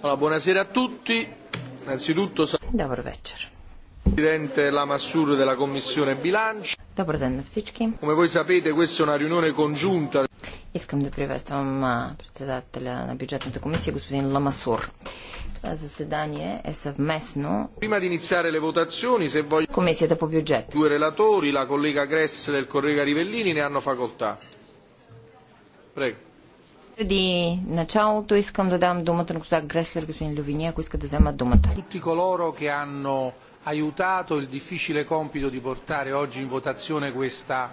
Allora, buonasera a tutti. Innanzitutto Добър вечер. Presidente Ламасур della Commissione Bilancio. Добър ден на всички. Come voi sapete, questa è una riunione congiunta. Искам да приветствам председателя на бюджетната комисия, господин Ламасур. Това заседание е съвместно. Prima di iniziare le votazioni, se voglio... Комисията по бюджет. Due relatori, la collega Gressler e il collega Rivellini, ne hanno facoltà. Prego. Преди началото искам да дам думата на госпожа Греслер, господин Лювини, ако иска да вземат думата. Tutti coloro che hanno aiutato il difficile compito di portare oggi in votazione questa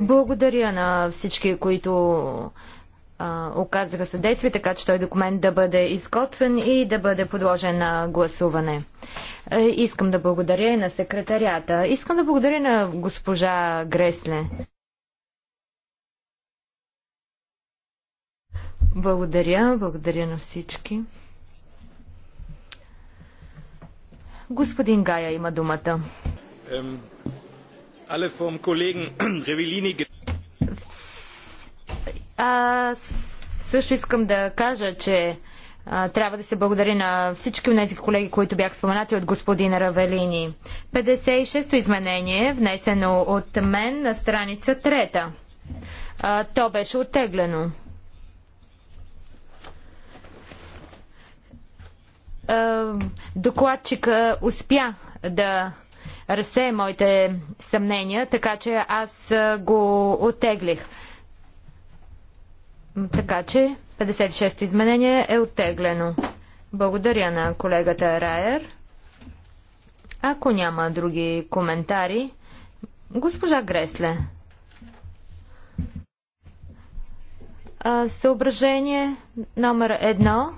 благодаря на всички, които оказаха съдействие, така че той документ да бъде изготвен и да бъде подложен на гласуване. Е, искам да благодаря и на секретарията. Искам да благодаря на госпожа Гресле. Благодаря, благодаря на всички. Господин Гая има думата. Аз също искам да кажа, че а, трябва да се благодаря на всички от тези колеги, които бях споменати от господин Равелини. 56-то изменение, внесено от мен на страница 3. А, то беше оттеглено. Е, докладчика успя да разсее моите съмнения, така че аз е, го оттеглих. Така че 56-то изменение е оттеглено. Благодаря на колегата Райер. Ако няма други коментари, госпожа Гресле. Е, съображение номер едно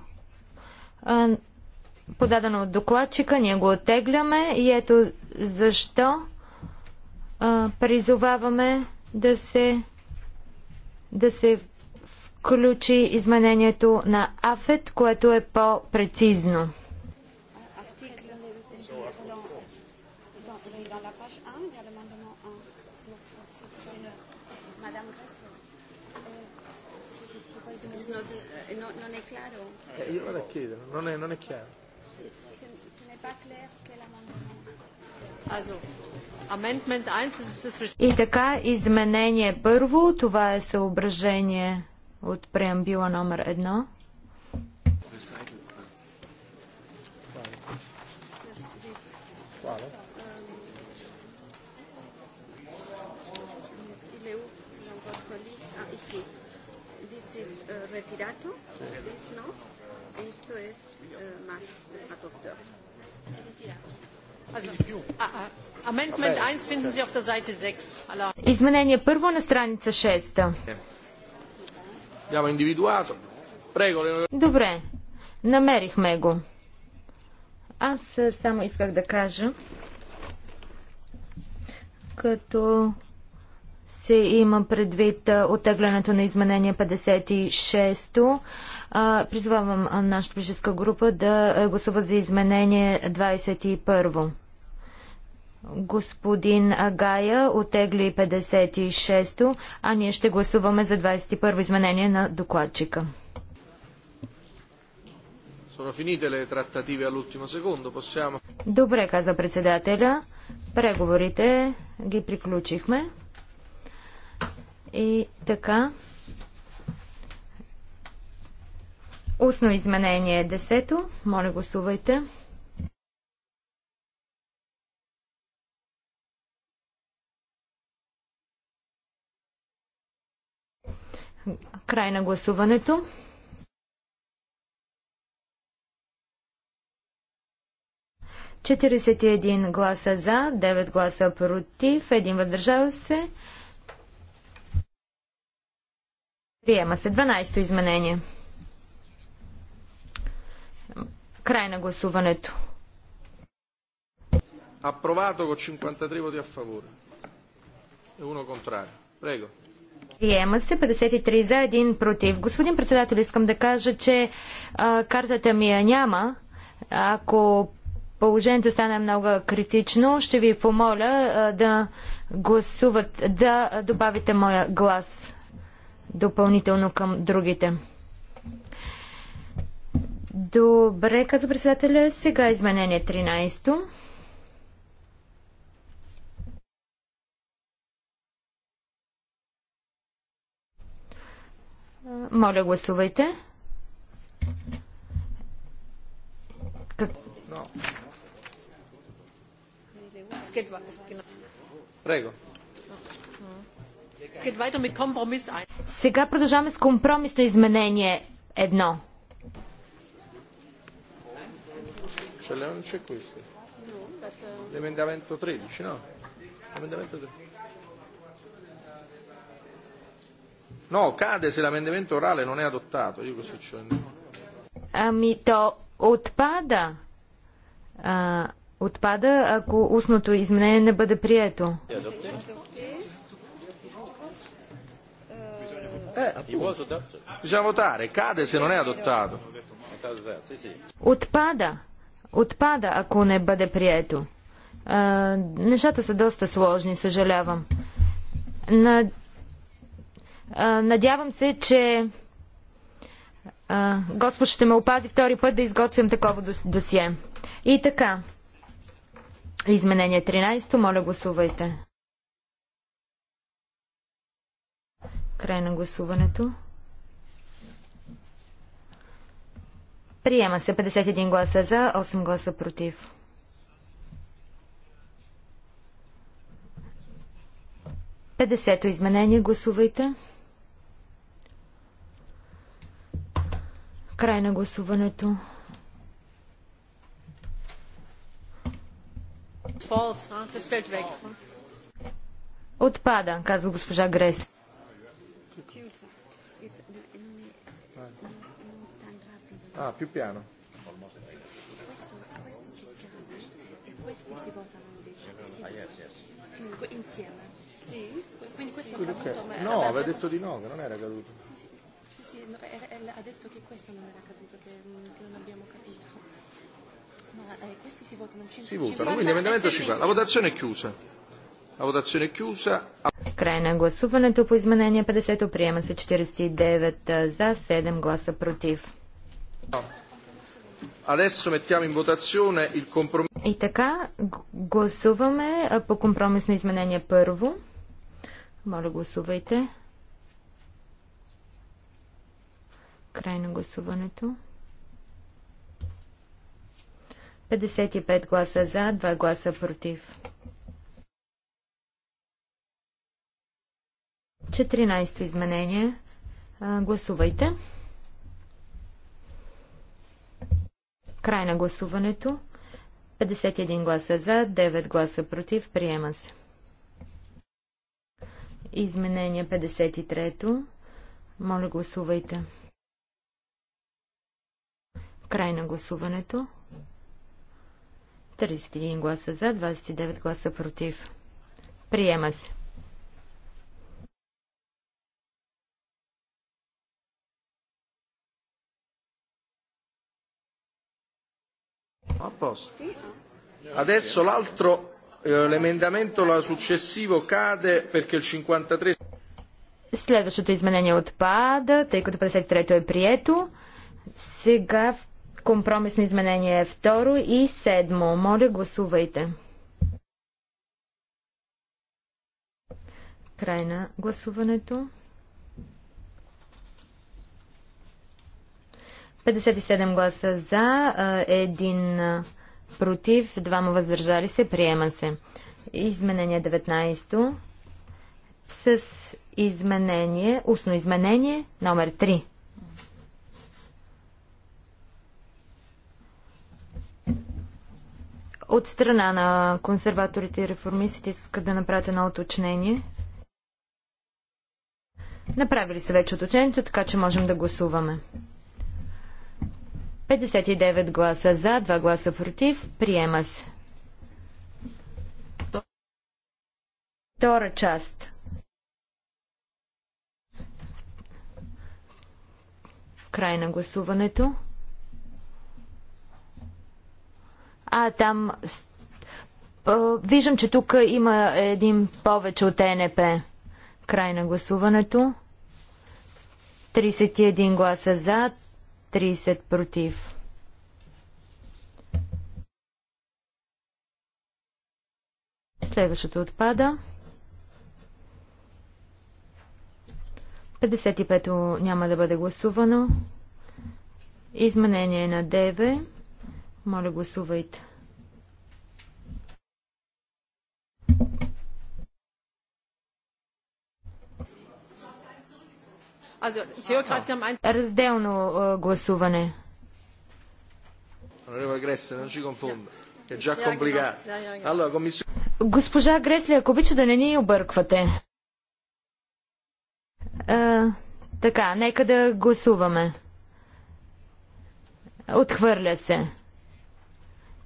подадено от докладчика, ние го оттегляме и ето защо а, призоваваме да се, да се включи изменението на АФЕТ, което е по-прецизно. Non è, non è chiaro. Eh, io vado a chiedere, non è, non è chiaro. И така, изменение първо, това е съображение от преамбила номер едно. sí. Uh, no, esto es uh, más Ah, ah, изменение първо на страница 6. Добре, намерихме го. Аз само исках да кажа, като се има предвид отеглянето на изменение 56-то. Призвавам нашата политическа група да гласува за изменение 21-во. Господин Агая отегли 56-то, а ние ще гласуваме за 21-во изменение на докладчика. Добре, каза председателя. Преговорите ги приключихме. И така. Устно изменение е 10. Моля, гласувайте. Край на гласуването. Четиридесет и един гласа за, девет гласа против, един въздържал се. Приема се 12 изменение. Край на гласуването. Апровато го 53 воти a favore. E uno Prego. Приема се 53 за 1 против. Господин председател, искам да кажа, че а, картата ми я няма. Ако положението стане много критично, ще ви помоля а, да гласуват, да добавите моя глас допълнително към другите. Добре, каза председателя. Сега изменение 13. Моля, гласувайте. Как... Сега продължаваме с компромисно изменение едно. L'emendamento 13, no? L'emendamento 13. No, cade se l'amendamento orale non è adottato. Io cosa succede? Ами то отпада. А, отпада, ако устното изменение не бъде прието. Отпада. Отпада, ако не бъде прието. А, нещата са доста сложни, съжалявам. На Надявам се, че Господ ще ме опази втори път да изготвям такова досие. И така. Изменение 13. Моля, гласувайте. Край на гласуването. Приема се 51 гласа за, 8 гласа против. Петдесето изменение гласувайте. Край на гласуването. Отпада, казва госпожа Грес. Ah, più piano. Ah, yes, yes. Quindi questo è caduto. No, aveva detto di no, che non era caduto sì, no, ha detto che questo non era capito, che, che non abbiamo capito. Ma eh, questi si votano 5 Si votano, quindi emendamento 5. La votazione è chiusa. La votazione è chiusa. Край на гласуването по изменение 50 приема се 49 за 7 гласа против. И така гласуваме по компромисно изменение първо. Моля гласувайте. Край на гласуването. 55 гласа за, 2 гласа против. 14 изменение. Гласувайте. Край на гласуването. 51 гласа за, 9 гласа против. Приема се. Изменение 53. Моля гласувайте. Край на гласуването. 31 гласа за, 29 гласа против. Приема се. A posto. Adesso l'altro, eh, l'emendamento la successivo cade perché il 53... Следващото изменение отпада, тъй като 53-то е прието. Сега Компромисно изменение второ и седмо. Моля, гласувайте. Край на гласуването. 57 гласа за, един против, двама въздържали се, приема се. Изменение 19 то с изменение, устно изменение номер 3. От страна на консерваторите и реформистите искат да направят едно уточнение. Направили са вече уточнението, така че можем да гласуваме. 59 гласа за, 2 гласа против. Приема се. Втора част. Край на гласуването. А там виждам, че тук има един повече от ЕНП. Край на гласуването. 31 гласа за, 30 против. Следващото отпада. 55-то няма да бъде гласувано. Изменение на 9. Моля, гласувайте. Разделно гласуване. Госпожа Гресли, ако обича да не ни обърквате. така, нека да гласуваме. Отхвърля се.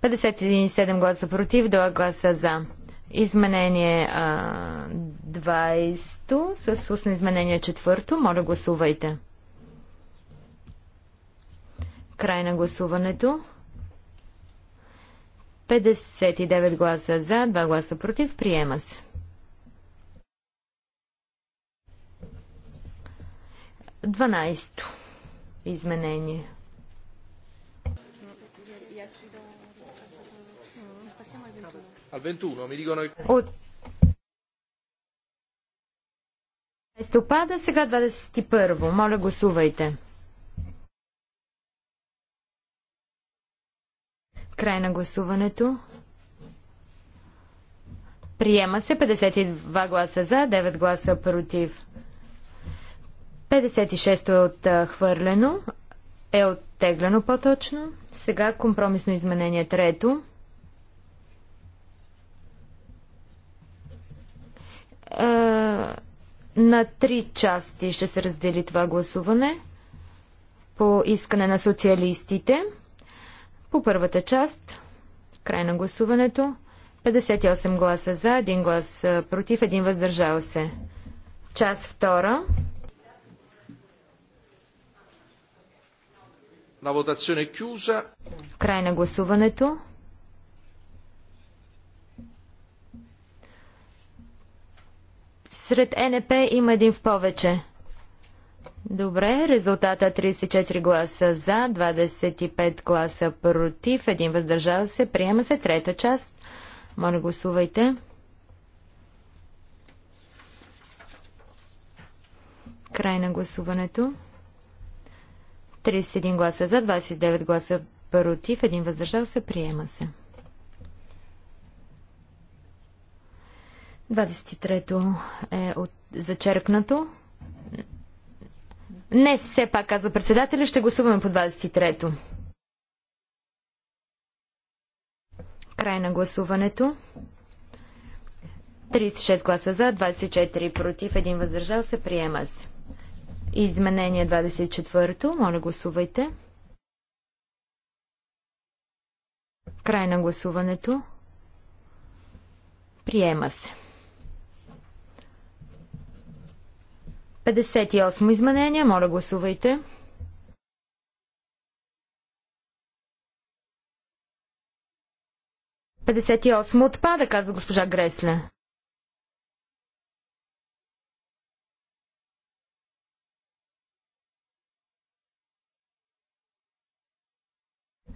57 гласа против, 2 гласа за. Изменение а, 20 с устно изменение 4. Моля гласувайте. Край на гласуването. 59 гласа за, 2 гласа против. Приема се. Дванайсто изменение. Al 21 mi dicono От... Листопада, сега 21. Моля, гласувайте. Край на гласуването. Приема се 52 гласа за, 9 гласа против. 56 е отхвърлено, е оттеглено по-точно. Сега компромисно изменение трето. на три части ще се раздели това гласуване по искане на социалистите. По първата част, край на гласуването, 58 гласа за, 1 глас против, 1 въздържал се. Част втора. La votazione chiusa. Край на гласуването. Сред НП има един в повече. Добре, резултата 34 гласа за, 25 гласа против, един въздържал се. Приема се трета част. Моля, гласувайте. Край на гласуването. 31 гласа за, 29 гласа против, един въздържал се. Приема се. 23-то е от... зачеркнато. Не, все пак, каза председателя, ще гласуваме по 23-то. Край на гласуването. 36 гласа за, 24 против, 1 въздържал се, приема се. Изменение 24-то, моля гласувайте. Край на гласуването. Приема се. 58 изменение. Моля, гласувайте. Петдесет и осмо отпада, казва госпожа Гресле.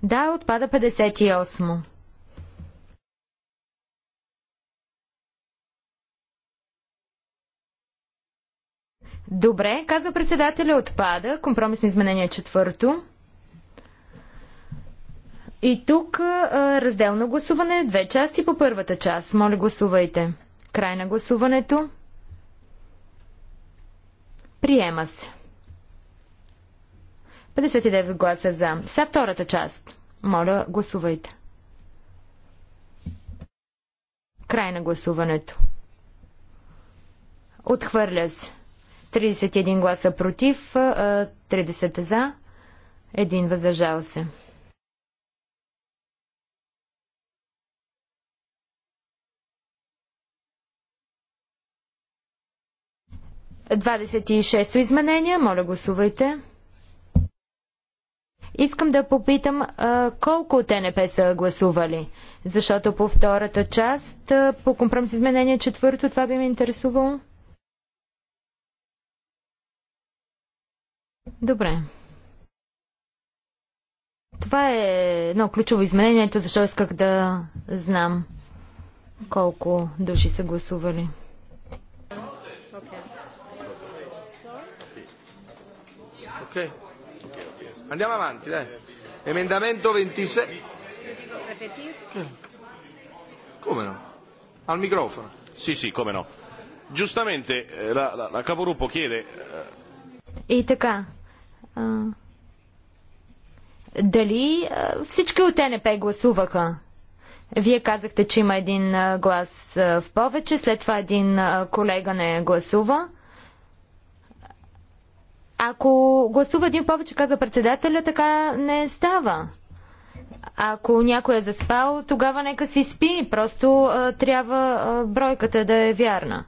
Да, отпада 58. Добре, казва председателя, отпада. Компромисно изменение четвърто. И тук разделно гласуване, две части по първата част. Моля, гласувайте. Край на гласуването. Приема се. 59 гласа за. Сега втората част. Моля, гласувайте. Край на гласуването. Отхвърля се. 31 гласа против, 30 за, 1 въздържал се. Двадесет и шесто изменение. Моля, гласувайте. Искам да попитам а, колко от НП са гласували, защото по втората част, а, по компромис изменение четвърто, това би ме интересувало. Добре. Това е едно ключово изменение, защото исках да знам колко души са гласували. Okay. Andiamo avanti, dai. Emendamento 26. Come no? Al microfono. Sì, sì, come no. Giustamente la, la, la capogruppo chiede... Uh... И така, а, дали а, всички от НП гласуваха? Вие казахте, че има един а, глас а, в повече, след това един а, колега не гласува. Ако гласува един повече, каза председателя, така не става. Ако някой е заспал, тогава нека си спи. Просто а, трябва а, бройката да е вярна.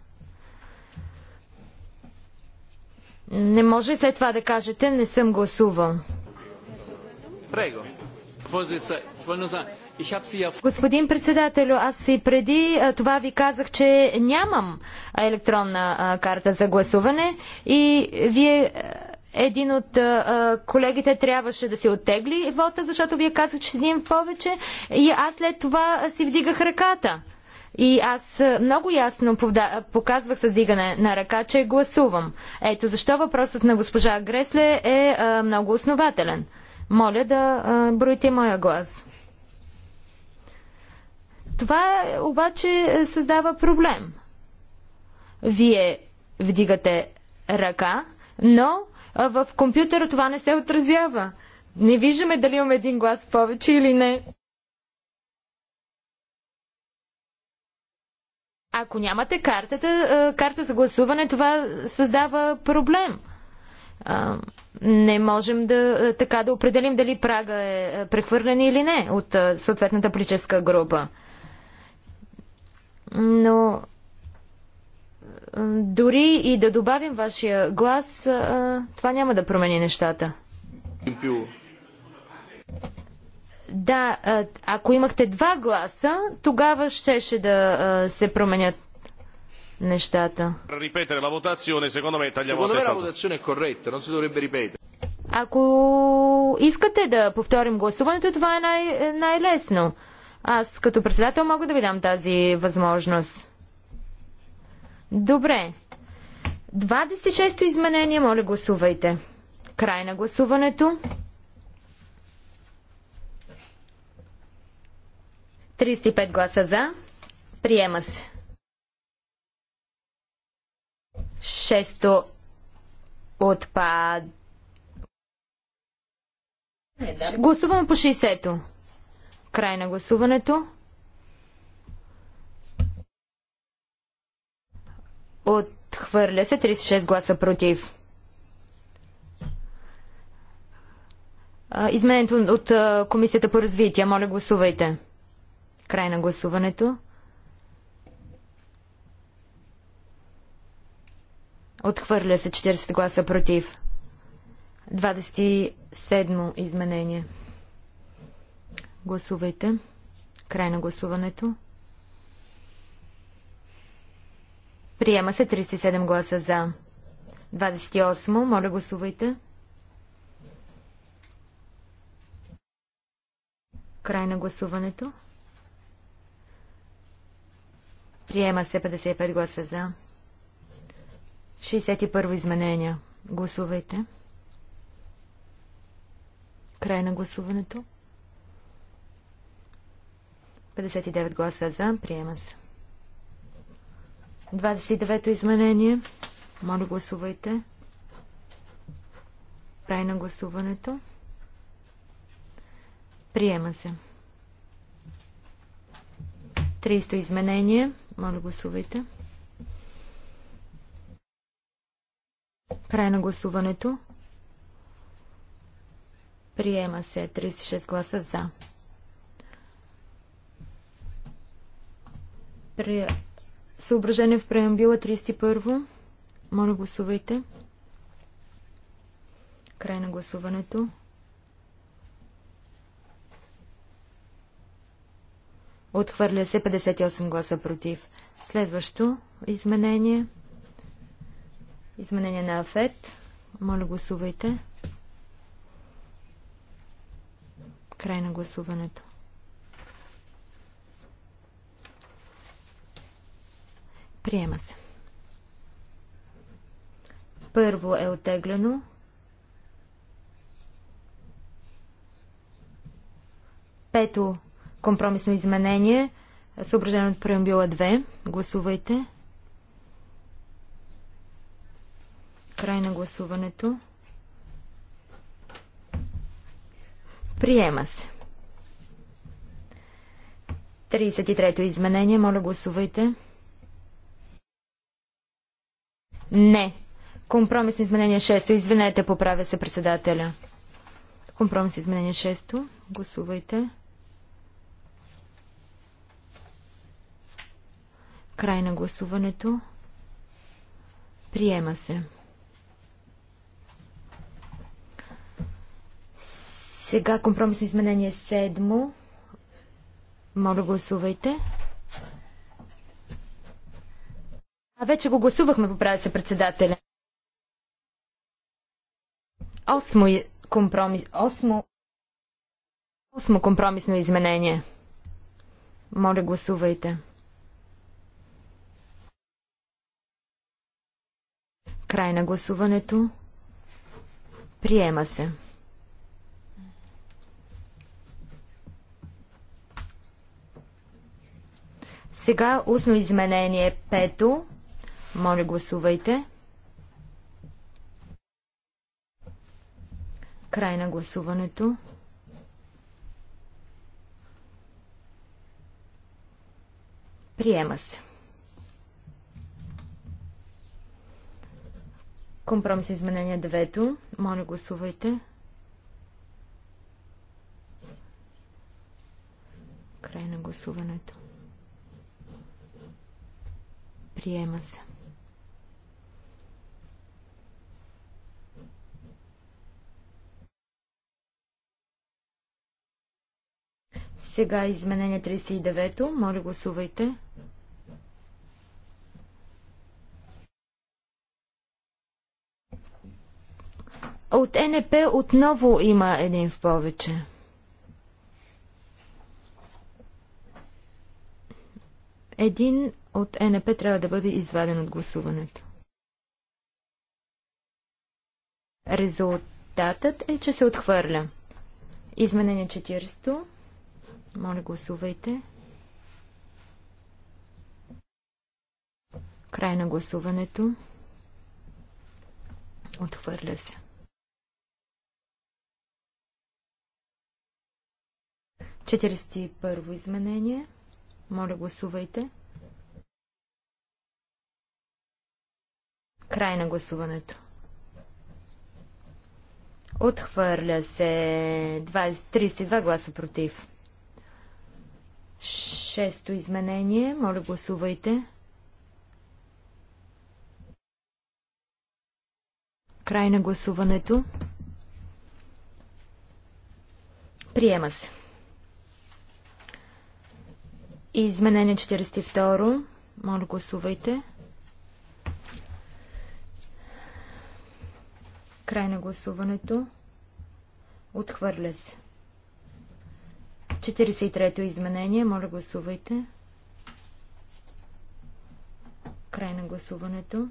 Не може и след това да кажете, не съм гласувал. Господин председател, аз и преди това ви казах, че нямам електронна карта за гласуване и вие един от а, колегите трябваше да си оттегли вота, защото вие казах, че един повече и аз след това си вдигах ръката. И аз много ясно показвах с дигане на ръка, че гласувам. Ето защо въпросът на госпожа Гресле е а, много основателен. Моля да а, броите моя глас. Това обаче създава проблем. Вие вдигате ръка, но в компютъра това не се отразява. Не виждаме дали имаме един глас повече или не. Ако нямате картата, карта за гласуване, това създава проблем. Не можем да, така да определим дали прага е прехвърлен или не от съответната политическа група. Но дори и да добавим вашия глас, това няма да промени нещата. Да, ако имахте два гласа, тогава щеше да се променят нещата. Ако искате да повторим гласуването, това е най- най-лесно. Аз като председател мога да ви дам тази възможност. Добре. 26-то изменение, моля гласувайте. Край на гласуването. 35 гласа за. Приема се. Шесто отпад. Да. Гласувам по 60-то. Край на гласуването. Отхвърля се 36 гласа против. Изменението от Комисията по развитие. Моля, гласувайте. Край на гласуването. Отхвърля се 40 гласа против. 27 изменение. Гласувайте. Край на гласуването. Приема се 37 гласа за. 28. Моля гласувайте. Край на гласуването. Приема се 55 гласа за. 61 изменения. Гласувайте. Край на гласуването. 59 гласа за. Приема се. 29-то изменение. Моля, гласувайте. Край на гласуването. Приема се. 30 изменение. Моля, гласувайте. Край на гласуването. Приема се 36 гласа за. При... Съображение в преамбила 31. Моля, гласувайте. Край на гласуването. Отхвърля се 58 гласа против. Следващо изменение. Изменение на Афет. Моля, гласувайте. Край на гласуването. Приема се. Първо е отеглено. Пето Компромисно изменение, съображено от преамбюла 2. Гласувайте. Край на гласуването. Приема се. 33-то изменение. Моля, гласувайте. Не. Компромисно изменение 6. Извинете, поправя се председателя. Компромисно изменение 6. Гласувайте. Гласувайте. Край на гласуването. Приема се. Сега компромисно изменение 7. Моля, гласувайте. А вече го гласувахме, поправя се председателя. Осмо компромис... Осмо... Осмо компромисно изменение. Моля, гласувайте. Край на гласуването. Приема се. Сега устно изменение пето. Моля, гласувайте. Край на гласуването. Приема се. Компромис изменение 9. Моля, гласувайте. Край на гласуването. Приема се. Сега изменение 39. Моля, гласувайте. Гласувайте. От НП отново има един в повече. Един от НП трябва да бъде изваден от гласуването. Резултатът е, че се отхвърля. Изменение 400. Моля, гласувайте. Край на гласуването. Отхвърля се. 41 изменение. Моля, гласувайте. Край на гласуването. Отхвърля се 20, 32 гласа против. Шесто изменение. Моля, гласувайте. Край на гласуването. Приема се. Изменение 42. Моля, гласувайте. Край на гласуването. Отхвърля се. 43-то изменение. Моля, гласувайте. Край на гласуването.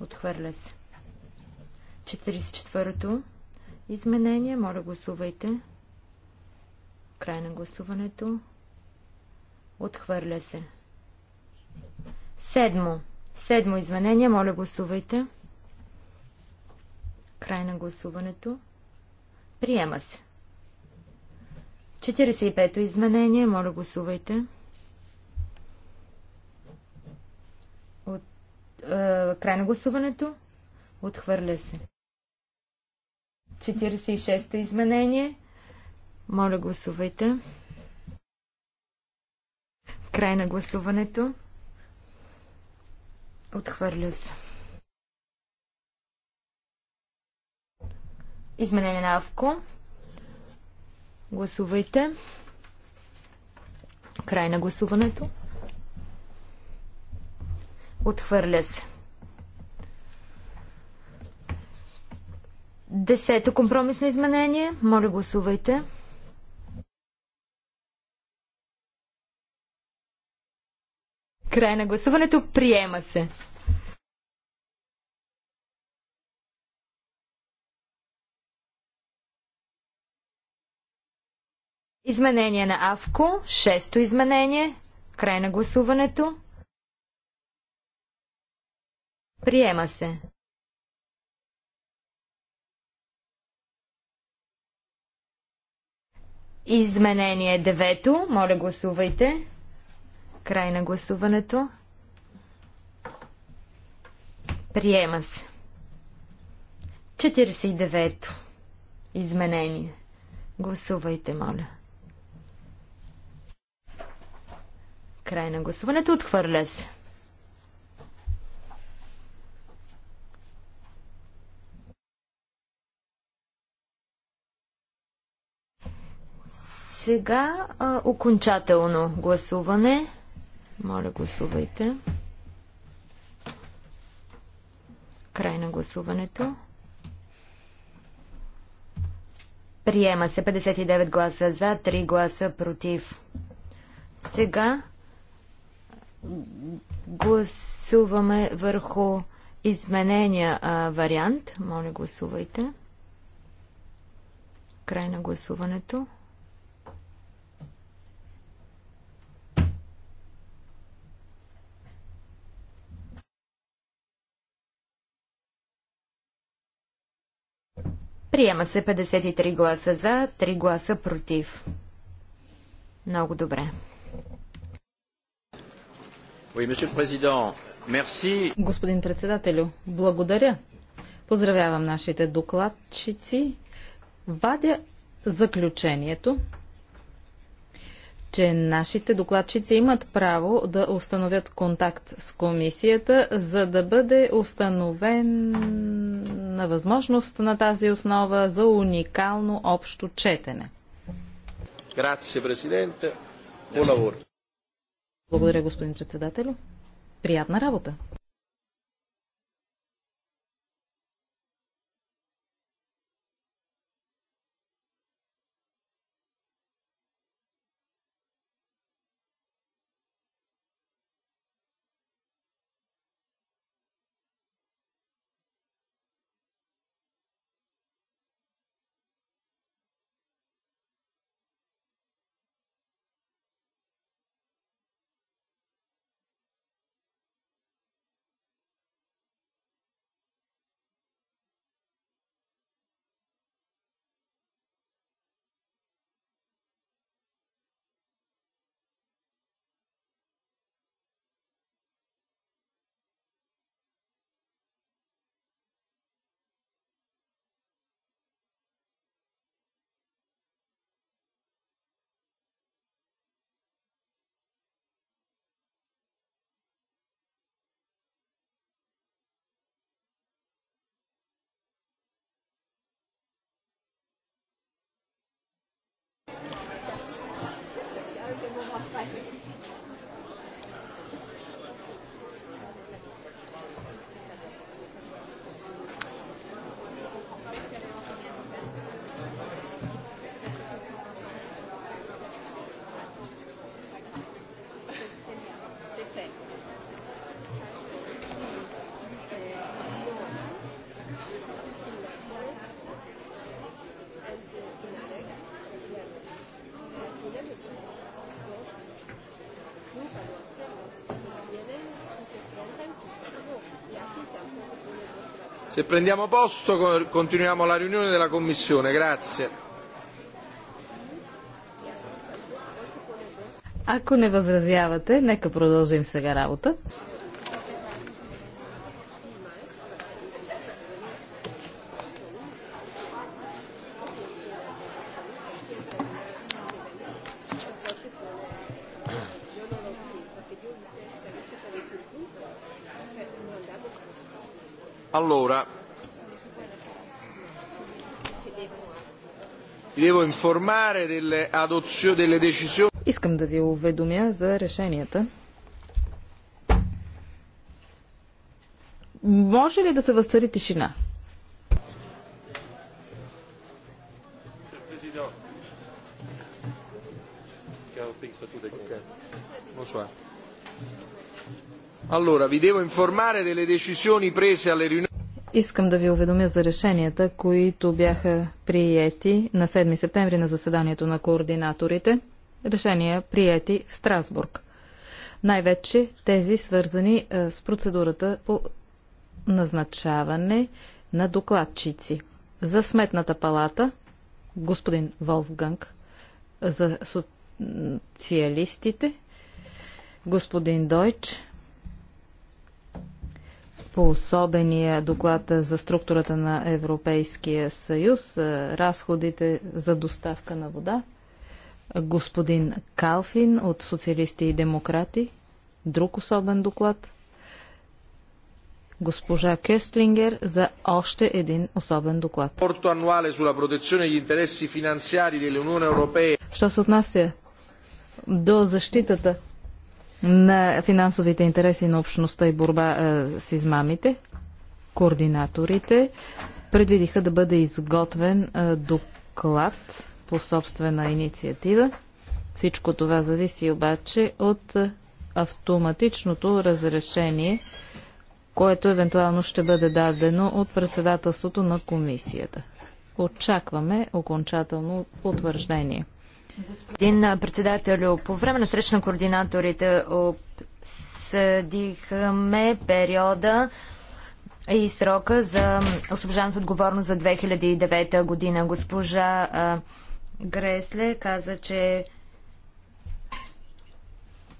Отхвърля се. 44-то изменение. Моля, гласувайте. Край на гласуването. Отхвърля се. Седмо. Седмо изменение. Моля, гласувайте. Край на гласуването. Приема се. 45-то изменение. Моля, гласувайте. От, е, край на гласуването. Отхвърля се. 46-то изменение. Моля, гласувайте. Край на гласуването. Отхвърля се. Изменение на АВКО. Гласувайте. Край на гласуването. Отхвърля се. Десето компромисно изменение. Моля, гласувайте. Край на гласуването. Приема се. Изменение на АВКО. Шесто изменение. Край на гласуването. Приема се. Изменение девето. Моля гласувайте. Край на гласуването. Приема се. 49-то изменение. Гласувайте, моля. Край на гласуването. Отхвърля се. Сега а, окончателно гласуване. Моля, гласувайте. Край на гласуването. Приема се 59 гласа за, 3 гласа против. Сега гласуваме върху изменения а, вариант. Моля, гласувайте. Край на гласуването. Приема се 53 гласа за, 3 гласа против. Много добре. Господин председателю, благодаря. Поздравявам нашите докладчици. Вадя заключението, че нашите докладчици имат право да установят контакт с комисията, за да бъде установен на възможност на тази основа за уникално общо четене. Грация, президенте. Благодаря, господин председател. Приятна работа! Благодаря. Se prendiamo posto continuiamo la riunione della Commissione. Grazie. Ако не възразявате, нека продължим сега работа. Allora, vi devo informare delle adozioni delle decisioni. Искам да ви уведомя за решенията. Може ли да се възцари тишина? Allora, vi devo informare delle decisioni prese alle riunioni Искам да ви уведомя за решенията, които бяха приети на 7 септември на заседанието на координаторите. Решения приети в Страсбург. Най-вече тези свързани е, с процедурата по назначаване на докладчици. За Сметната палата господин Волфганг, за социалистите господин Дойч, по особения доклад за структурата на Европейския съюз, разходите за доставка на вода. Господин Калфин от Социалисти и Демократи, друг особен доклад. Госпожа Кюстлингер за още един особен доклад. Що се отнася до защитата на финансовите интереси на общността и борба е, с измамите, координаторите предвидиха да бъде изготвен е, доклад по собствена инициатива. Всичко това зависи обаче от е, автоматичното разрешение, което евентуално ще бъде дадено от председателството на комисията. Очакваме окончателно утвърждение. Господин председател, по време на среща на координаторите обсъдихме периода и срока за освобождаването отговорност за 2009 година. Госпожа Гресле каза, че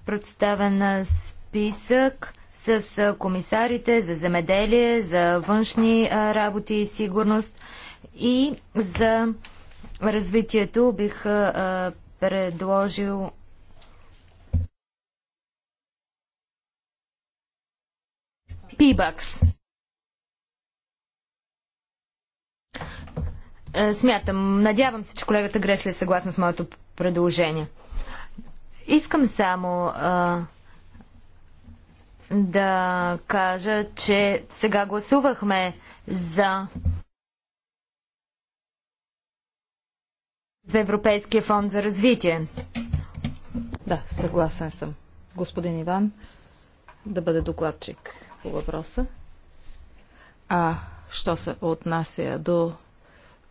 представен списък с комисарите за земеделие, за външни работи и сигурност и за развитието бих а, предложил Пибакс. Смятам, надявам се, че колегата Гресли е съгласна с моето предложение. Искам само а, да кажа, че сега гласувахме за за Европейския фонд за развитие. Да, съгласен съм. Господин Иван, да бъде докладчик по въпроса. А що се отнася до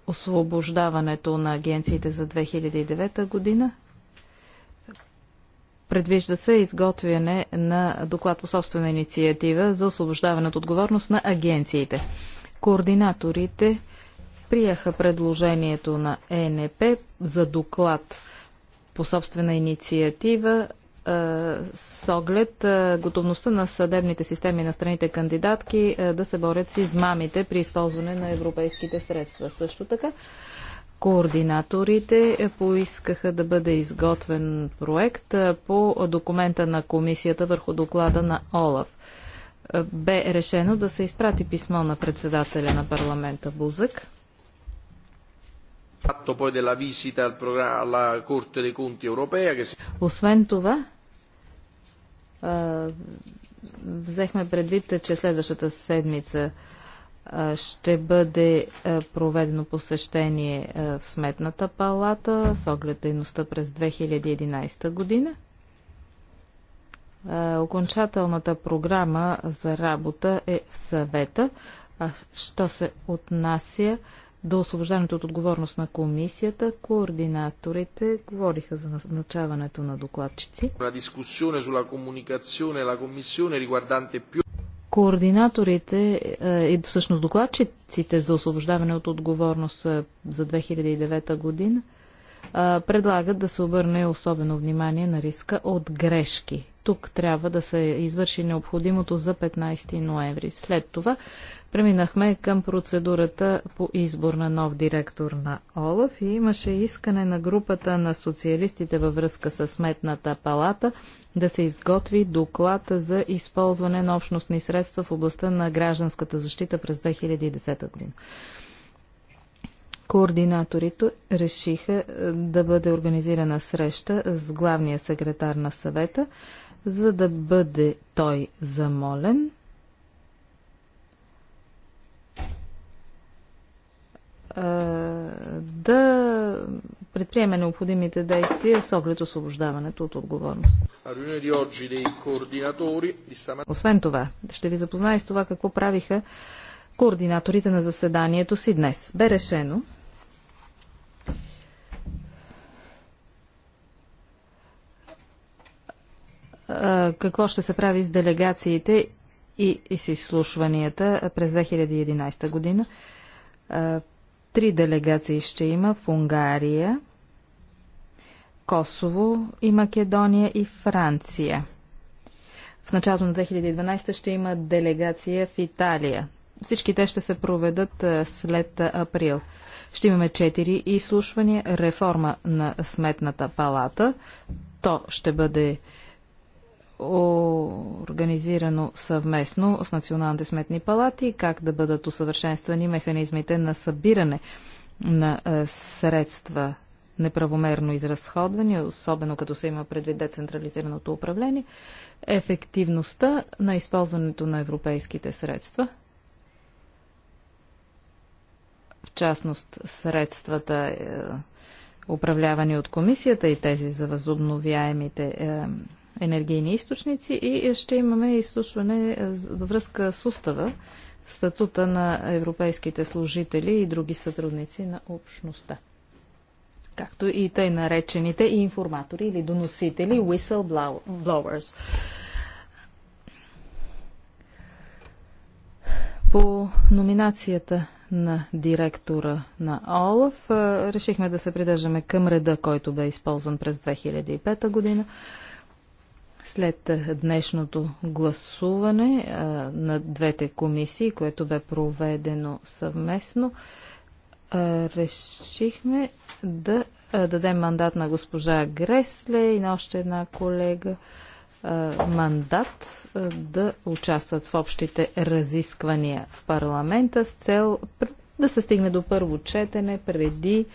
освобождаването на агенциите за 2009 година? Предвижда се изготвяне на доклад по собствена инициатива за освобождаване от отговорност на агенциите. Координаторите приеха предложението на ЕНП за доклад по собствена инициатива с оглед готовността на съдебните системи на страните кандидатки да се борят с измамите при използване на европейските средства. Също така, координаторите поискаха да бъде изготвен проект по документа на комисията върху доклада на ОЛАФ. Бе решено да се изпрати писмо на председателя на парламента Бузък освен това, взехме предвид, че следващата седмица ще бъде проведено посещение в Сметната палата с оглед дейността през 2011 година. Окончателната програма за работа е в съвета. А що се отнася до освобождането от отговорност на комисията, координаторите говориха за назначаването на докладчици. Координаторите е, и всъщност докладчиците за освобождаване от отговорност е, за 2009 година е, предлагат да се обърне особено внимание на риска от грешки. Тук трябва да се извърши необходимото за 15 ноември. След това преминахме към процедурата по избор на нов директор на ОЛАФ и имаше искане на групата на социалистите във връзка с Сметната палата да се изготви доклад за използване на общностни средства в областта на гражданската защита през 2010 година. Координаторите решиха е, да бъде организирана среща с главния секретар на съвета, за да бъде той замолен Е, да предприеме необходимите действия с оглед освобождаването от отговорност. Освен това, ще ви запозная с това какво правиха координаторите на заседанието си днес. Бе решено е, какво ще се прави с делегациите и, и с изслушванията през 2011 година е, Три делегации ще има в Унгария, Косово и Македония и Франция. В началото на 2012 ще има делегация в Италия. Всички те ще се проведат след април. Ще имаме четири изслушвания, реформа на Сметната палата. То ще бъде организирано съвместно с националните сметни палати, как да бъдат усъвършенствани механизмите на събиране на е, средства неправомерно изразходвани, особено като се има предвид децентрализираното управление, ефективността на използването на европейските средства, в частност средствата е, управлявани от комисията и тези за възобновяемите е, енергийни източници и ще имаме изслушване е, във връзка с устава, статута на европейските служители и други сътрудници на общността. Както и тъй наречените и информатори или доносители, whistleblowers. По номинацията на директора на ОЛАФ е, решихме да се придържаме към реда, който бе използван през 2005 година след днешното гласуване на двете комисии, което бе проведено съвместно, решихме да дадем мандат на госпожа Гресле и на още една колега мандат да участват в общите разисквания в парламента с цел да се стигне до първо четене преди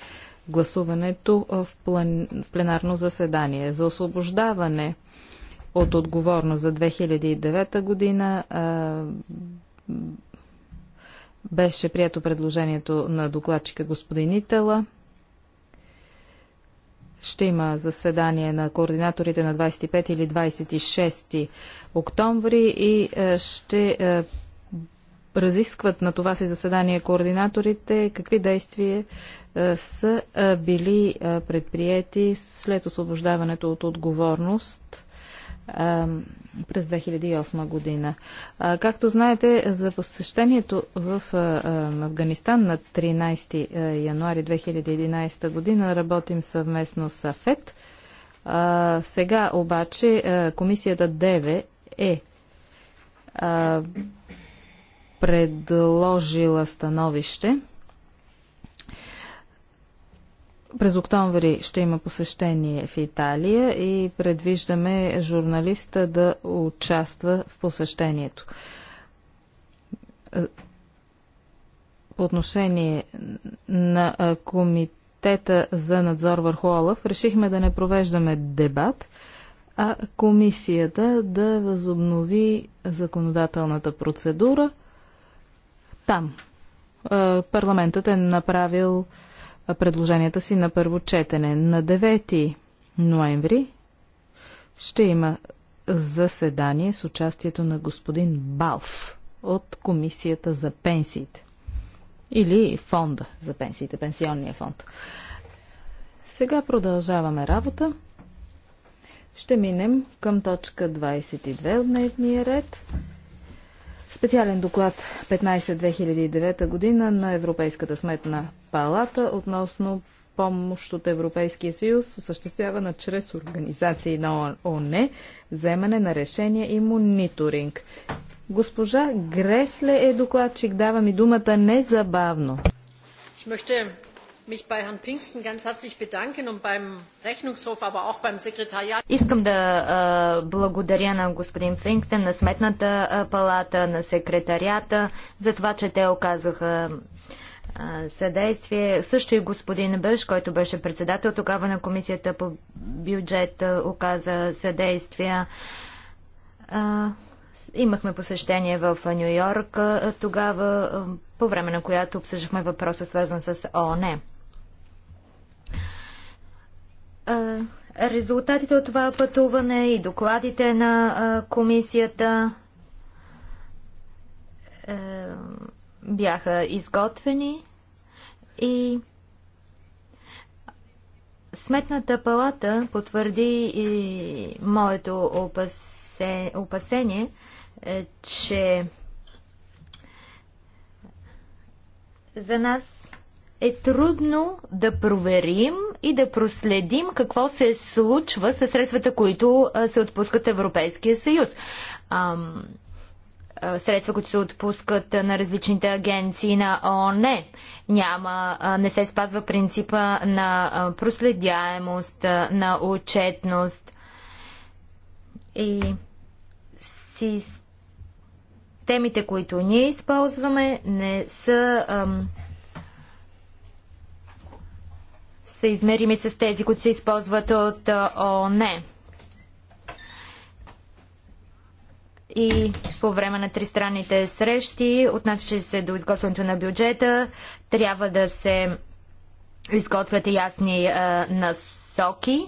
гласуването в, плен... в пленарно заседание. За освобождаване от отговорност за 2009 година беше прието предложението на докладчика господин Итала. Ще има заседание на координаторите на 25 или 26 октомври и ще разискват на това си заседание координаторите какви действия са били предприяти след освобождаването от отговорност през 2008 година. Както знаете, за посещението в Афганистан на 13 януари 2011 година работим съвместно с АФЕТ. Сега обаче комисията ДЕВЕ е предложила становище през октомври ще има посещение в Италия и предвиждаме журналиста да участва в посещението. По отношение на Комитета за надзор върху Олаф, решихме да не провеждаме дебат, а комисията да възобнови законодателната процедура там. Парламентът е направил предложенията си на първо четене. На 9 ноември ще има заседание с участието на господин Балф от Комисията за пенсиите или фонда за пенсиите, пенсионния фонд. Сега продължаваме работа. Ще минем към точка 22 от дневния ред специален доклад 15-2009 година на Европейската сметна палата относно помощ от Европейския съюз, осъществявана чрез организации на ООН, вземане на решения и мониторинг. Госпожа Гресле е докладчик. Дава ми думата незабавно. Ich möchte mich bei Herrn Pinkston ganz herzlich bedanken und beim Rechnungshof, aber auch beim Sekretariat. Искам да благодаря на господин Пинкстен, на Сметната палата, на секретарията, за това, че те оказаха съдействие. Също и господин Бъш, който беше председател тогава на комисията по бюджет, оказа съдействие. Имахме посещение в Нью Йорк тогава, по време на която обсъждахме въпроса, свързан с ООН резултатите от това пътуване и докладите на комисията е, бяха изготвени и Сметната палата потвърди и моето опасе... опасение, е, че за нас е трудно да проверим и да проследим какво се случва с средствата, които се отпускат Европейския съюз. средства, които се отпускат на различните агенции на ООН. Няма, не се спазва принципа на проследяемост, на отчетност и системите, които ние използваме, не са ам, са измерими с тези, които се използват от ООН. и по време на тристранните срещи, отнасяше се до изготвянето на бюджета, трябва да се изготвят ясни а, насоки.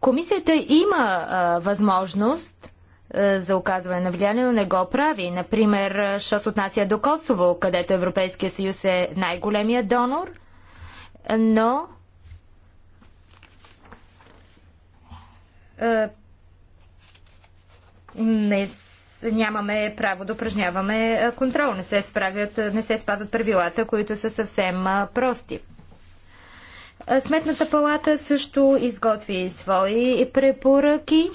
Комисията има а, възможност за оказване на влияние, но не го прави. Например, що се отнася до Косово, където Европейския съюз е най-големия донор – но е, не нямаме право да упражняваме е, контрол. Не се, справят, не се спазват правилата, които са съвсем е, прости. Сметната палата също изготви свои препоръки.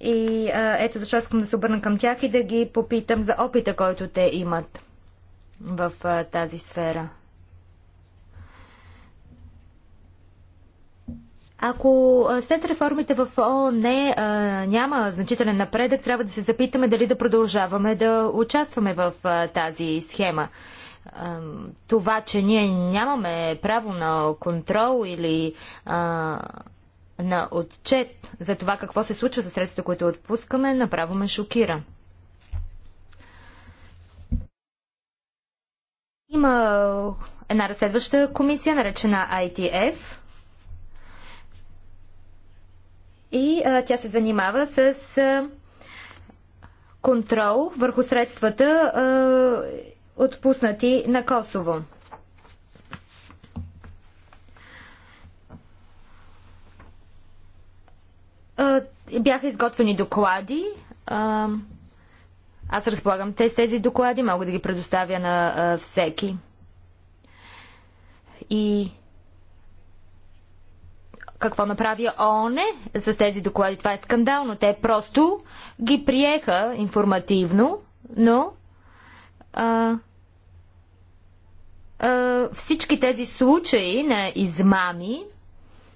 И а, ето защо искам да се обърна към тях и да ги попитам за опита, който те имат в а, тази сфера. Ако след реформите в ООН няма значителен напредък, трябва да се запитаме дали да продължаваме да участваме в тази схема. Това, че ние нямаме право на контрол или на отчет за това какво се случва с средствата, които отпускаме, направо ме шокира. Има една разследваща комисия, наречена ITF, и а, тя се занимава с а, контрол върху средствата а, отпуснати на Косово. А, бяха изготвени доклади. А, аз разполагам те с тези доклади, мога да ги предоставя на а, всеки. И какво направи ООН с тези доклади. Това е скандално. Те просто ги приеха информативно, но а, а, всички тези случаи на измами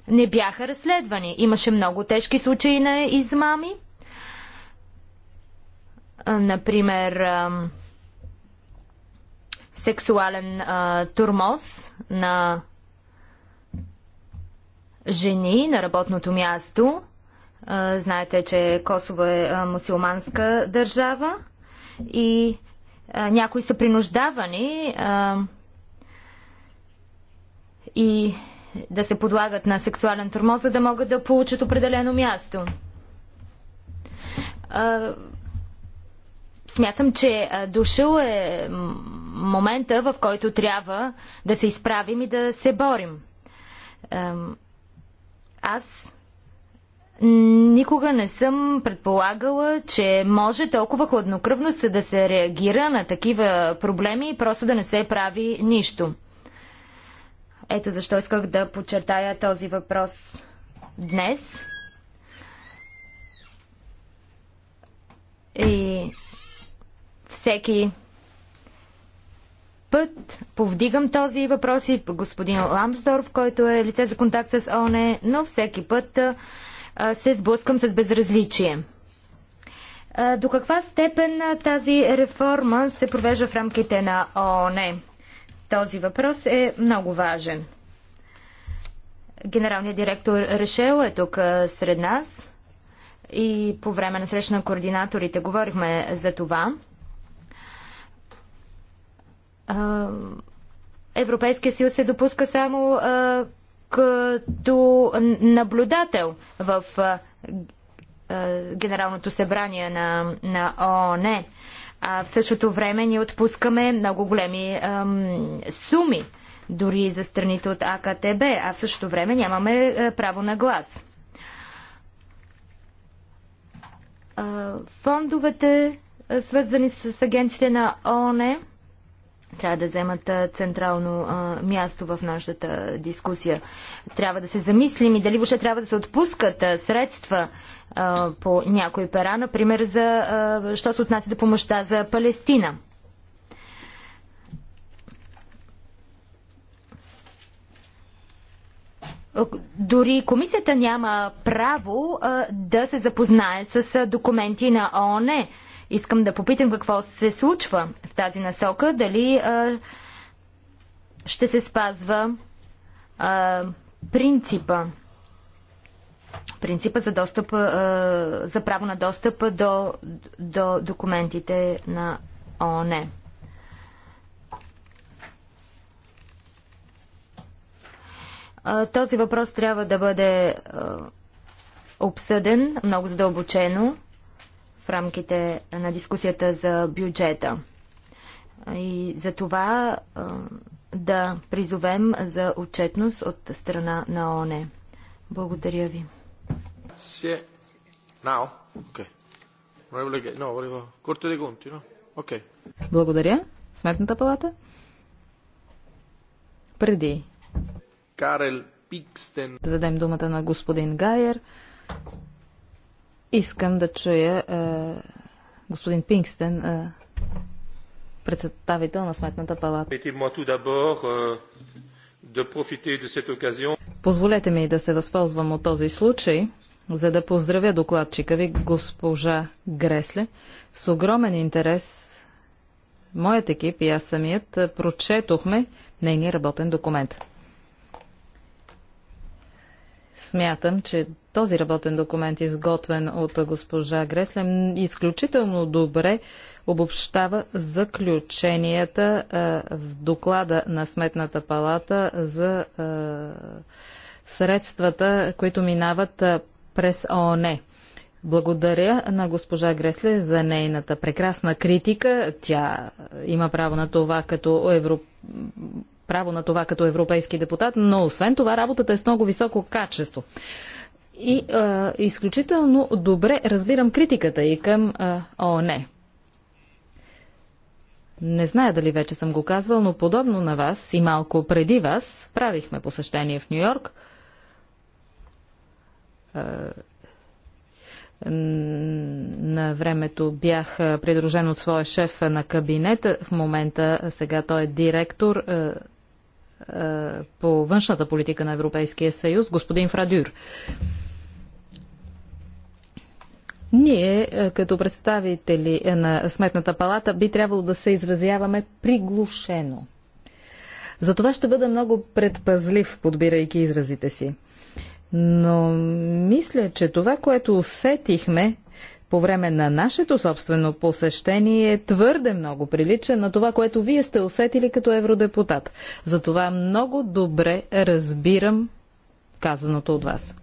не бяха разследвани. Имаше много тежки случаи на измами. А, например, а, сексуален а, турмоз на жени на работното място. Знаете, че Косово е мусулманска държава и някои са принуждавани и да се подлагат на сексуален тормоз, за да могат да получат определено място. Смятам, че дошъл е момента, в който трябва да се изправим и да се борим. Аз никога не съм предполагала, че може толкова хладнокръвно се да се реагира на такива проблеми и просто да не се прави нищо. Ето защо исках да подчертая този въпрос днес. И всеки път повдигам този въпрос и господин Ламсдорф, който е лице за контакт с ОНЕ, но всеки път се сблъскам с безразличие. До каква степен тази реформа се провежда в рамките на ООН? Този въпрос е много важен. Генералният директор Решел е тук сред нас и по време на среща на координаторите говорихме за това. Европейския съюз се допуска само а, като наблюдател в а, а, Генералното събрание на, на ООН. А в същото време ние отпускаме много големи а, суми, дори за страните от АКТБ, а в същото време нямаме а, право на глас. А, фондовете, свързани с агенците на ООН, трябва да вземат централно а, място в нашата дискусия. Трябва да се замислим и дали въобще трябва да се отпускат а, средства а, по някои пера, например, за, а, що се отнася до помощта за Палестина. Дори комисията няма право а, да се запознае с а, документи на ООН. Искам да попитам какво се случва в тази насока, дали а, ще се спазва а, принципа принципа за, достъп, а, за право на достъп до, до документите на ООН. Този въпрос трябва да бъде обсъден много задълбочено в рамките на дискусията за бюджета. И за това да призовем за отчетност от страна на ОНЕ. Благодаря ви. Благодаря. Сметната палата? Преди. Карел Пикстен. Да дадем думата на господин Гайер. Искам да чуя е, господин Пингстен, е, представител на Сметната палата. Е, Позволете ми да се възползвам от този случай, за да поздравя докладчика ви, госпожа Гресле. С огромен интерес моят екип и аз самият е, прочетохме нейния работен документ. Смятам, че този работен документ, изготвен от госпожа Гресле, изключително добре обобщава заключенията е, в доклада на Сметната палата за е, средствата, които минават е, през ООН. Благодаря на госпожа Гресле за нейната прекрасна критика. Тя има право на това като европейска право на това като европейски депутат, но освен това работата е с много високо качество. И а, изключително добре разбирам критиката и към ООН. Не зная дали вече съм го казвал, но подобно на вас и малко преди вас правихме посещение в Нью Йорк. На времето бях придружен от своя шеф на кабинета. В момента сега той е директор е, по външната политика на Европейския съюз, господин Фрадюр. Ние, е, като представители е, на Сметната палата, би трябвало да се изразяваме приглушено. Затова ще бъда много предпазлив, подбирайки изразите си. Но мисля, че това, което усетихме, по време на нашето собствено посещение твърде много прилича на това, което вие сте усетили като евродепутат. Затова много добре разбирам казаното от вас.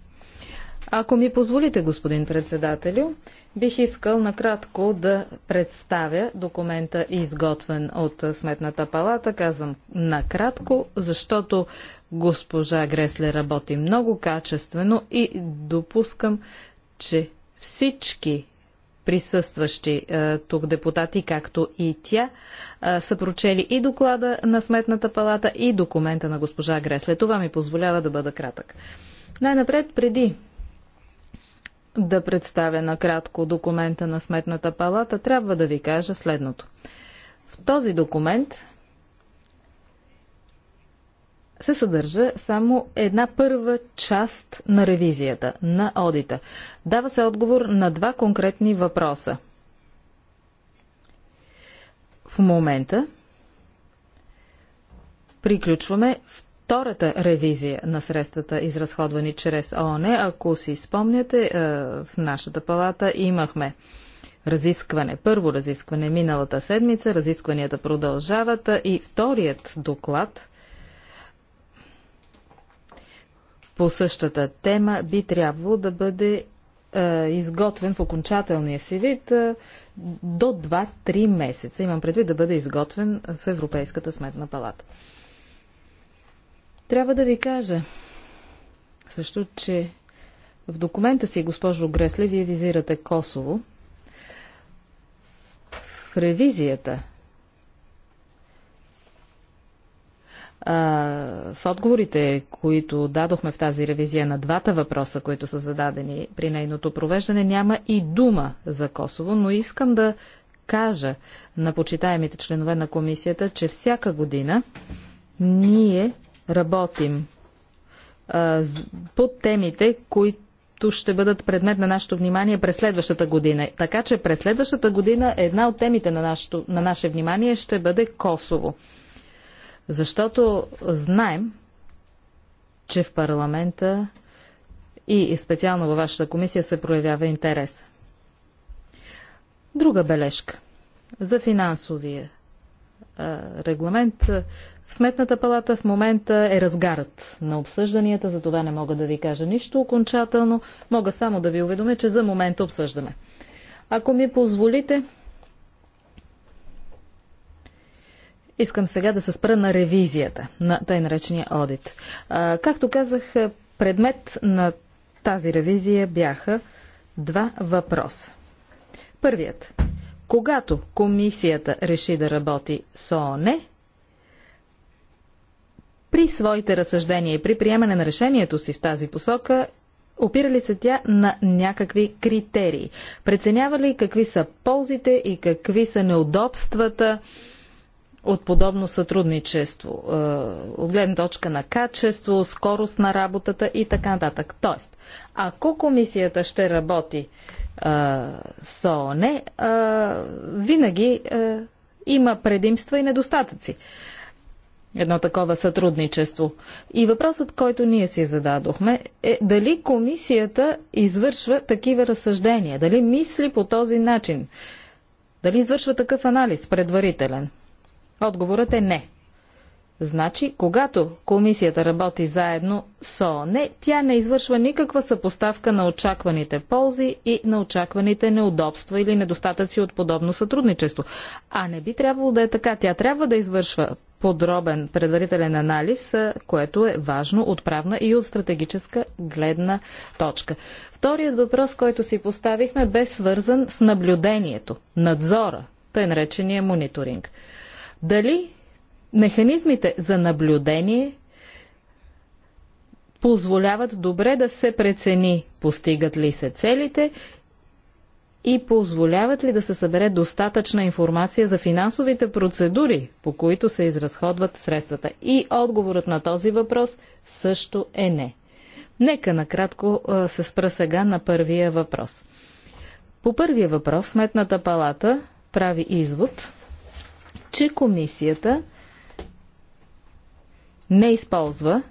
Ако ми позволите, господин председателю, бих искал накратко да представя документа, изготвен от Сметната палата. Казвам накратко, защото госпожа Гресле работи много качествено и допускам, че всички присъстващи е, тук депутати, както и тя, е, са прочели и доклада на Сметната палата, и документа на госпожа Гресле. Това ми позволява да бъда кратък. Най-напред, преди да представя накратко документа на Сметната палата, трябва да ви кажа следното. В този документ се съдържа само една първа част на ревизията, на одита. Дава се отговор на два конкретни въпроса. В момента приключваме втората ревизия на средствата, изразходвани чрез ООН. Ако си спомняте, е, в нашата палата имахме разискване. Първо разискване миналата седмица, разискванията продължават и вторият доклад – по същата тема би трябвало да бъде е, изготвен в окончателния си вид е, до 2-3 месеца. Имам предвид да бъде изготвен в Европейската сметна палата. Трябва да ви кажа също, че в документа си, госпожо Гресле, вие визирате Косово. В ревизията в отговорите, които дадохме в тази ревизия на двата въпроса, които са зададени при нейното провеждане, няма и дума за Косово, но искам да кажа на почитаемите членове на комисията, че всяка година ние работим под по темите, които които ще бъдат предмет на нашето внимание през следващата година. Така че през следващата година една от темите на, нашето, на наше внимание ще бъде Косово. Защото знаем, че в парламента и специално във вашата комисия се проявява интерес. Друга бележка за финансовия регламент. В Сметната палата в момента е разгарът на обсъжданията, за това не мога да ви кажа нищо окончателно. Мога само да ви уведомя, че за момента обсъждаме. Ако ми позволите, Искам сега да се спра на ревизията, на тъй наречения одит. Както казах, е, предмет на тази ревизия бяха два въпроса. Първият. Когато комисията реши да работи с ООН, при своите разсъждения и при приемане на решението си в тази посока, опира ли се тя на някакви критерии? Преценява ли какви са ползите и какви са неудобствата? от подобно сътрудничество, е, от гледна точка на качество, скорост на работата и така нататък. Тоест, ако комисията ще работи е, с ООН, е, винаги има предимства и недостатъци. Едно такова сътрудничество. И въпросът, който ние си зададохме, е дали комисията извършва такива разсъждения, дали мисли по този начин, дали извършва такъв анализ предварителен. Отговорът е не. Значи, когато комисията работи заедно с ООН, тя не извършва никаква съпоставка на очакваните ползи и на очакваните неудобства или недостатъци от подобно сътрудничество. А не би трябвало да е така. Тя трябва да извършва подробен предварителен анализ, което е важно от правна и от стратегическа гледна точка. Вторият въпрос, който си поставихме, бе свързан с наблюдението, надзора, тъй наречения мониторинг – дали механизмите за наблюдение позволяват добре да се прецени постигат ли се целите и позволяват ли да се събере достатъчна информация за финансовите процедури, по които се изразходват средствата? И отговорът на този въпрос също е не. Нека накратко се спра сега на първия въпрос. По първия въпрос Сметната палата прави извод, че комисията не използва,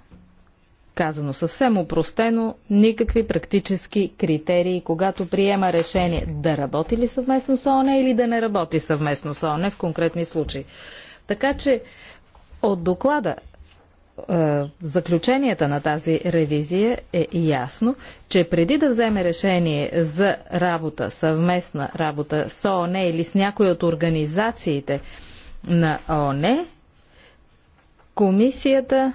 казано съвсем упростено, никакви практически критерии, когато приема решение да работи ли съвместно с ОНЕ или да не работи съвместно с ОНЕ в конкретни случаи. Така че от доклада е, заключенията на тази ревизия е ясно, че преди да вземе решение за работа, съвместна работа с ООН или с някои от организациите, на ООН, комисията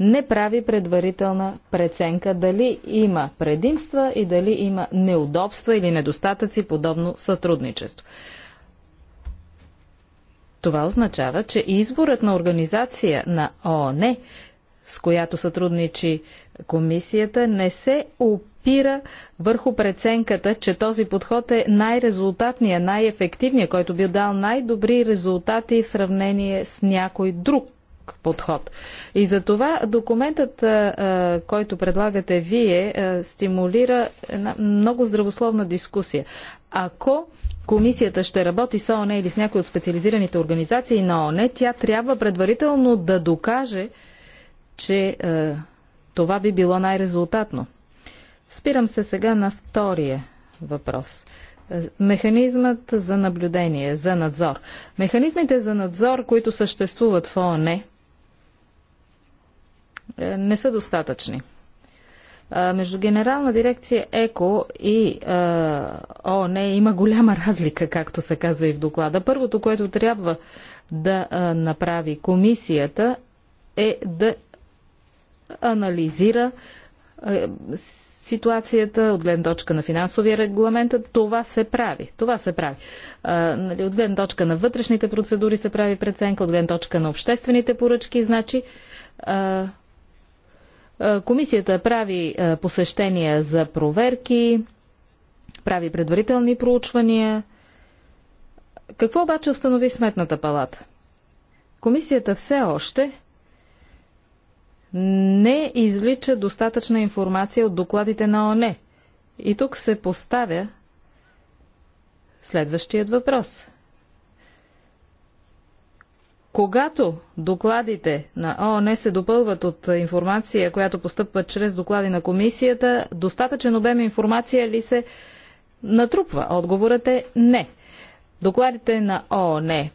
не прави предварителна преценка дали има предимства и дали има неудобства или недостатъци подобно сътрудничество. Това означава, че изборът на организация на ООН, с която сътрудничи комисията, не се опитва опира върху преценката, че този подход е най-резултатният, най-ефективният, който би дал най-добри резултати в сравнение с някой друг подход. И за това документът, който предлагате вие, стимулира една много здравословна дискусия. Ако комисията ще работи с ООН или с някои от специализираните организации на ООН, тя трябва предварително да докаже, че е, това би било най-резултатно. Спирам се сега на втория въпрос. Механизмът за наблюдение, за надзор. Механизмите за надзор, които съществуват в ООН, е, не са достатъчни. Между Генерална дирекция ЕКО и ООН има голяма разлика, както се казва и в доклада. Първото, което трябва да направи комисията е да анализира ситуацията, от гледна точка на финансовия регламент, това се прави. Това се прави. А, нали, от гледна точка на вътрешните процедури се прави преценка, от гледна точка на обществените поръчки, значи а, а, комисията прави а, посещения за проверки, прави предварителни проучвания. Какво обаче установи Сметната палата? Комисията все още не излича достатъчна информация от докладите на ОНЕ. И тук се поставя следващият въпрос. Когато докладите на ООН се допълват от информация, която постъпва чрез доклади на комисията, достатъчен обем информация ли се натрупва? Отговорът е не. Докладите на ООН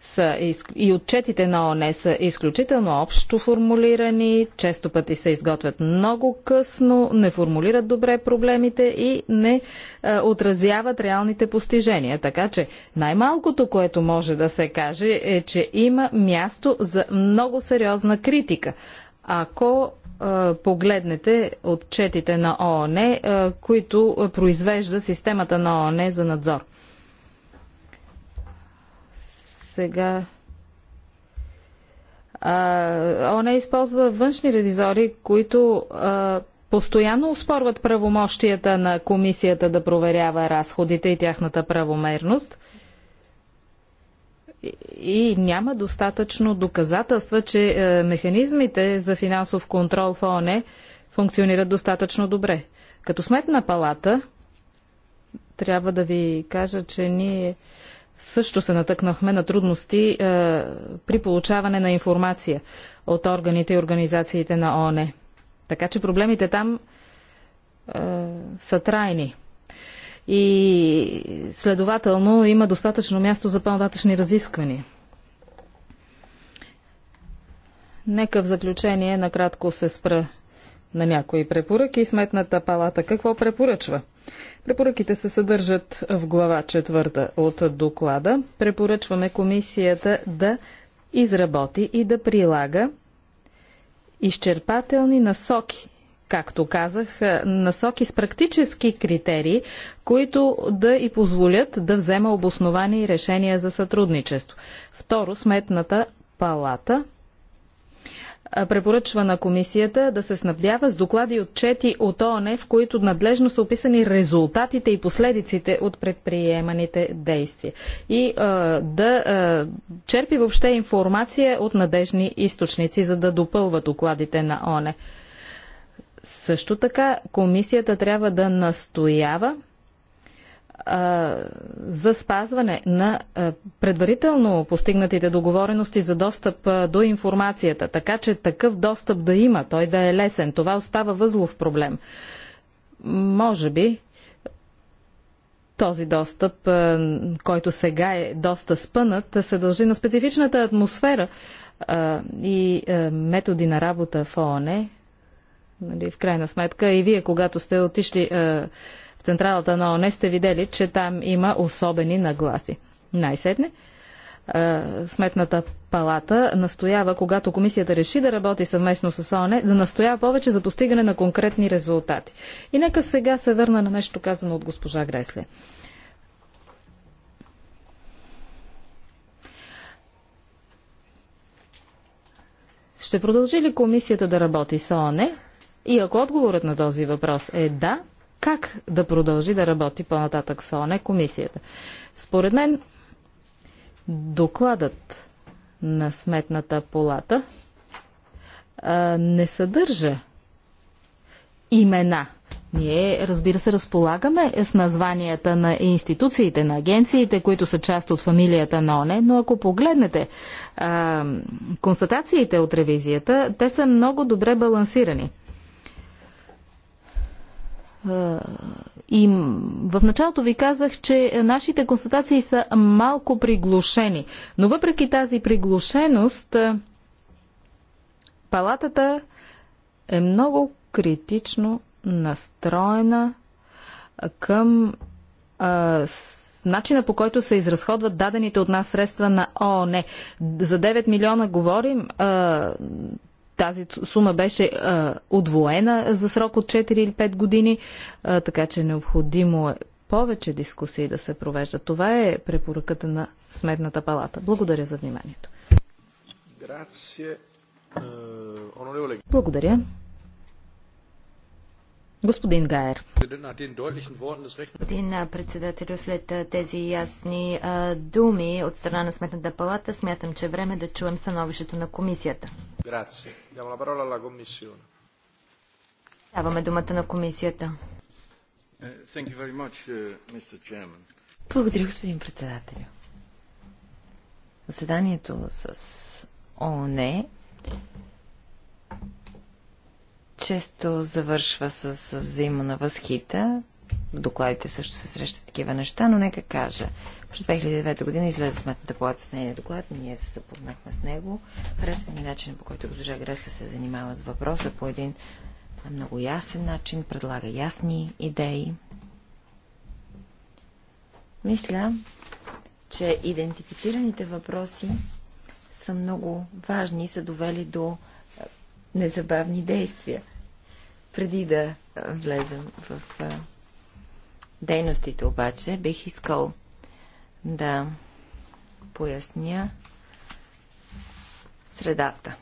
са, и отчетите на ОНЕ са изключително общо формулирани, често пъти се изготвят много късно, не формулират добре проблемите и не а, е, отразяват реалните постижения. Така че най-малкото, което може да се каже е, че има място за много сериозна критика. Ако а, е, погледнете отчетите на ООН, е, които произвежда системата на ООН за надзор. Сега а, ОНЕ използва външни ревизори, които а, постоянно успорват правомощията на комисията да проверява разходите и тяхната правомерност. И, и няма достатъчно доказателства, че е, механизмите за финансов контрол в ОНЕ функционират достатъчно добре. Като сметна палата, трябва да ви кажа, че ние също се натъкнахме на трудности е, при получаване на информация от органите и организациите на ООН. Така че проблемите там е, са трайни. И следователно има достатъчно място за по-нататъчни разисквания. Нека в заключение накратко се спра на някои препоръки. Сметната палата какво препоръчва? Препоръките се съдържат в глава четвърта от доклада. Препоръчваме комисията да изработи и да прилага изчерпателни насоки както казах, насоки с практически критерии, които да и позволят да взема обосновани решения за сътрудничество. Второ, сметната палата препоръчва на комисията да се снабдява с доклади и отчети от ООН, в които надлежно са описани резултатите и последиците от предприеманите действия. И а, да а, черпи въобще информация от надежни източници, за да допълва докладите на ООН. Също така комисията трябва да настоява за спазване на предварително постигнатите договорености за достъп до информацията, така че такъв достъп да има, той да е лесен. Това остава възлов проблем. Може би този достъп, който сега е доста спънат, се дължи на специфичната атмосфера и методи на работа в ООН. Нали, в крайна сметка и вие, когато сте отишли в централата на ОНЕ, сте видели, че там има особени нагласи. Най-сетне. Е, Сметната палата настоява, когато комисията реши да работи съвместно с ОНЕ, да настоява повече за постигане на конкретни резултати. И нека сега се върна на нещо казано от госпожа Гресле. Ще продължи ли комисията да работи с ОНЕ? И ако отговорът на този въпрос е да, как да продължи да работи по-нататък ОНЕ комисията. Според мен докладът на Сметната палата не съдържа имена. Ние, разбира се, разполагаме с названията на институциите, на агенциите, които са част от фамилията на ОНЕ, но ако погледнете а, констатациите от ревизията, те са много добре балансирани. Е, И в началото ви казах, че нашите констатации са малко приглушени. Но въпреки тази приглушеност, е, палатата е много критично настроена е, към а, начина по който се изразходват дадените от нас средства на ООН. За 9 милиона говорим. А, тази сума беше а, удвоена за срок от 4 или 5 години, а, така че е необходимо е повече дискусии да се провеждат. Това е препоръката на Сметната палата. Благодаря за вниманието. Е, Благодаря. Господин Гайер. Господин председател, след тези ясни а, думи от страна на Сметната палата, смятам, че е време да чуем становището на комисията. Даваме думата на комисията. Е, much, uh, Благодаря, господин председател. Заседанието с ООН често завършва с взаимна възхита. В докладите също се срещат такива неща, но нека кажа. През 2009 година излезе сметната палата с нейния доклад, ние се запознахме с него. Харесва ми начин, по който госпожа Греста се занимава с въпроса по един много ясен начин, предлага ясни идеи. Мисля, че идентифицираните въпроси са много важни и са довели до незабавни действия, преди да влезем в дейностите обаче, бих искал да поясня средата.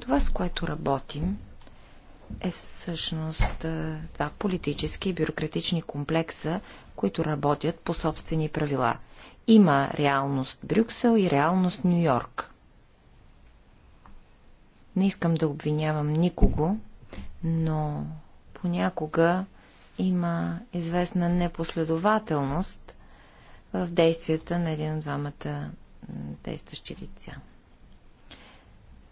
Това, с което работим, е всъщност два политически и бюрократични комплекса, които работят по собствени правила. Има реалност Брюксел и реалност Нью Йорк. Не искам да обвинявам никого, но понякога има известна непоследователност в действията на един от двамата действащи лица.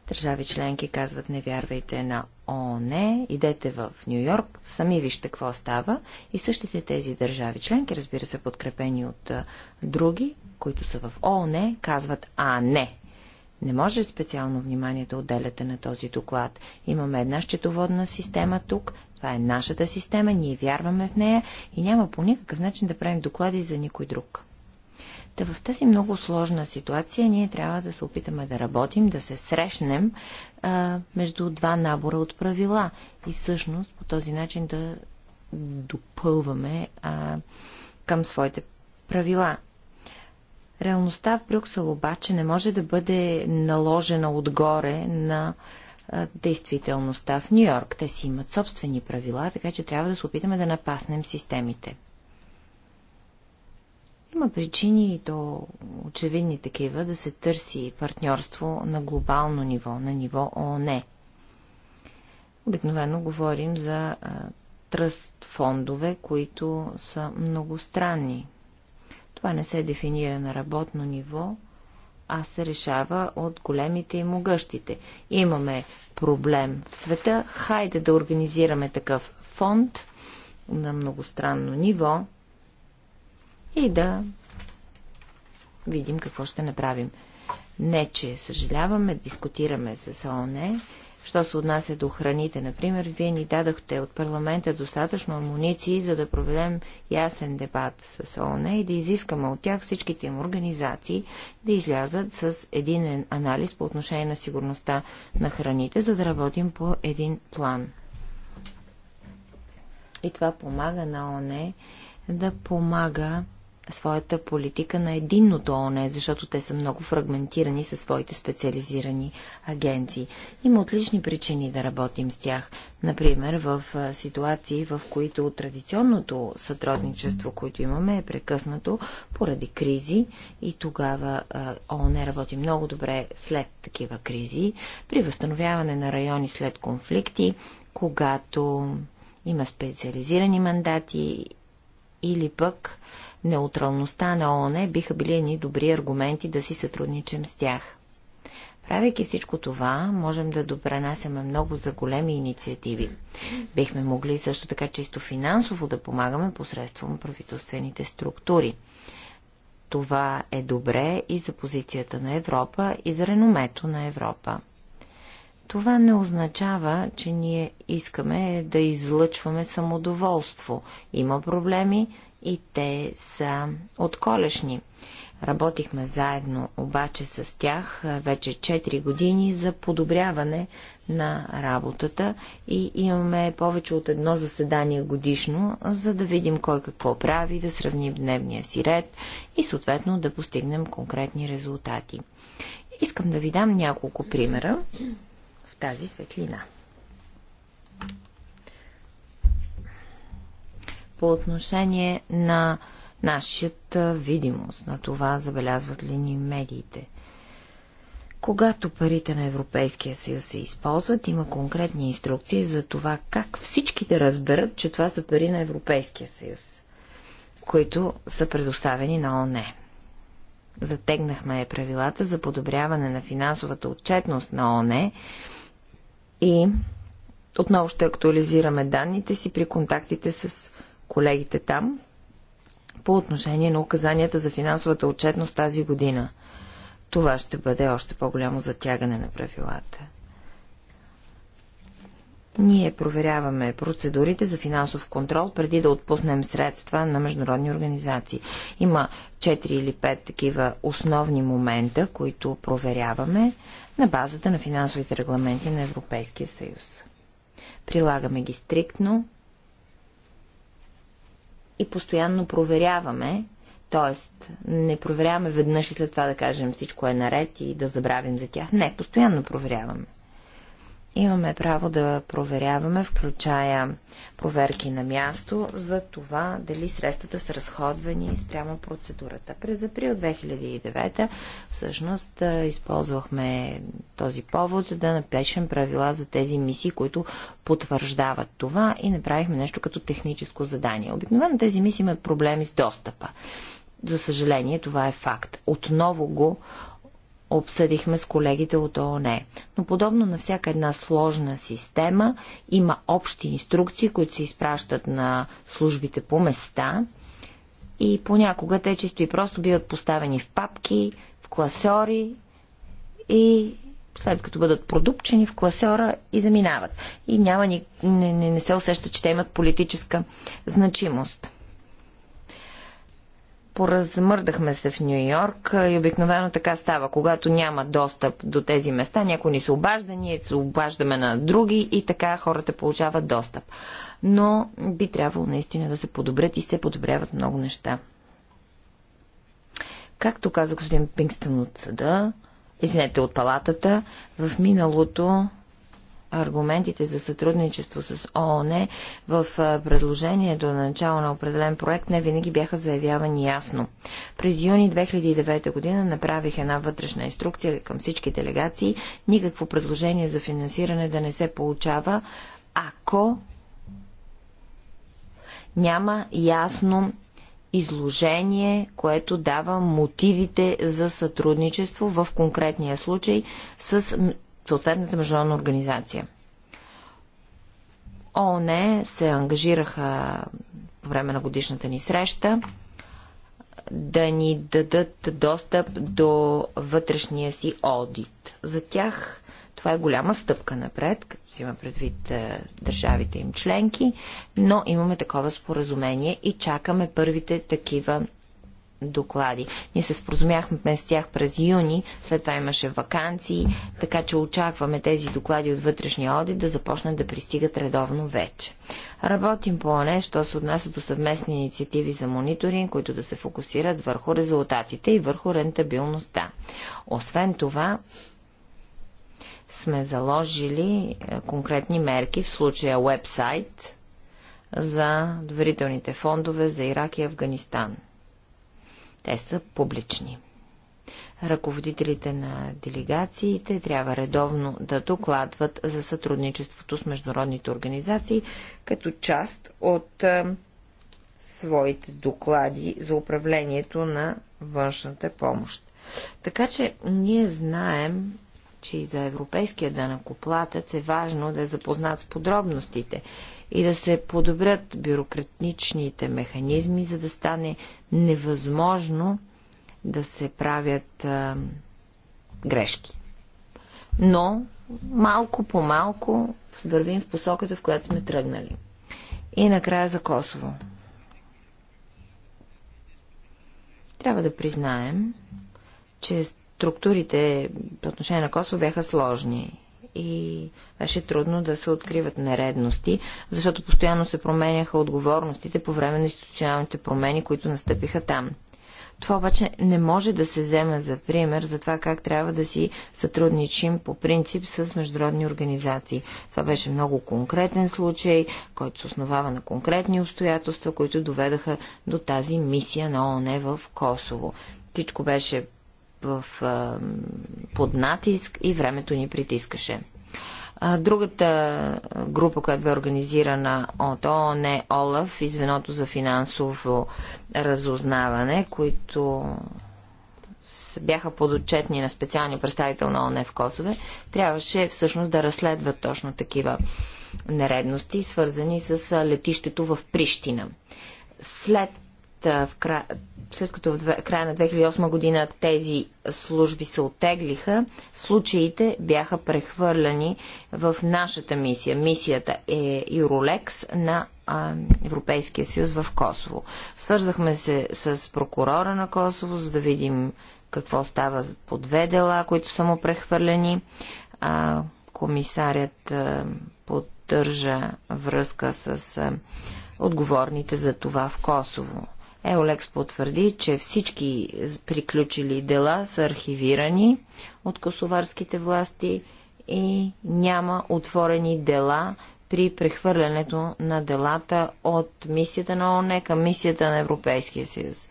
Държави членки казват не вярвайте на ОНЕ, идете в Нью Йорк, сами вижте какво става и същите тези държави членки, разбира се, подкрепени от други, които са в ОНЕ, казват а не, не може специално внимание да отделяте на този доклад. Имаме една счетоводна система тук, това е нашата система, ние вярваме в нея и няма по никакъв начин да правим доклади за никой друг. Та в тази много сложна ситуация ние трябва да се опитаме да работим, да се срещнем а, между два набора от правила и всъщност по този начин да допълваме а, към своите правила. Реалността в Брюксел обаче не може да бъде наложена отгоре на действителността. В Нью Йорк те си имат собствени правила, така че трябва да се опитаме да напаснем системите. Има причини и то очевидни такива да се търси партньорство на глобално ниво, на ниво ООН. Обикновено говорим за тръст фондове, които са многостранни. Това не се дефинира на работно ниво, а се решава от големите и могъщите. Имаме проблем в света, хайде да организираме такъв фонд на многостранно ниво и да видим какво ще направим. Не, че съжаляваме, дискутираме с ООН Що се отнася до храните, например, вие ни дадахте от парламента достатъчно амуниции, за да проведем ясен дебат с ООН и да изискаме от тях всичките им организации да излязат с един анализ по отношение на сигурността на храните, за да работим по един план. И това помага на ОНЕ да помага своята политика на единното ООН, защото те са много фрагментирани със своите специализирани агенции. Има отлични причини да работим с тях. Например, в ситуации, в които традиционното сътрудничество, което имаме, е прекъснато поради кризи и тогава ООН работи много добре след такива кризи, при възстановяване на райони след конфликти, когато има специализирани мандати или пък неутралността на ООН биха били едни добри аргументи да си сътрудничим с тях. Правейки всичко това, можем да допренасяме много за големи инициативи. Бихме могли също така чисто финансово да помагаме посредством правителствените структури. Това е добре и за позицията на Европа, и за реномето на Европа. Това не означава, че ние искаме да излъчваме самодоволство. Има проблеми, и те са отколешни. Работихме заедно обаче с тях вече 4 години за подобряване на работата и имаме повече от едно заседание годишно, за да видим кой какво прави, да сравним дневния си ред и съответно да постигнем конкретни резултати. Искам да ви дам няколко примера в тази светлина по отношение на нашата видимост, на това забелязват ли ни медиите. Когато парите на Европейския съюз се използват, има конкретни инструкции за това как всички да разберат, че това са пари на Европейския съюз, които са предоставени на ОНЕ. Затегнахме правилата за подобряване на финансовата отчетност на ОНЕ и отново ще актуализираме данните си при контактите с колегите там по отношение на указанията за финансовата отчетност тази година. Това ще бъде още по-голямо затягане на правилата. Ние проверяваме процедурите за финансов контрол преди да отпуснем средства на международни организации. Има 4 или 5 такива основни момента, които проверяваме на базата на финансовите регламенти на Европейския съюз. Прилагаме ги стриктно и постоянно проверяваме, т.е. не проверяваме веднъж и след това да кажем всичко е наред и да забравим за тях. Не, постоянно проверяваме. Имаме право да проверяваме, включая проверки на място, за това дали средствата са разходвани спрямо процедурата. През април 2009 всъщност използвахме този повод да напишем правила за тези мисии, които потвърждават това и направихме нещо като техническо задание. Обикновено тези мисии имат проблеми с достъпа. За съжаление, това е факт. Отново го обсъдихме с колегите от ООН. Но подобно на всяка една сложна система, има общи инструкции, които се изпращат на службите по места и понякога те чисто и просто биват поставени в папки, в класьори и след като бъдат продупчени в класьора и заминават. И няма, не, не, не се усеща, че те имат политическа значимост. Поразмърдахме се в Нью Йорк и обикновено така става. Когато няма достъп до тези места, някой ни се обажда, ние се обаждаме на други и така хората получават достъп. Но би трябвало наистина да се подобрят и се подобряват много неща. Както каза господин Пингстън от съда, извинете, от палатата, в миналото аргументите за сътрудничество с ООН в предложението на начало на определен проект не винаги бяха заявявани ясно. През юни 2009 година направих една вътрешна инструкция към всички делегации, никакво предложение за финансиране да не се получава, ако няма ясно изложение, което дава мотивите за сътрудничество в конкретния случай с съответната международна организация. ООН се ангажираха по време на годишната ни среща да ни дадат достъп до вътрешния си одит. За тях това е голяма стъпка напред, като си има предвид е, държавите им членки, но имаме такова споразумение и чакаме първите такива доклади. Ние се споразумяхме с тях през юни, след това имаше вакансии, така че очакваме тези доклади от вътрешния одит да започнат да пристигат редовно вече. Работим по оне, що се отнася до съвместни инициативи за мониторинг, които да се фокусират върху резултатите и върху рентабилността. Освен това, сме заложили е, конкретни мерки, в случая вебсайт, за доверителните фондове за Ирак и Афганистан – те са публични. Ръководителите на делегациите трябва редовно да докладват за сътрудничеството с международните организации като част от а, е, своите доклади за управлението на външната помощ. Така че ние знаем, че и за европейския данъкоплатец е важно да е запознат с подробностите и да се подобрят бюрократичните механизми, за да стане невъзможно да се правят а, грешки. Но малко по малко вървим в посоката, в която сме тръгнали. И накрая за Косово. Трябва да признаем, че структурите по отношение на Косово бяха сложни и беше трудно да се откриват нередности, защото постоянно се променяха отговорностите по време на институционалните промени, които настъпиха там. Това обаче не може да се вземе за пример за това как трябва да си сътрудничим по принцип с международни организации. Това беше много конкретен случай, който се основава на конкретни обстоятелства, които доведаха до тази мисия на ООН в Косово. Тичко беше в, под натиск и времето ни притискаше. Другата група, която бе организирана от ООН е ОЛАФ и звеното за финансово разузнаване, които бяха подотчетни на специалния представител на ОНЕ в Косове, трябваше всъщност да разследват точно такива нередности, свързани с летището в Прищина. След в кра след като в края на 2008 година тези служби се отеглиха, случаите бяха прехвърляни в нашата мисия. Мисията е Юролекс на Европейския съюз в Косово. Свързахме се с прокурора на Косово, за да видим какво става по две дела, които са му прехвърлени. комисарят поддържа връзка с отговорните за това в Косово. Еолекс потвърди, че всички приключили дела са архивирани от косоварските власти и няма отворени дела при прехвърлянето на делата от мисията на ООН към мисията на Европейския съюз.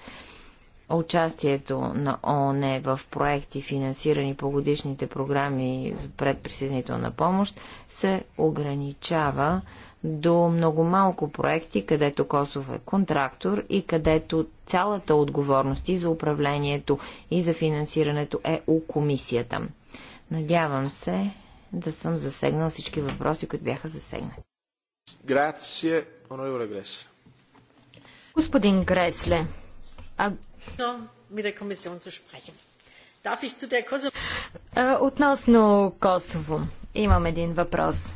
Участието на ООН в проекти, финансирани по годишните програми за предприсъединителна помощ, се ограничава до много малко проекти, където Косово е контрактор и където цялата отговорност и за управлението, и за финансирането е у комисията. Надявам се да съм засегнал всички въпроси, които бяха засегнати. Грация, онореволе Грес. Господин Гресле, а... Относно Косово, имам един въпрос.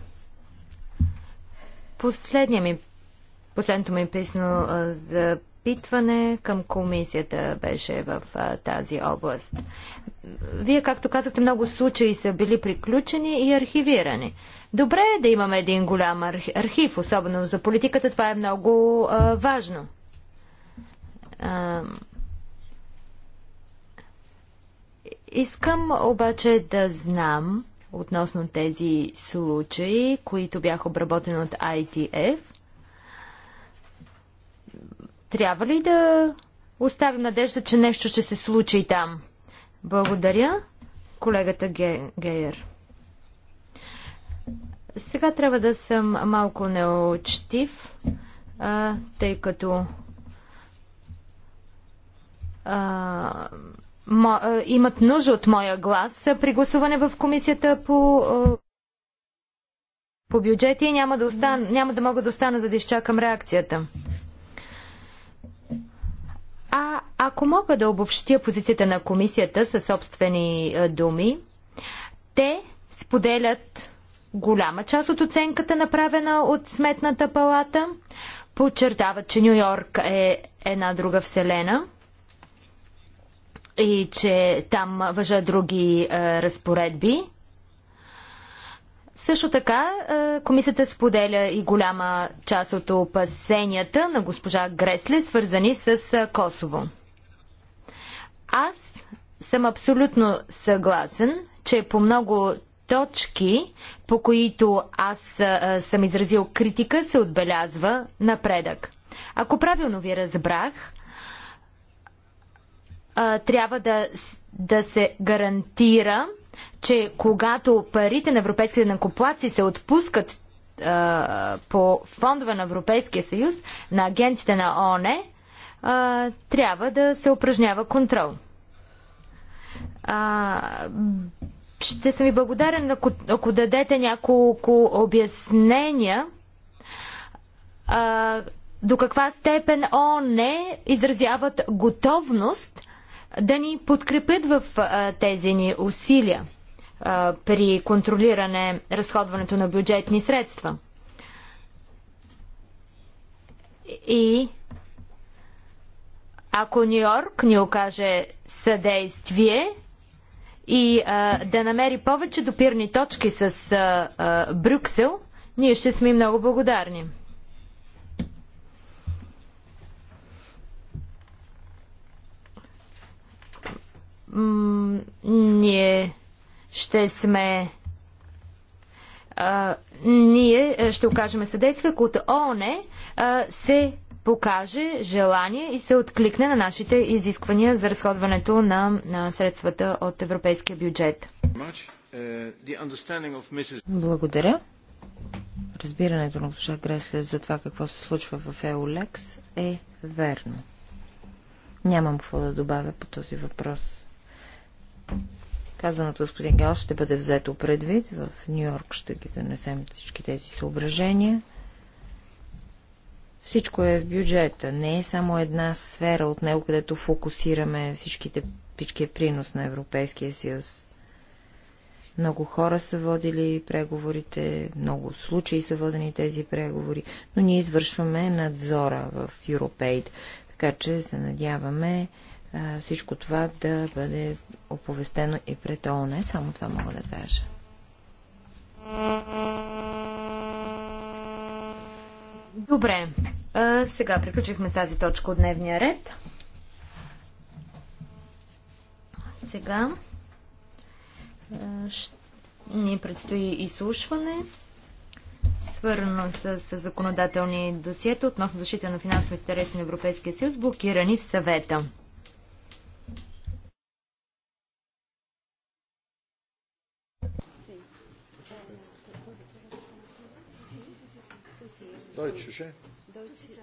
Последния ми, последното ми за запитване към комисията беше в а, тази област. Вие, както казахте, много случаи са били приключени и архивирани. Добре е да имаме един голям архив, особено за политиката. Това е много а, важно. А, искам обаче да знам относно тези случаи, които бяха обработени от ITF. Трябва ли да оставим надежда, че нещо ще се случи и там? Благодаря, колегата Ге... Гейер. Сега трябва да съм малко неочтив, а, тъй като а, е, имат нужда от моя глас при гласуване в комисията по, е, по бюджети и няма да, остан, няма да мога да остана за да изчакам реакцията. А ако мога да обобщя позицията на комисията със собствени е, думи, те споделят голяма част от оценката, направена от Сметната палата. Подчертават, че Нью Йорк е една друга вселена – и че там въжа други е, разпоредби. Също така, е, комисията споделя и голяма част от опасенията на госпожа Гресле, свързани с е, Косово. Аз съм абсолютно съгласен, че по много точки, по които аз съм изразил критика, се отбелязва напредък. Ако правилно ви разбрах, а, трябва да, да се гарантира, че когато парите на европейските накоплаци се отпускат а, по фондове на Европейския съюз, на агенците на ОНЕ, трябва да се упражнява контрол. А, ще съм ви благодарен, ако, ако дадете няколко обяснения а, до каква степен ООН изразяват готовност да ни подкрепят в а, тези ни усилия а, при контролиране разходването на бюджетни средства. И ако Нью Йорк ни окаже съдействие и а, да намери повече допирни точки с а, а, Брюксел, ние ще сме много благодарни. ние ще сме а, ние е, ще окажем съдействие, ако от ООН се покаже желание и се откликне на нашите изисквания за разходването на, на средствата от европейския бюджет. Благодаря. Разбирането на госпожа Гресле за това какво се случва в Еолекс е верно. Нямам какво да добавя по този въпрос. Казаното господин Гал ще бъде взето предвид. В Нью Йорк ще ги донесем всички тези съображения. Всичко е в бюджета. Не е само една сфера от него, където фокусираме всичките, всичкия принос на Европейския съюз. Много хора са водили преговорите, много случаи са водени тези преговори, но ние извършваме надзора в Европейд. Така че се надяваме всичко това да бъде оповестено и пред ООН. Само това мога да кажа. Добре. А, сега приключихме с тази точка от дневния ред. Сега а, ш... ни предстои изслушване, свързано с, с законодателни досиета относно защита на финансовите интереси на Европейския съюз, блокирани в съвета. Deutsche, Deutsche.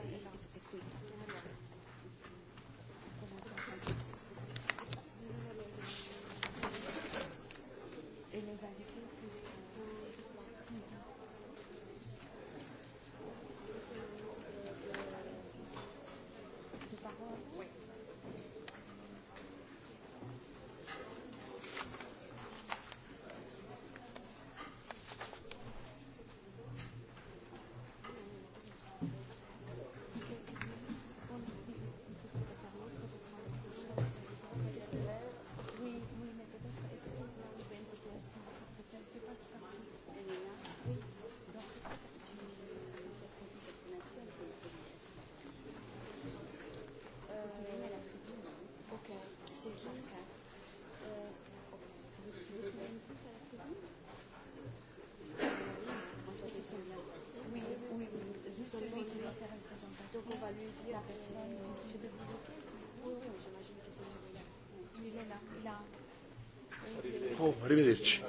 Arrivederci.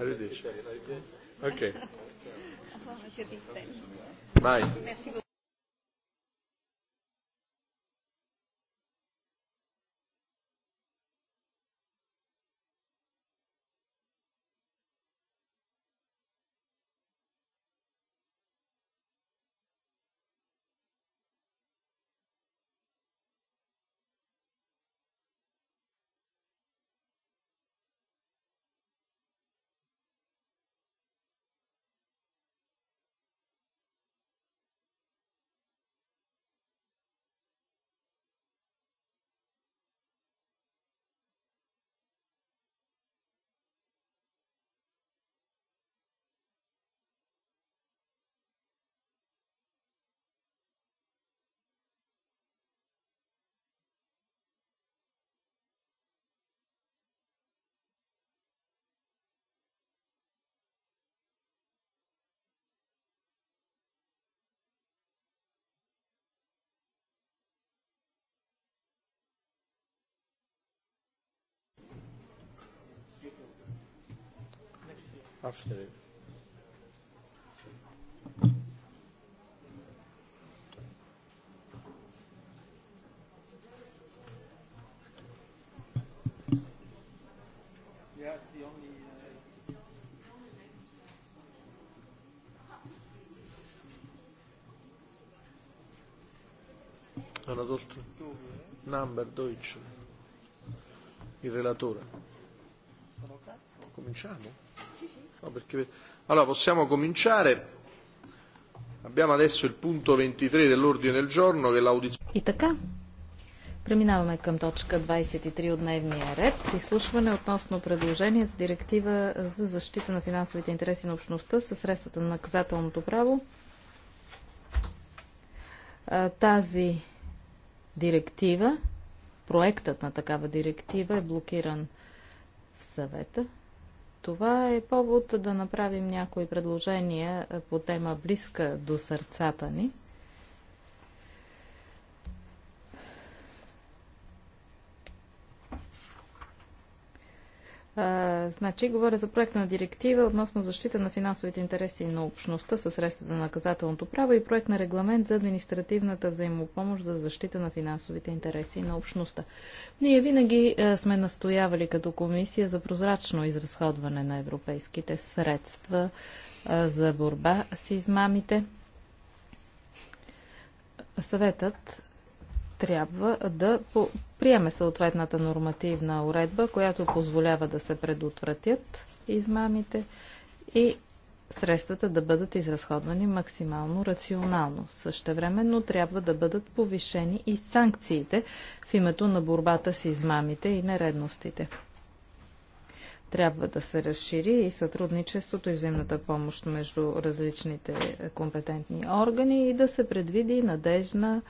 Arrivederci. Ok. Vai. Yeah, it's the only. Uh... Hanno tolto number Deutsch, il relatore. Cominciamo? Sì, sì. No, perché... Allora, possiamo cominciare. Abbiamo adesso il punto 23 dell'ordine del giorno che l'audizione... И така, преминаваме към точка 23 от дневния ред. Изслушване относно предложение за директива за защита на финансовите интереси на общността със средствата на наказателното право. Тази директива, проектът на такава директива е блокиран в съвета. Това е повод да направим някои предложения по тема близка до сърцата ни – значи, говоря за проект на директива относно защита на финансовите интереси на общността със средства за наказателното право и проект на регламент за административната взаимопомощ за защита на финансовите интереси на общността. Ние винаги а, сме настоявали като комисия за прозрачно изразходване на европейските средства а, за борба с измамите. Съветът трябва да приеме съответната нормативна уредба, която позволява да се предотвратят измамите и средствата да бъдат изразходвани максимално рационално. Същевременно трябва да бъдат повишени и санкциите в името на борбата с измамите и нередностите. Трябва да се разшири и сътрудничеството и взаимната помощ между различните компетентни органи и да се предвиди надежна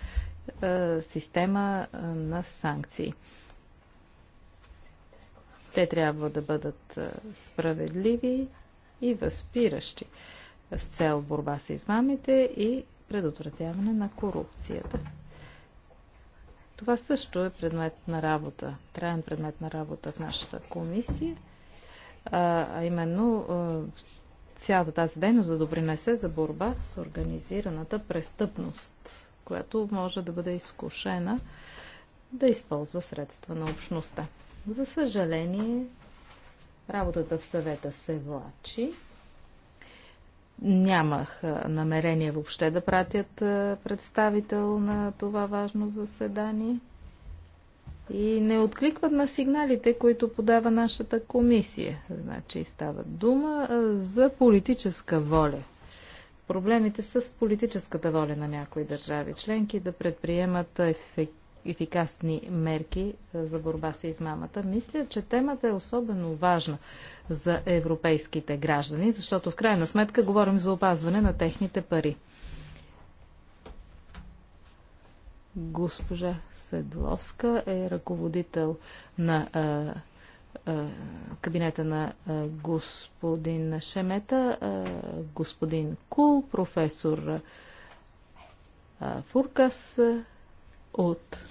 е, система е, на санкции. Те трябва да бъдат е, справедливи и възпиращи с цел борба с измамите и предотвратяване на корупцията. Това също е предмет на работа, траен предмет на работа в нашата комисия, а именно цялата тази дейност да допринесе за борба с организираната престъпност която може да бъде изкушена да използва средства на общността. За съжаление, работата в съвета се влачи. Нямах намерение въобще да пратят представител на това важно заседание и не откликват на сигналите, които подава нашата комисия. Значи става дума за политическа воля проблемите с политическата воля на някои държави членки да предприемат ефективно ефикасни мерки за борба с измамата. Мисля, че темата е особено важна за европейските граждани, защото в крайна сметка говорим за опазване на техните пари. Госпожа Седловска е ръководител на е, кабинета на е, господин Шемета, е, господин Кул, професор Фуркас от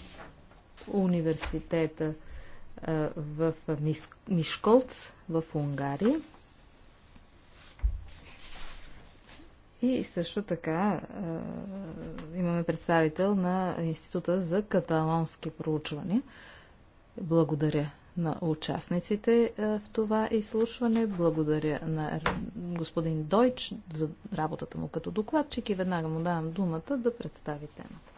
университета в Мишколц в Унгария. И също така имаме представител на Института за каталонски проучвания. Благодаря на участниците е, в това изслушване. Благодаря на господин Дойч за работата му като докладчик и веднага му давам думата да представи темата.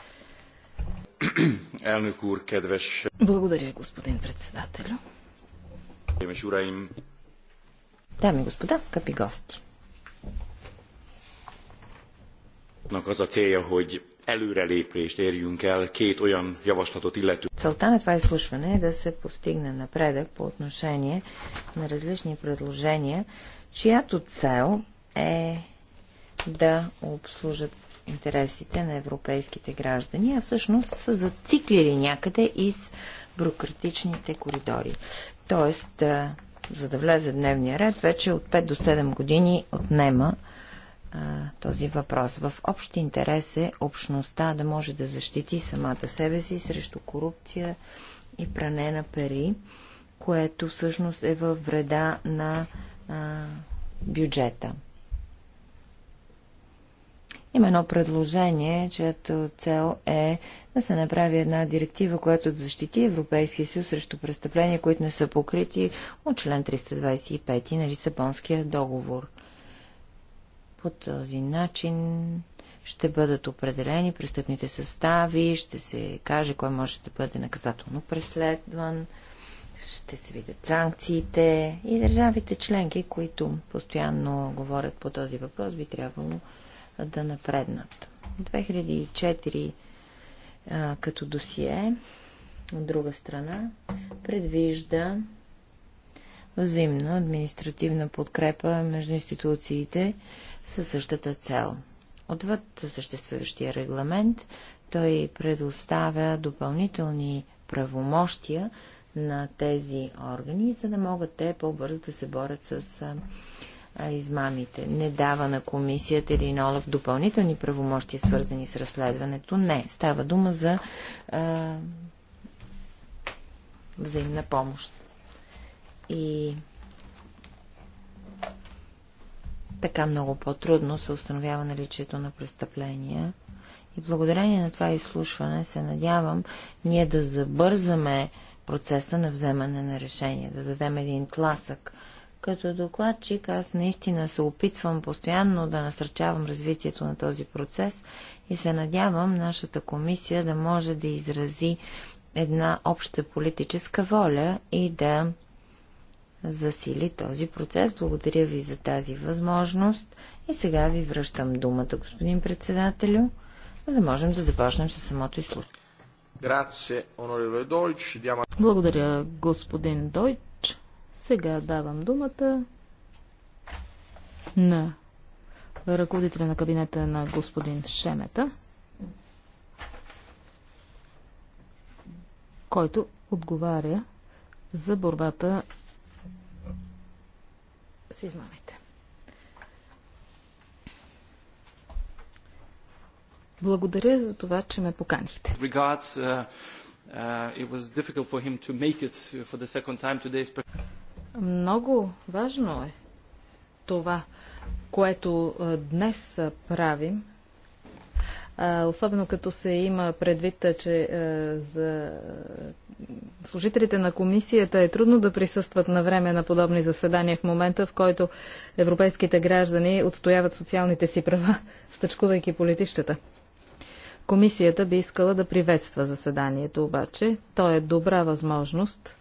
Благодаря, господин председател. Дами и господа, скъпи гости. az a célja, hogy előrelépést érjünk el két olyan javaslatot illető. Целта на това изслушване е да се постигне напредък по отношение на различни предложения, чиято цел е да обслужат интересите на европейските граждани, а всъщност са зациклили някъде из бюрократичните коридори. Тоест, за да влезе в дневния ред, вече от 5 до 7 години отнема този въпрос. В общ интерес е общността да може да защити самата себе си срещу корупция и пране на пари, което всъщност е във вреда на а, бюджета. Има едно предложение, чието цел е да се направи една директива, която да защити Европейския съюз срещу престъпления, които не са покрити от член 325 на Лисабонския договор – по този начин ще бъдат определени престъпните състави, ще се каже кой може да бъде наказателно преследван, ще се видят санкциите и държавите членки, които постоянно говорят по този въпрос, би трябвало да напреднат. 2004 а, като досие, от друга страна, предвижда взаимна административна подкрепа между институциите със същата цел. Отвъд съществуващия регламент, той предоставя допълнителни правомощия на тези органи, за да могат те по-бързо да се борят с измамите. Не дава на комисията или на ОЛАФ допълнителни правомощи, свързани с разследването. Не. Става дума за а, взаимна помощ. И така много по-трудно се установява наличието на престъпления. И благодарение на това изслушване се надявам ние да забързаме процеса на вземане на решение, да дадем един тласък. Като докладчик аз наистина се опитвам постоянно да насърчавам развитието на този процес и се надявам нашата комисия да може да изрази една обща политическа воля и да засили този процес. Благодаря ви за тази възможност и сега ви връщам думата, господин председателю, за да можем да започнем с самото изслушване. Благодаря, господин Дойч. Сега давам думата на ръководителя на кабинета на господин Шемета, който отговаря за борбата с измамите. Благодаря за това, че ме поканихте. Uh, uh, Много важно е това, което днес правим, особено като се има предвид, че за служителите на комисията е трудно да присъстват на време на подобни заседания в момента, в който европейските граждани отстояват социалните си права, стъчкувайки политищата. Комисията би искала да приветства заседанието, обаче то е добра възможност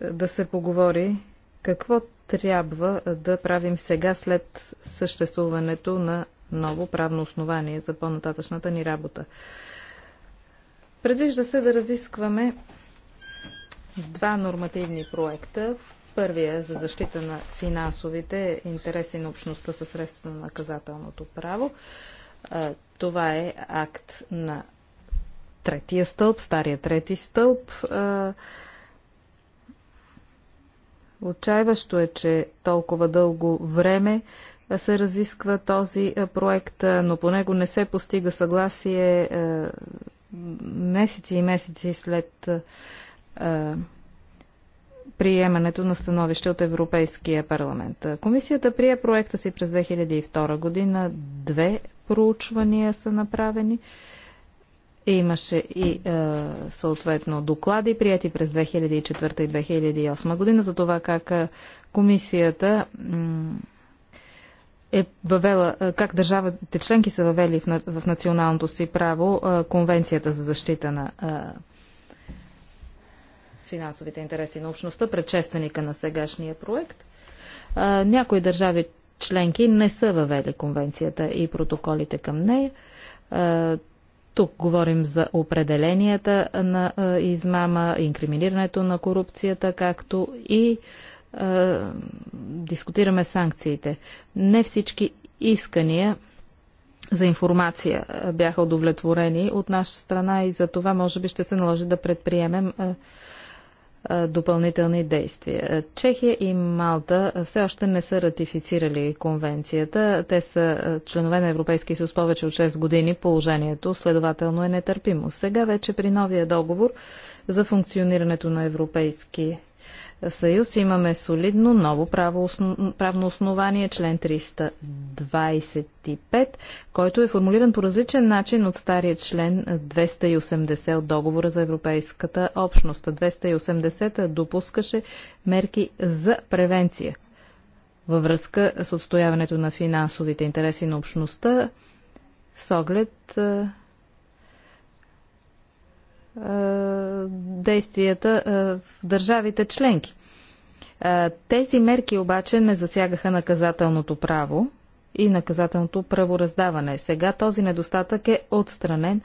е, да се поговори какво трябва да правим сега след съществуването на ново правно основание за по-нататъчната ни работа. Предвижда се да разискваме два нормативни проекта. Първия е за защита на финансовите интереси на общността със средства на наказателното право. Това е акт на третия стълб, стария трети стълб. Отчаиващо е, че толкова дълго време се разисква този проект, но по него не се постига съгласие месеци и месеци след приемането на становище от Европейския парламент. Комисията прие проекта си през 2002 година. Две проучвания са направени. Имаше и е, съответно доклади, прияти през 2004 и 2008 година, за това как комисията е въвела, как държавите членки са въвели в, в националното си право Конвенцията за защита на финансовите интереси на общността, предшественика на сегашния проект. Някои държави членки не са въвели конвенцията и протоколите към нея. Тук говорим за определенията на измама, инкриминирането на корупцията, както и дискутираме санкциите. Не всички искания за информация бяха удовлетворени от наша страна и за това може би ще се наложи да предприемем допълнителни действия. Чехия и Малта все още не са ратифицирали конвенцията. Те са членове на Европейския съюз повече от 6 години. Положението следователно е нетърпимо. Сега вече при новия договор за функционирането на Европейския съюз имаме солидно ново право, правно основание, член 325, който е формулиран по различен начин от стария член 280 от договора за Европейската общност. 280 допускаше мерки за превенция във връзка с отстояването на финансовите интереси на общността с оглед действията в държавите членки. Тези мерки обаче не засягаха наказателното право и наказателното правораздаване. Сега този недостатък е отстранен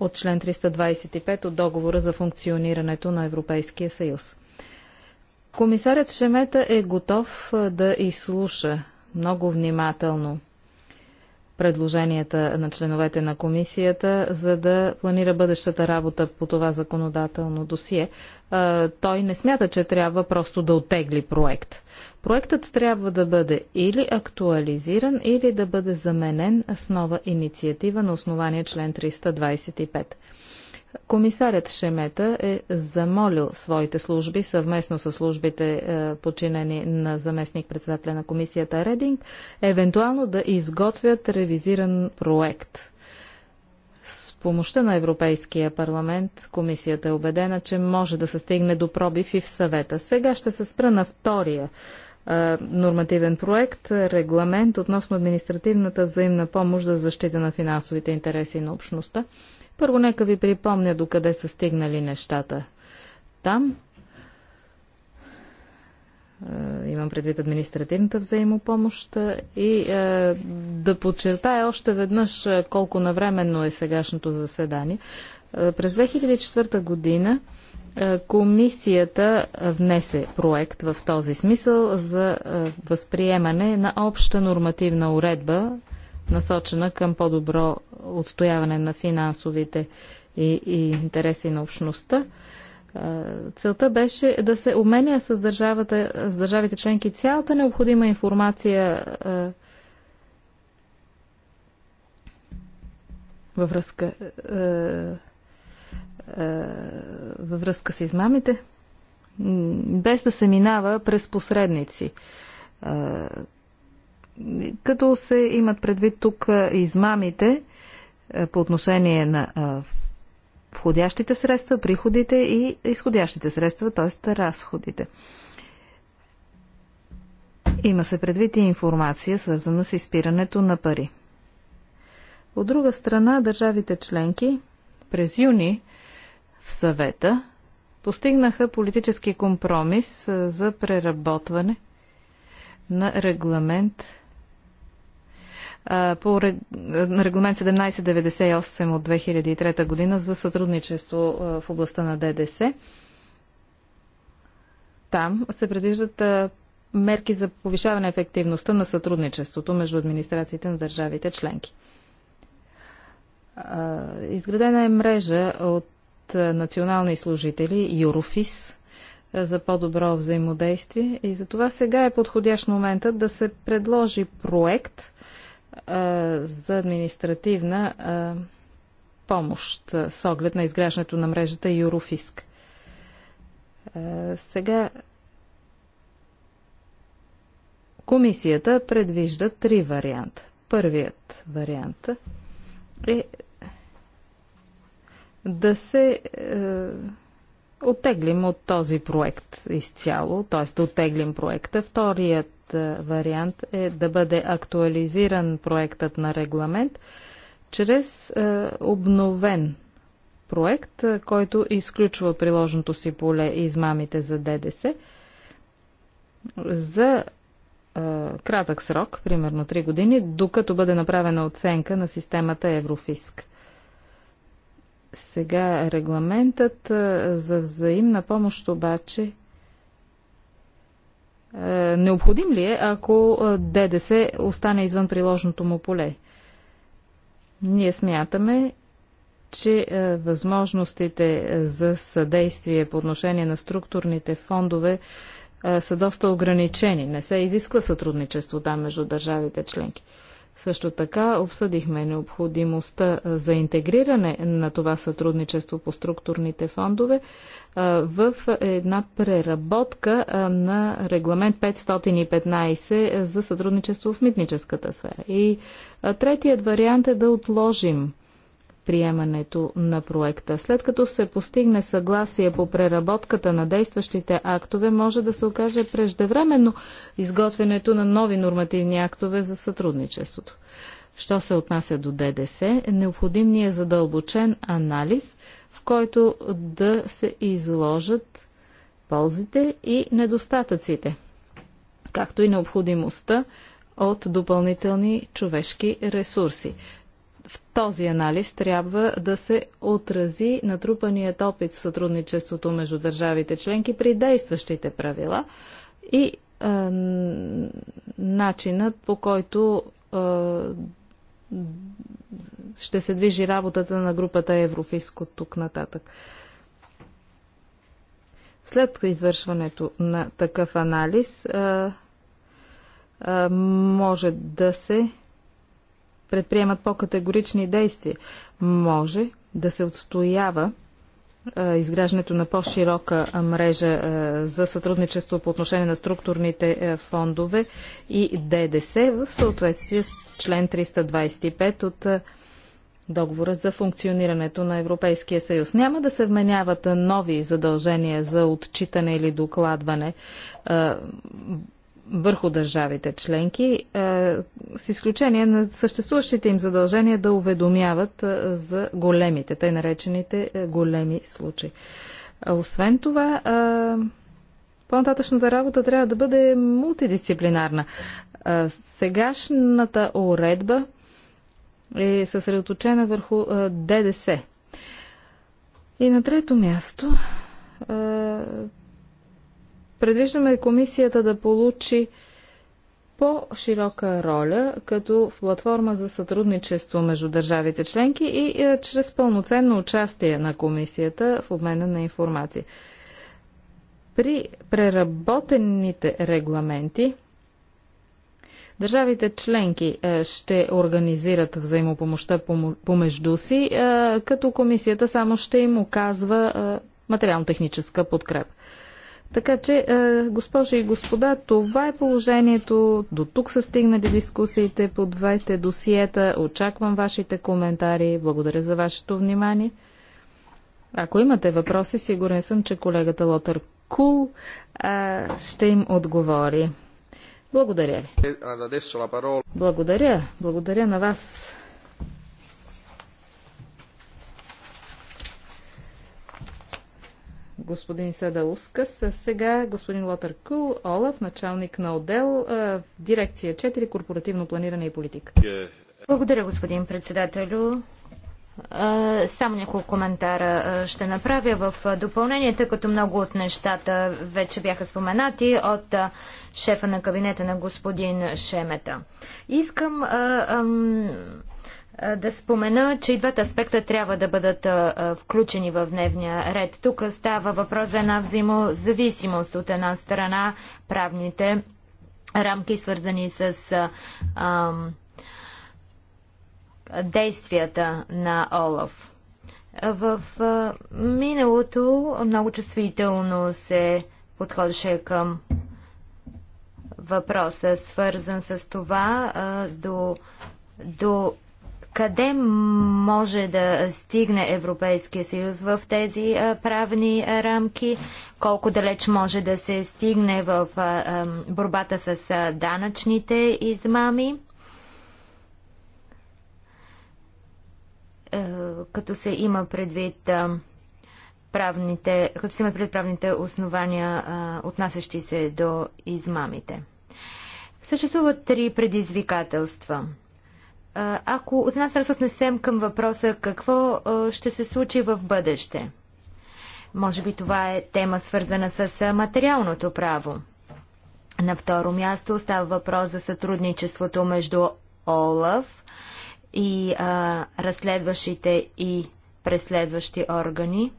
от член 325 от договора за функционирането на Европейския съюз. Комисарят Шемета е готов да изслуша много внимателно предложенията на членовете на комисията, за да планира бъдещата работа по това законодателно досие. Той не смята, че трябва просто да отегли проект. Проектът трябва да бъде или актуализиран, или да бъде заменен с нова инициатива на основание член 325. Комисарят Шемета е замолил своите служби съвместно с службите е, починени на заместник председателя на комисията Рединг, евентуално да изготвят ревизиран проект. С помощта на Европейския парламент комисията е убедена, че може да се стигне до пробив и в съвета. Сега ще се спра на втория е, нормативен проект, регламент относно административната взаимна помощ за защита на финансовите интереси на общността. Първо нека ви припомня докъде са стигнали нещата. Там е, имам предвид административната взаимопомощ е, и е, да подчертая още веднъж колко навременно е сегашното заседание. през 2004 година комисията внесе проект в този смисъл за възприемане на обща нормативна уредба насочена към по-добро отстояване на финансовите и, и интереси на общността. Целта беше да се обменя с, държавата, с държавите членки цялата необходима информация във връзка, във връзка с измамите, без да се минава през посредници като се имат предвид тук измамите по отношение на входящите средства, приходите и изходящите средства, т.е. разходите. Има се предвид и информация, свързана с изпирането на пари. От друга страна, държавите членки през юни в съвета постигнаха политически компромис за преработване на регламент по регламент 1798 от 2003 година за сътрудничество в областта на ДДС. Там се предвиждат мерки за повишаване ефективността на сътрудничеството между администрациите на държавите членки. Изградена е мрежа от национални служители, Юрофис, за по-добро взаимодействие и за това сега е подходящ момента да се предложи проект – за административна помощ с оглед на изграждането на мрежата Юрофиск. Сега комисията предвижда три варианта. Първият вариант е да се е, оттеглим от този проект изцяло, т.е. да оттеглим проекта. Вторият е, вариант е да бъде актуализиран проектът на регламент чрез е, обновен проект, е, който изключва от приложното си поле измамите за ДДС за кратък срок, примерно 3 години, докато бъде направена оценка на системата Еврофиск. Сега регламентът за взаимна помощ обаче е, необходим ли е, ако е, ДДС остане извън приложното му поле? Ние смятаме, че е, възможностите за съдействие по отношение на структурните фондове са доста ограничени. Не се изисква сътрудничество там между държавите членки. Също така обсъдихме необходимостта за интегриране на това сътрудничество по структурните фондове в една преработка на регламент 515 за сътрудничество в митническата сфера. И третият вариант е да отложим приемането на проекта. След като се постигне съгласие по преработката на действащите актове, може да се окаже преждевременно изготвянето на нови нормативни актове за сътрудничеството. Що се отнася до ДДС, необходим ни е задълбочен анализ, в който да се изложат ползите и недостатъците, както и необходимостта от допълнителни човешки ресурси. В този анализ трябва да се отрази натрупаният опит в сътрудничеството между държавите членки при действащите правила и е, начинът по който е, ще се движи работата на групата Еврофиск от тук нататък. След извършването на такъв анализ е, е, може да се предприемат по-категорични действия. Може да се отстоява изграждането на по-широка мрежа за сътрудничество по отношение на структурните фондове и ДДС в съответствие с член 325 от договора за функционирането на Европейския съюз. Няма да се вменяват нови задължения за отчитане или докладване върху държавите членки, е, с изключение на съществуващите им задължения да уведомяват е, за големите, тъй наречените е, големи случаи. Освен това, по-нататъчната работа трябва да бъде мултидисциплинарна. Сегашната уредба е съсредоточена върху ДДС. И на трето място Предвиждаме комисията да получи по-широка роля като платформа за сътрудничество между държавите членки и е, чрез пълноценно участие на комисията в обмена на информация. При преработените регламенти Държавите членки е, ще организират взаимопомощта помежду си, е, като комисията само ще им оказва материално-техническа подкрепа. Така че, е, госпожи и господа, това е положението. До тук са стигнали дискусиите по двете досиета. Очаквам вашите коментари. Благодаря за вашето внимание. Ако имате въпроси, сигурен съм, че колегата Лотър Кул ще им отговори. Благодаря ви. Е, Благодаря. Благодаря на вас, господин Садаускас. Сега господин Лотър Кул, Олаф, началник на отдел в дирекция 4 Корпоративно планиране и политика. Благодаря, господин председателю. Само няколко коментара ще направя в допълнение, тъй като много от нещата вече бяха споменати от шефа на кабинета на господин Шемета. Искам а, ам, да спомена, че и двата аспекта трябва да бъдат включени в дневния ред. Тук става въпрос за една взаимозависимост от една страна правните рамки, свързани с действията на Олаф. В миналото много чувствително се подходеше към въпроса, свързан с това до, до къде може да стигне Европейския съюз в тези правни рамки, колко далеч може да се стигне в борбата с данъчните измами. Е, като се има предвид правните, като се има предвид правните основания, отнасящи се до измамите. Съществуват три предизвикателства – ако от една страна се отнесем към въпроса какво ще се случи в бъдеще. Може би това е тема свързана с материалното право. На второ място става въпрос за сътрудничеството между ОЛАВ и а, разследващите и преследващи органи.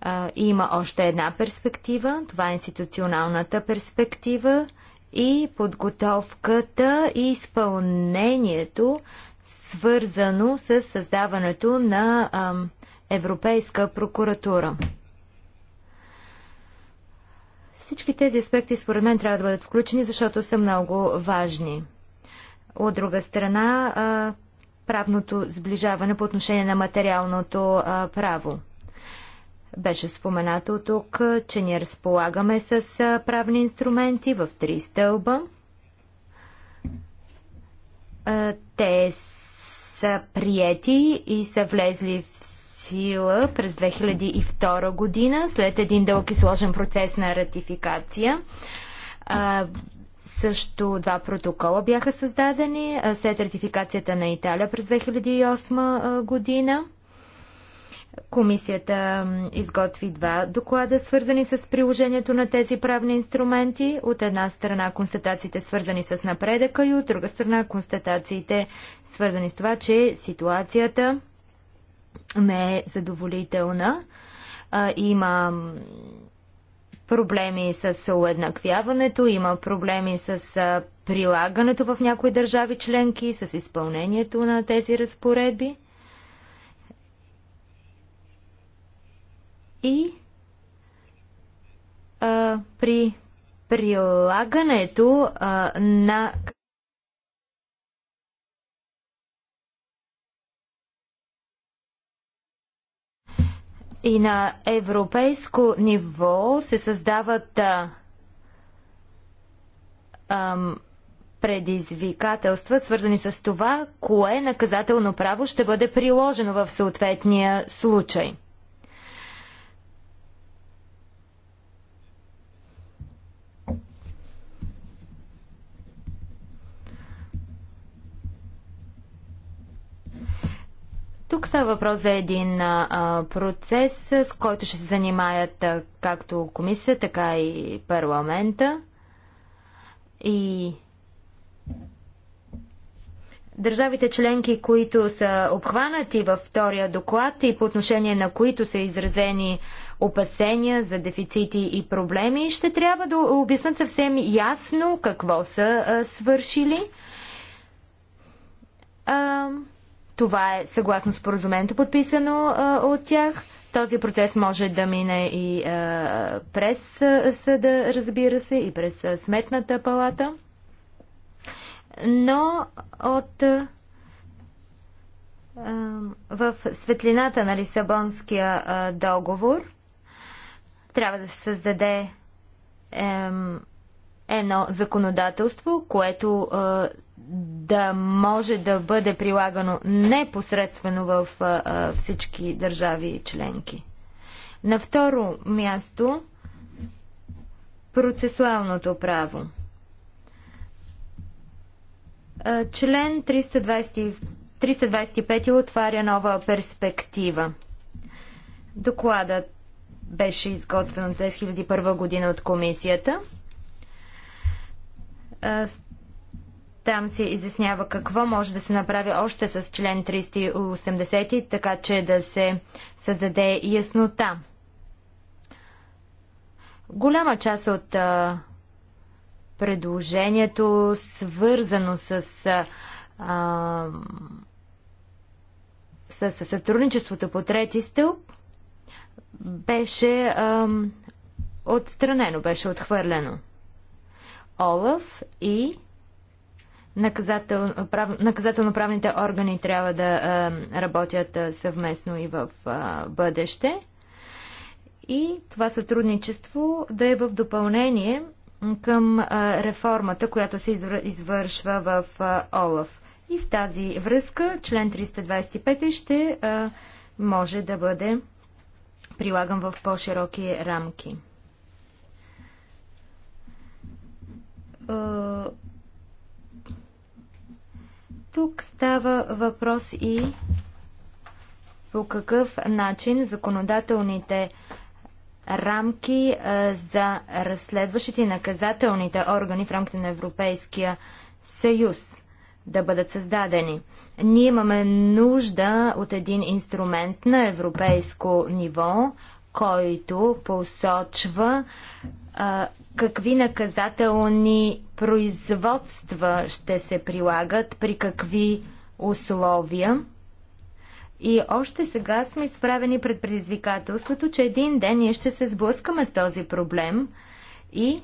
А, има още една перспектива. Това е институционалната перспектива и подготовката и изпълнението, свързано с създаването на а, Европейска прокуратура. Всички тези аспекти според мен трябва да бъдат включени, защото са много важни. От друга страна, а, правното сближаване по отношение на материалното а, право. Беше споменато тук, че ние разполагаме с правни инструменти в три стълба. Те са приети и са влезли в сила през 2002 година, след един дълъг и сложен процес на ратификация. също два протокола бяха създадени след ратификацията на Италия през 2008 година. Комисията изготви два доклада, свързани с приложението на тези правни инструменти. От една страна констатациите, свързани с напредъка и от друга страна констатациите, свързани с това, че ситуацията не е задоволителна. има проблеми с уеднаквяването, има проблеми с прилагането в някои държави членки, с изпълнението на тези разпоредби. И а, при прилагането а, на и на европейско ниво се създават а, а, предизвикателства, свързани с това, кое наказателно право ще бъде приложено в съответния случай. Тук става въпрос за един а, процес, с който ще се занимаят а, както комисия, така и парламента. И държавите членки, които са обхванати във втория доклад и по отношение на които са изразени опасения за дефицити и проблеми, ще трябва да обяснат съвсем ясно какво са а, свършили. А, това е съгласно споразумението подписано а, от тях. Този процес може да мине и а, през съда, разбира се, и през а, сметната палата. Но от а, в светлината на Лисабонския а, договор трябва да се създаде ем, едно законодателство, което а, да може да бъде прилагано непосредствено в а, всички държави членки. На второ място процесуалното право. член 320, 325 отваря нова перспектива. Докладът беше изготвен от 2001 година от комисията. Там се изяснява какво може да се направи още с член 380, така че да се създаде яснота. Голяма част от а, предложението, свързано с, а, с сътрудничеството по трети стълб, беше а, отстранено, беше отхвърлено. Олаф и наказател, прав, наказателно-правните органи трябва да а, работят а, съвместно и в а, бъдеще. И това сътрудничество да е в допълнение към а, реформата, която се извършва в а, ОЛАФ. И в тази връзка член 325 ще а, може да бъде прилаган в по-широки рамки. Тук става въпрос и по какъв начин законодателните рамки за разследващите наказателните органи в рамките на Европейския съюз да бъдат създадени. Ние имаме нужда от един инструмент на европейско ниво, който посочва какви наказателни производства ще се прилагат, при какви условия. И още сега сме изправени пред предизвикателството, че един ден ние ще се сблъскаме с този проблем и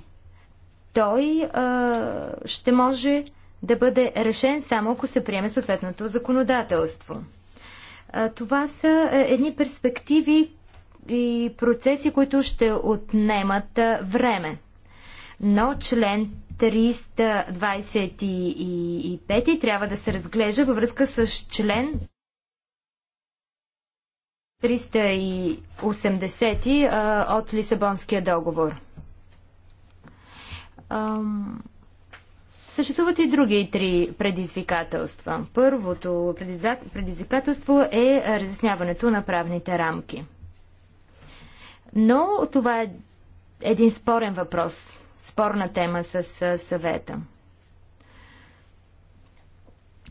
той а, ще може да бъде решен само ако се приеме съответното законодателство. А, това са е, едни перспективи и процеси, които ще отнемат време но член 325 трябва да се разглежда във връзка с член 380 от Лисабонския договор. Съществуват и други три предизвикателства. Първото предизвикателство е разясняването на правните рамки. Но това е един спорен въпрос спорна тема с съвета.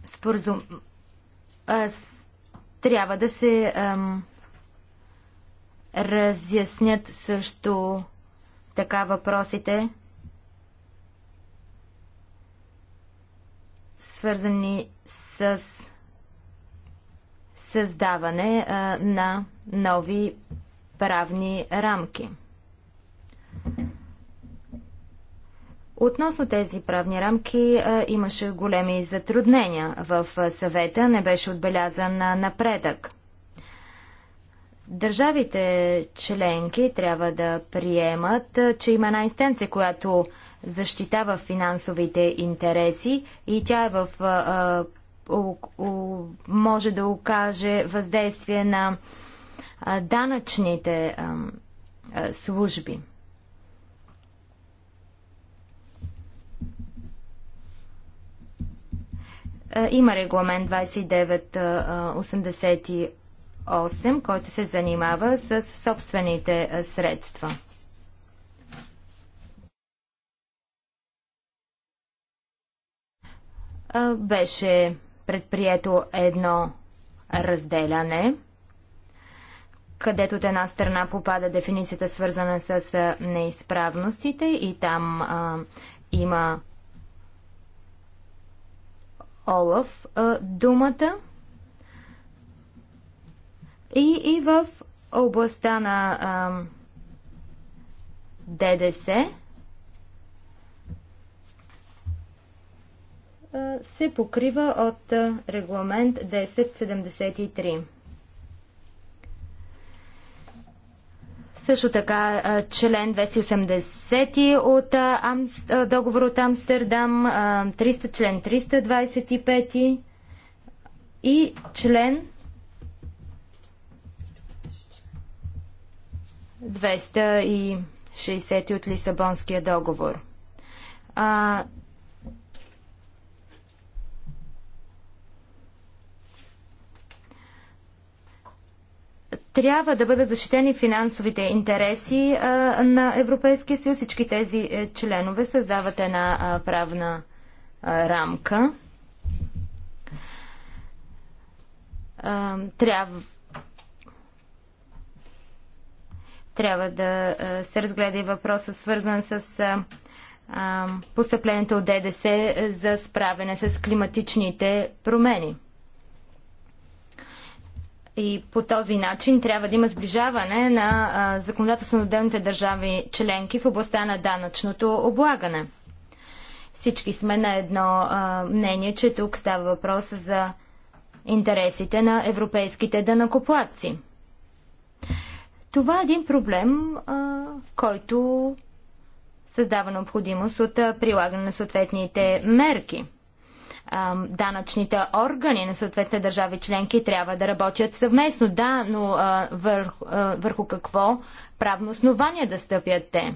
Споразум... Трябва да се ам, разяснят също така въпросите, свързани с създаване а, на нови правни рамки. Относно тези правни рамки е, имаше големи затруднения в е, съвета, не беше отбелязан е, напредък. Държавите членки трябва да приемат, че има една инстанция, която защитава финансовите интереси и тя е в, а, у, у, може да окаже въздействие на а, данъчните а, служби. Е, има регламент 2988, е, който се занимава с собствените е, средства. Беше предприето едно разделяне където от една страна попада дефиницията свързана с неизправностите и там а, има Олаф думата и, и в областта на а, ДДС а, се покрива от регламент 1073. Също така член 280 от договор от Амстердам, 300, член 325 и член 260 от Лисабонския договор. Трябва да бъдат защитени финансовите интереси а, на Европейския съюз. Всички тези е, членове създават една а, правна а, рамка. А, трябва трябва да се разгледа и въпроса, свързан с постъплението от ДДС за справяне с климатичните промени. И по този начин трябва да има сближаване на законодателството на отделните държави членки в областта на данъчното облагане. Всички сме на едно а, мнение, че тук става въпрос за интересите на европейските данъкоплатци. Това е един проблем, а, който създава необходимост от прилагане на съответните мерки – данъчните органи на съответните държави членки трябва да работят съвместно. Да, но а, върх, а, върху какво правно основание да стъпят те?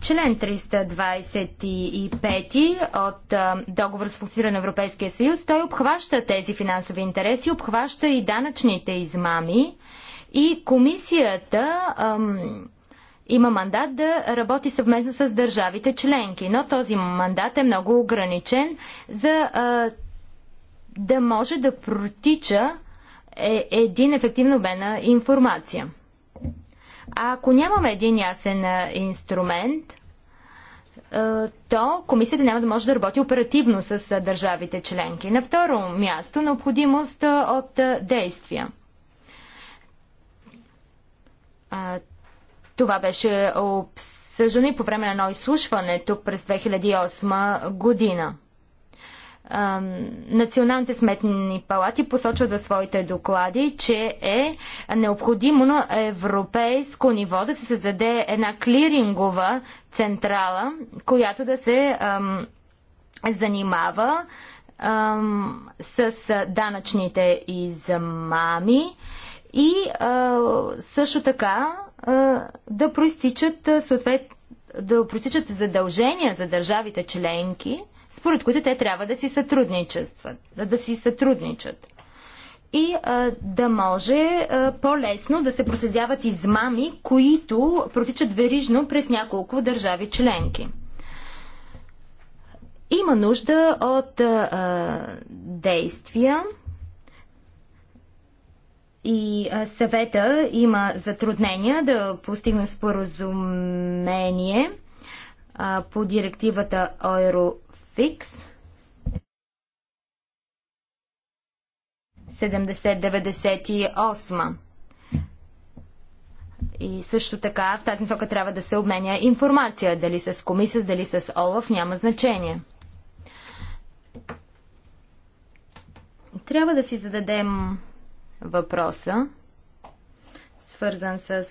Член 325 от а, договор с функциране на Европейския съюз, той обхваща тези финансови интереси, обхваща и данъчните измами и комисията ам, има мандат да работи съвместно с държавите членки, но този мандат е много ограничен за а, да може да протича е, един ефективно обмен на информация. А ако нямаме един ясен инструмент, то комисията няма да може да работи оперативно с държавите членки. На второ място, необходимост от действия. Това беше обсъждано и по време на едно изслушване тук през 2008 година. Националните сметни палати посочват за своите доклади, че е необходимо на европейско ниво да се създаде една клирингова централа, която да се ам, занимава ам, с данъчните измами и а, също така да проистичат, съответ, да проистичат задължения за държавите членки, според които те трябва да си сътрудничат. Да, да си сътрудничат. И а, да може по-лесно да се проследяват измами, които протичат верижно през няколко държави членки. Има нужда от а, действия, и съвета има затруднения да постигне споразумение по директивата Eurofix 7098. И също така в тази насока трябва да се обменя информация, дали с комисия, дали с ОЛАФ, няма значение. Трябва да си зададем въпроса, свързан с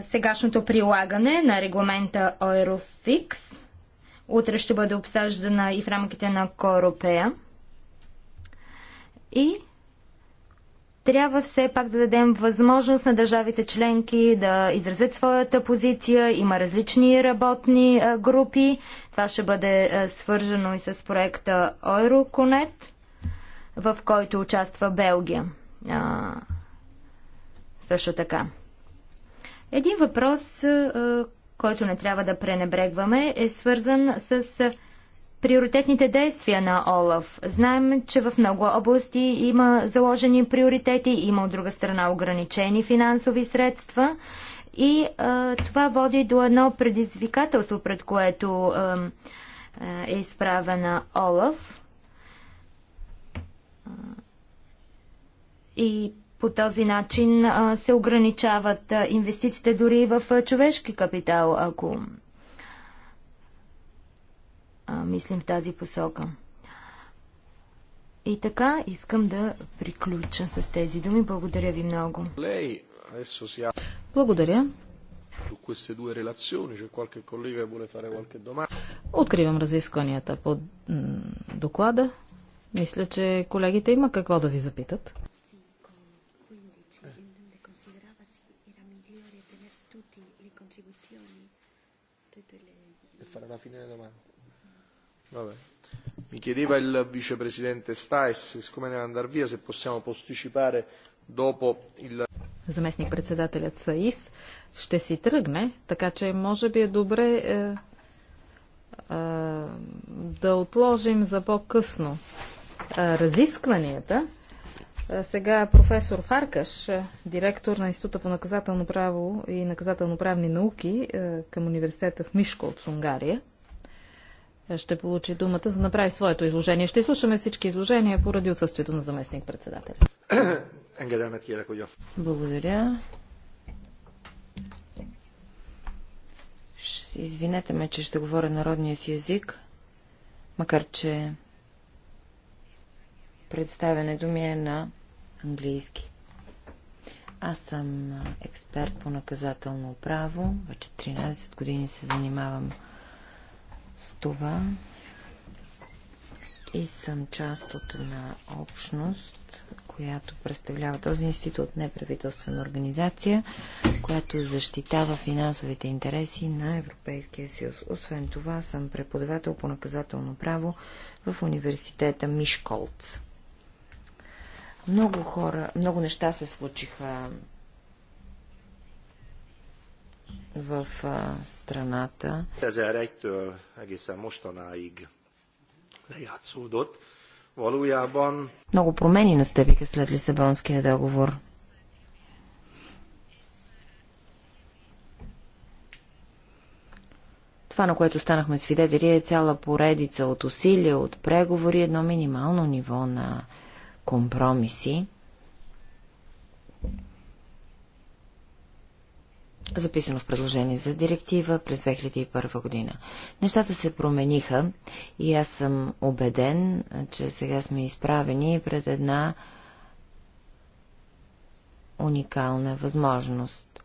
сегашното прилагане на регламента Eurofix. Утре ще бъде обсъждана и в рамките на Коропея. И трябва все пак да дадем възможност на държавите членки да изразят своята позиция. Има различни работни групи. Това ще бъде свържено и с проекта Euroconnect, в който участва Белгия. А, също така. Един въпрос, който не трябва да пренебрегваме, е свързан с Приоритетните действия на ОЛАФ. Знаем, че в много области има заложени приоритети, има от друга страна ограничени финансови средства и а, това води до едно предизвикателство, пред което а, е изправена ОЛАФ. И по този начин а, се ограничават инвестициите дори в човешки капитал, ако мислим в тази посока. И така, искам да приключа с тези думи. Благодаря ви много. Благодаря. Откривам разискванията по доклада. Мисля, че колегите има какво да ви запитат. E farà la fine domani. Vabbè. Mi chiedeva il vicepresidente Stais, siccome deve andare via, se possiamo posticipare dopo il... Заместник председателят Саис ще си тръгне, така че може би е добре е, е, да отложим за по-късно е, разискванията. Е, сега професор Фаркаш, е, директор на Института по наказателно право и наказателно-правни науки е, към университета в Мишко от Унгария ще получи думата, за да направи своето изложение. Ще слушаме всички изложения поради отсъствието на заместник председател. Благодаря. Извинете ме, че ще говоря народния си език, макар че представянето ми е на английски. Аз съм експерт по наказателно право. Вече 13 години се занимавам с това и съм част от една общност, която представлява този институт неправителствена организация, която защитава финансовите интереси на Европейския съюз. Освен това съм преподавател по наказателно право в университета Мишколц. Много хора, много неща се случиха в страната. 2001-től egészen mostanáig lejátszódott. Valójában... Много промени настъпиха след Лисабонския договор. Това, на което станахме свидетели, е цяла поредица от усилия, от преговори, едно минимално ниво на компромиси. записано в предложение за директива през 2001 година. Нещата се промениха и аз съм убеден, че сега сме изправени пред една уникална възможност.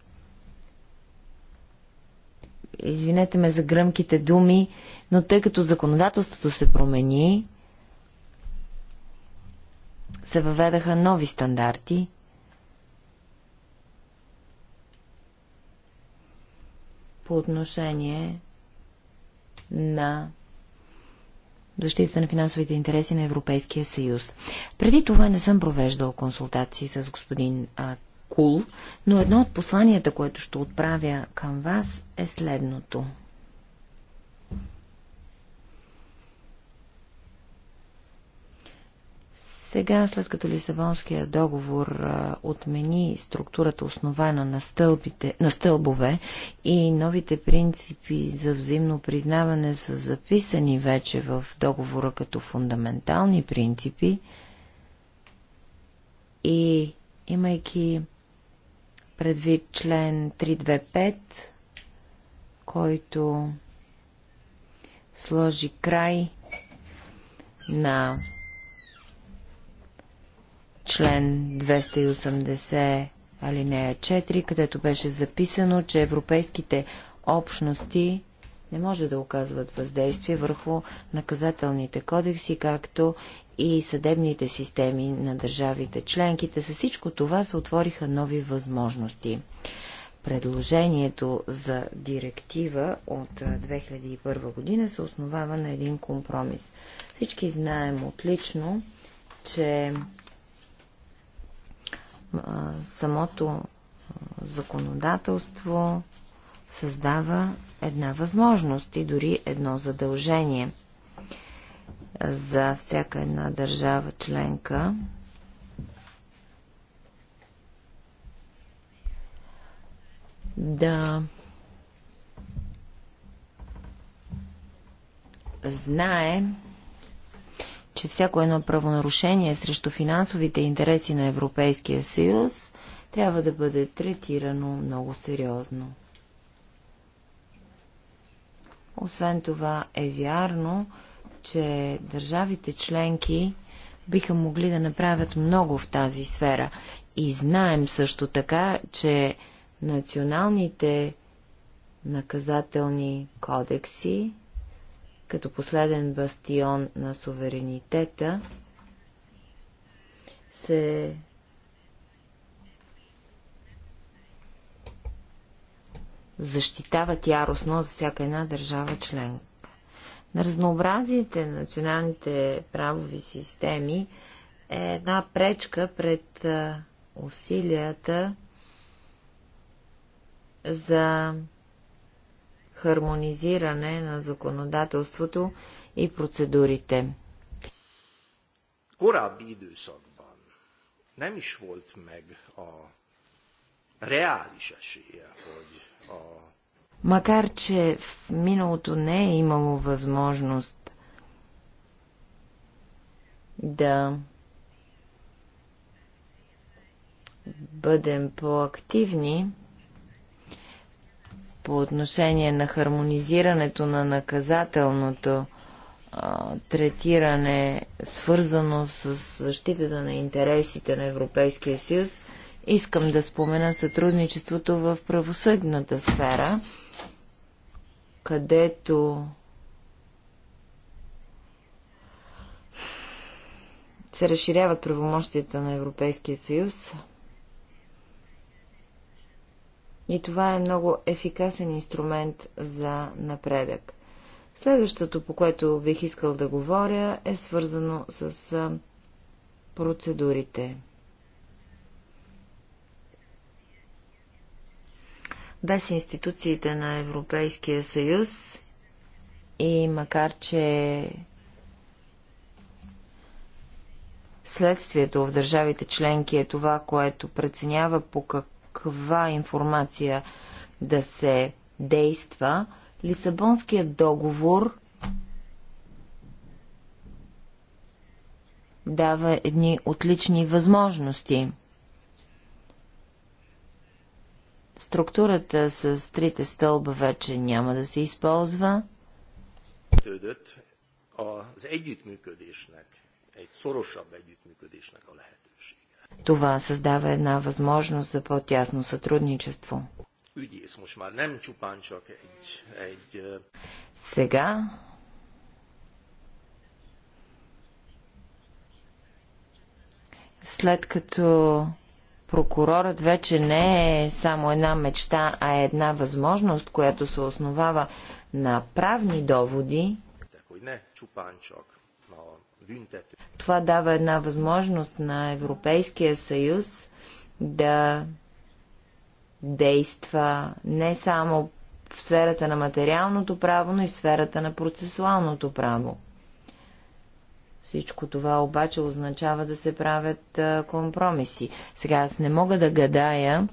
Извинете ме за гръмките думи, но тъй като законодателството се промени, се въведаха нови стандарти – по отношение на защита на финансовите интереси на Европейския съюз. Преди това не съм провеждал консултации с господин а, Кул, но едно от посланията, което ще отправя към вас е следното – Сега, след като Лисавонския договор а, отмени структурата основана на, стълбите, на стълбове и новите принципи за взаимно признаване са записани вече в договора като фундаментални принципи и имайки предвид член 325, който сложи край на член 280 алинея 4, където беше записано, че европейските общности не може да оказват въздействие върху наказателните кодекси, както и съдебните системи на държавите членките. С всичко това се отвориха нови възможности. Предложението за директива от 2001 година се основава на един компромис. Всички знаем отлично, че самото законодателство създава една възможност и дори едно задължение за всяка една държава членка да знае че всяко едно правонарушение срещу финансовите интереси на Европейския съюз трябва да бъде третирано много сериозно. Освен това е вярно, че държавите членки биха могли да направят много в тази сфера. И знаем също така, че националните наказателни кодекси като последен бастион на суверенитета, се защитават яростно за всяка една държава членка. На разнообразието на националните правови системи е една пречка пред усилията за хармонизиране на законодателството и процедурите. időszakban nem is volt meg a reális esélye, hogy a... Макар, че в миналото не е имало възможност да бъдем по-активни, по отношение на хармонизирането на наказателното а, третиране, свързано с защитата на интересите на Европейския съюз, искам да спомена сътрудничеството в правосъдната сфера, където се разширяват правомощията на Европейския съюз и това е много ефикасен инструмент за напредък. Следващото, по което бих искал да говоря, е свързано с процедурите. Без институциите на Европейския съюз и макар, че следствието в държавите членки е това, което преценява по как каква информация да се действа, Лисабонският договор дава едни отлични възможности. Структурата с трите стълба вече няма да се използва. Az együttműködésnek, egy szorosabb együttműködésnek a това създава една възможност за по-тясно сътрудничество. Сега след като прокурорът вече не е само една мечта, а е една възможност, която се основава на правни доводи, такой не, чупанчок. Това дава една възможност на Европейския съюз да действа не само в сферата на материалното право, но и в сферата на процесуалното право. Всичко това обаче означава да се правят компромиси. Сега аз не мога да гадая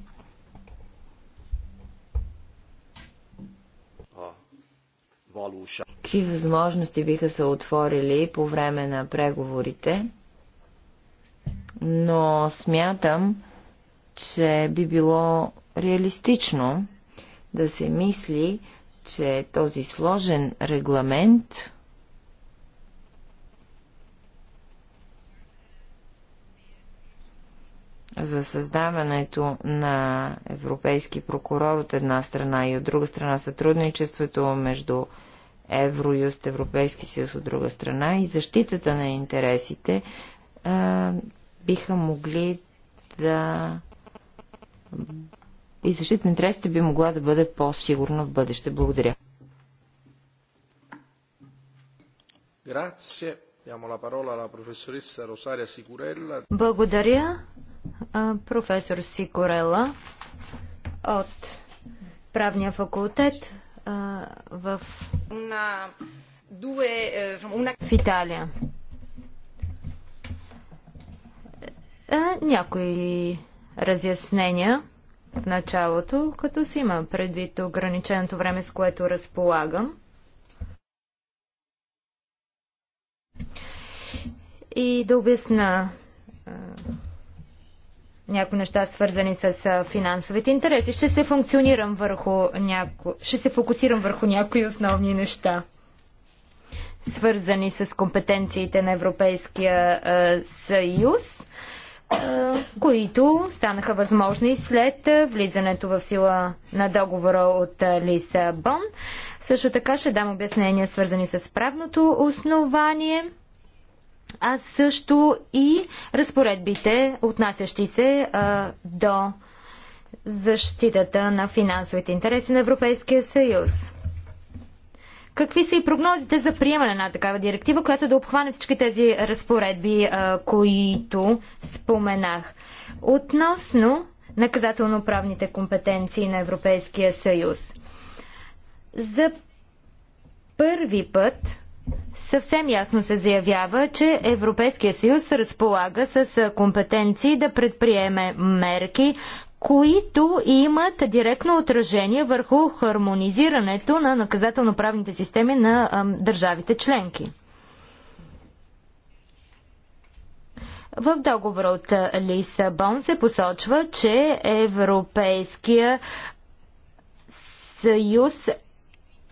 какви възможности биха се отворили по време на преговорите, но смятам, че би било реалистично да се мисли, че този сложен регламент за създаването на европейски прокурор от една страна и от друга страна сътрудничеството между Евроюст, Европейски съюз от друга страна и защитата на интересите а, биха могли да и защита на интересите би могла да бъде по-сигурна в бъдеще. Благодаря. Благодаря, професор Сикорела от правния факултет в... Eh, в Италия. някои разяснения в началото, като си има предвид ограниченото време, с което разполагам. И да обясна някои неща свързани с финансовите интереси. Ще се функционирам върху няко... ще се фокусирам върху някои основни неща, свързани с компетенциите на Европейския съюз, които станаха възможни след влизането в сила на договора от Лисабон. Също така ще дам обяснения свързани с правното основание – а също и разпоредбите, отнасящи се а, до защитата на финансовите интереси на Европейския съюз. Какви са и прогнозите за приемане на такава директива, която да обхване всички тези разпоредби, а, които споменах? Относно наказателно-правните компетенции на Европейския съюз. За първи път Съвсем ясно се заявява, че Европейския съюз разполага с компетенции да предприеме мерки, които имат директно отражение върху хармонизирането на наказателно-правните системи на държавите членки. В договора от Лисабон се посочва, че Европейския съюз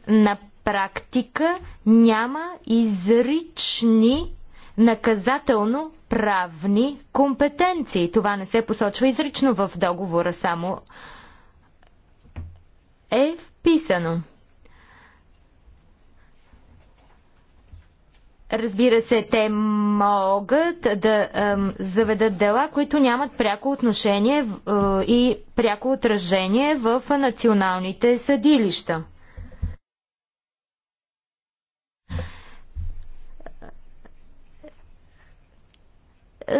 на практика няма изрични наказателно правни компетенции. Това не се посочва изрично в договора, само е вписано. Разбира се, те могат да е, заведат дела, които нямат пряко отношение е, и пряко отражение в националните съдилища.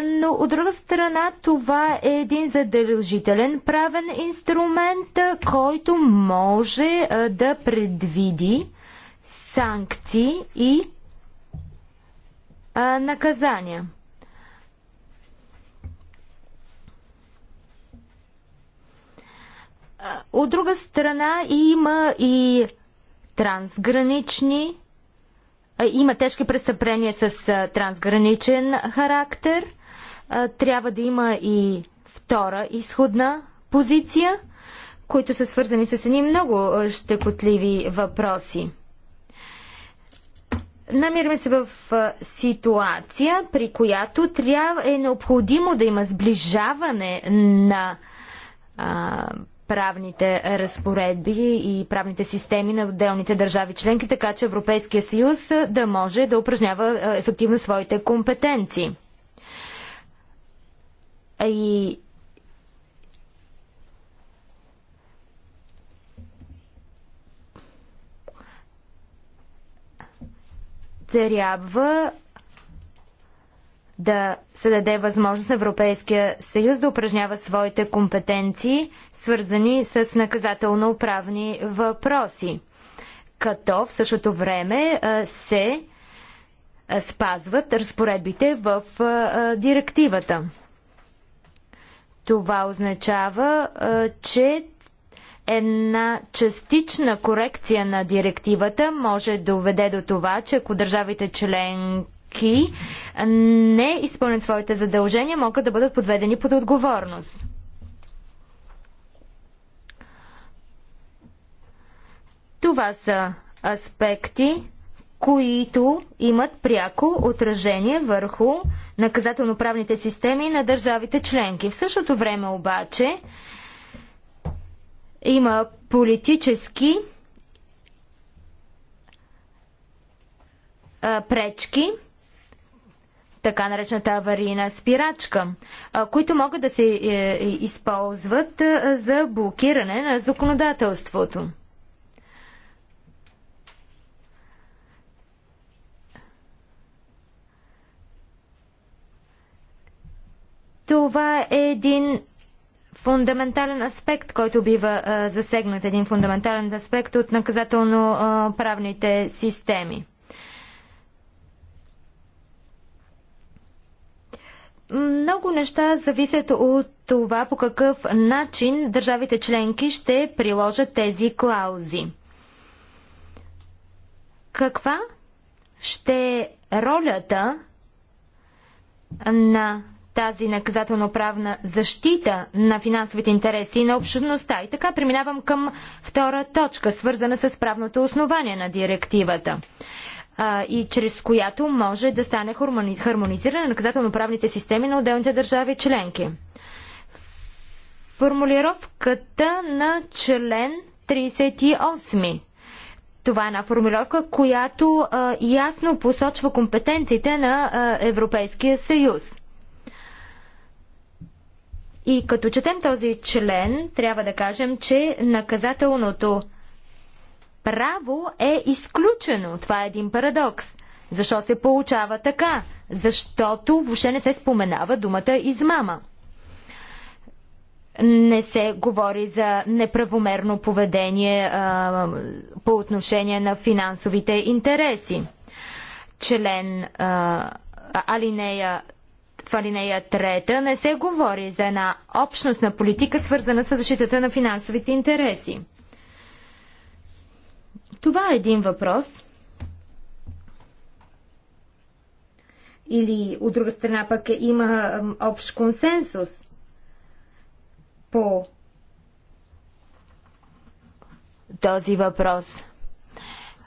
но от друга страна това е един задължителен правен инструмент, който може да предвиди санкции и наказания. От друга страна има и трансгранични има тежки престъпления с трансграничен характер. Трябва да има и втора изходна позиция, които са свързани с едни много щекотливи въпроси. Намираме се в ситуация, при която трябва, е необходимо да има сближаване на а, правните разпоредби и правните системи на отделните държави членки, така че Европейския съюз да може да упражнява е, ефективно своите компетенции. И трябва да се даде възможност на Европейския съюз да упражнява своите компетенции, свързани с наказателно-правни въпроси, като в същото време се спазват разпоредбите в директивата. Това означава, че една частична корекция на директивата може да доведе до това, че ако държавите членки банки не изпълнят своите задължения, могат да бъдат подведени под отговорност. Това са аспекти, които имат пряко отражение върху наказателно-правните системи на държавите членки. В същото време обаче има политически пречки, така наречената аварийна спирачка, които могат да се е, е, използват за блокиране на законодателството. Това е един фундаментален аспект, който бива а, засегнат, един фундаментален аспект от наказателно-правните системи. Много неща зависят от това по какъв начин държавите членки ще приложат тези клаузи. Каква ще е ролята на тази наказателно-правна защита на финансовите интереси и на общността. И така преминавам към втора точка, свързана с правното основание на директивата а, и чрез която може да стане хармонизиране на наказателно-правните системи на отделните държави членки. Формулировката на член 38. Това е една формулировка, която а, ясно посочва компетенциите на а, Европейския съюз. И като четем този член, трябва да кажем, че наказателното право е изключено. Това е един парадокс. Защо се получава така? Защото въобще не се споменава думата измама. Не се говори за неправомерно поведение а, по отношение на финансовите интереси. Член а, алинея в алинея трета не се говори за една общностна политика, свързана с защитата на финансовите интереси. Това е един въпрос. Или от друга страна пък има общ консенсус по този въпрос.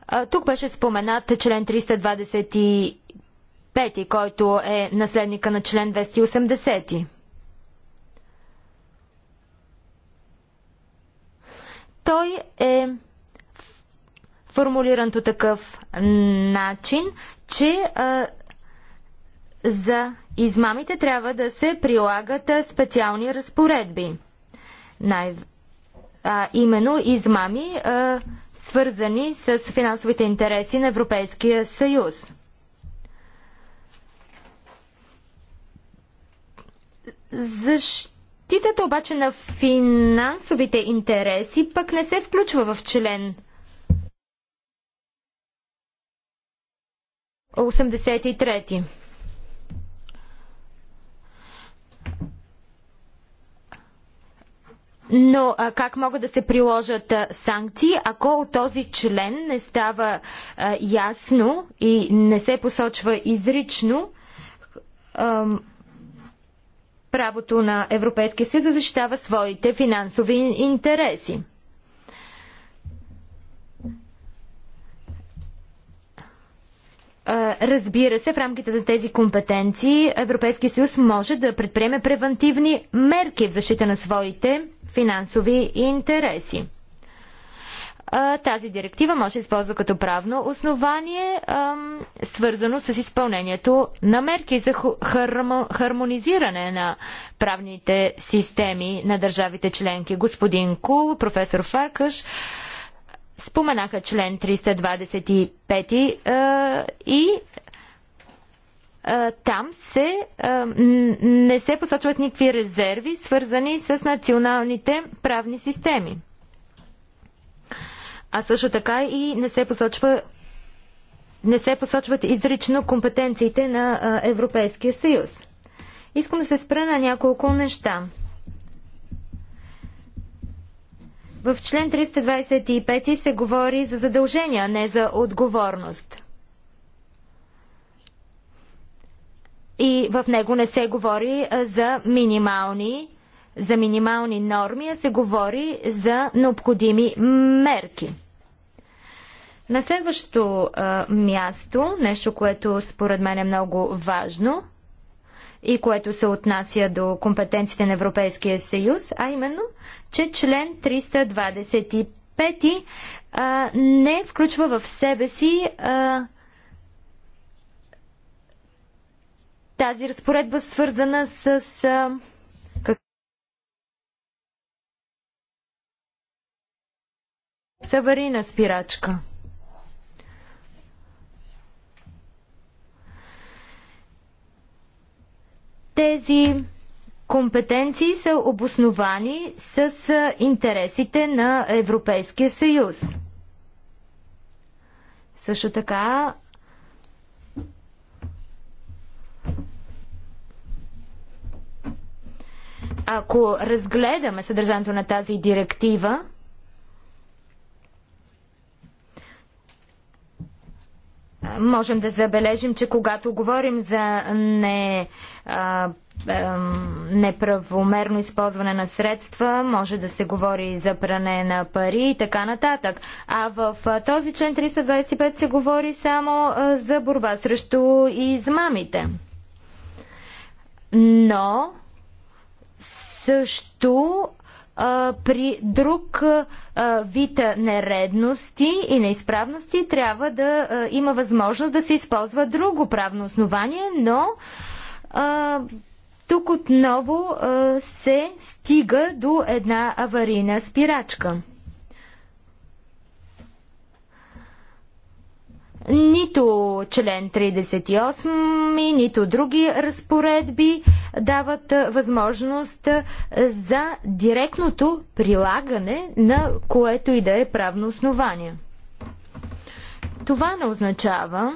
А, тук беше споменат член 325, който е наследника на член 280. Той е формулиран по такъв начин, че а, за измамите трябва да се прилагат специални разпоредби. Най- а, именно измами, а, свързани с финансовите интереси на Европейския съюз. Защитата обаче на финансовите интереси пък не се включва в член 83. Но а, как могат да се приложат а, санкции, ако от този член не става а, ясно и не се посочва изрично а, правото на Европейския съюз да защитава своите финансови интереси? Разбира се, в рамките на тези компетенции Европейския съюз може да предприеме превентивни мерки в защита на своите финансови интереси. Тази директива може да използва като правно основание, свързано с изпълнението на мерки за хармонизиране на правните системи на държавите членки. Господин Кул, професор Фаркаш, Споменаха член 325 и е, е, там се, е, не се посочват никакви резерви, свързани с националните правни системи. А също така и не се посочва не се посочват изрично компетенциите на Европейския съюз. Искам да се спра на няколко неща. В член 325 се говори за задължения, не за отговорност. И в него не се говори за минимални, за минимални норми, а се говори за необходими мерки. На следващото а, място, нещо, което според мен е много важно – и което се отнася до компетенциите на Европейския съюз, а именно, че член 325 а, не включва в себе си а, тази разпоредба, свързана с. А, как... Саварина спирачка. Тези компетенции са обосновани с интересите на Европейския съюз. Също така ако разгледаме съдържанието на тази директива, можем да забележим, че когато говорим за не, а, неправомерно използване на средства, може да се говори за пране на пари и така нататък. А в този член 325 се говори само за борба срещу измамите. Но също при друг вид нередности и неизправности трябва да има възможност да се използва друго правно основание, но тук отново се стига до една аварийна спирачка. Нито член 38, нито други разпоредби дават възможност за директното прилагане на което и да е правно основание. Това не означава,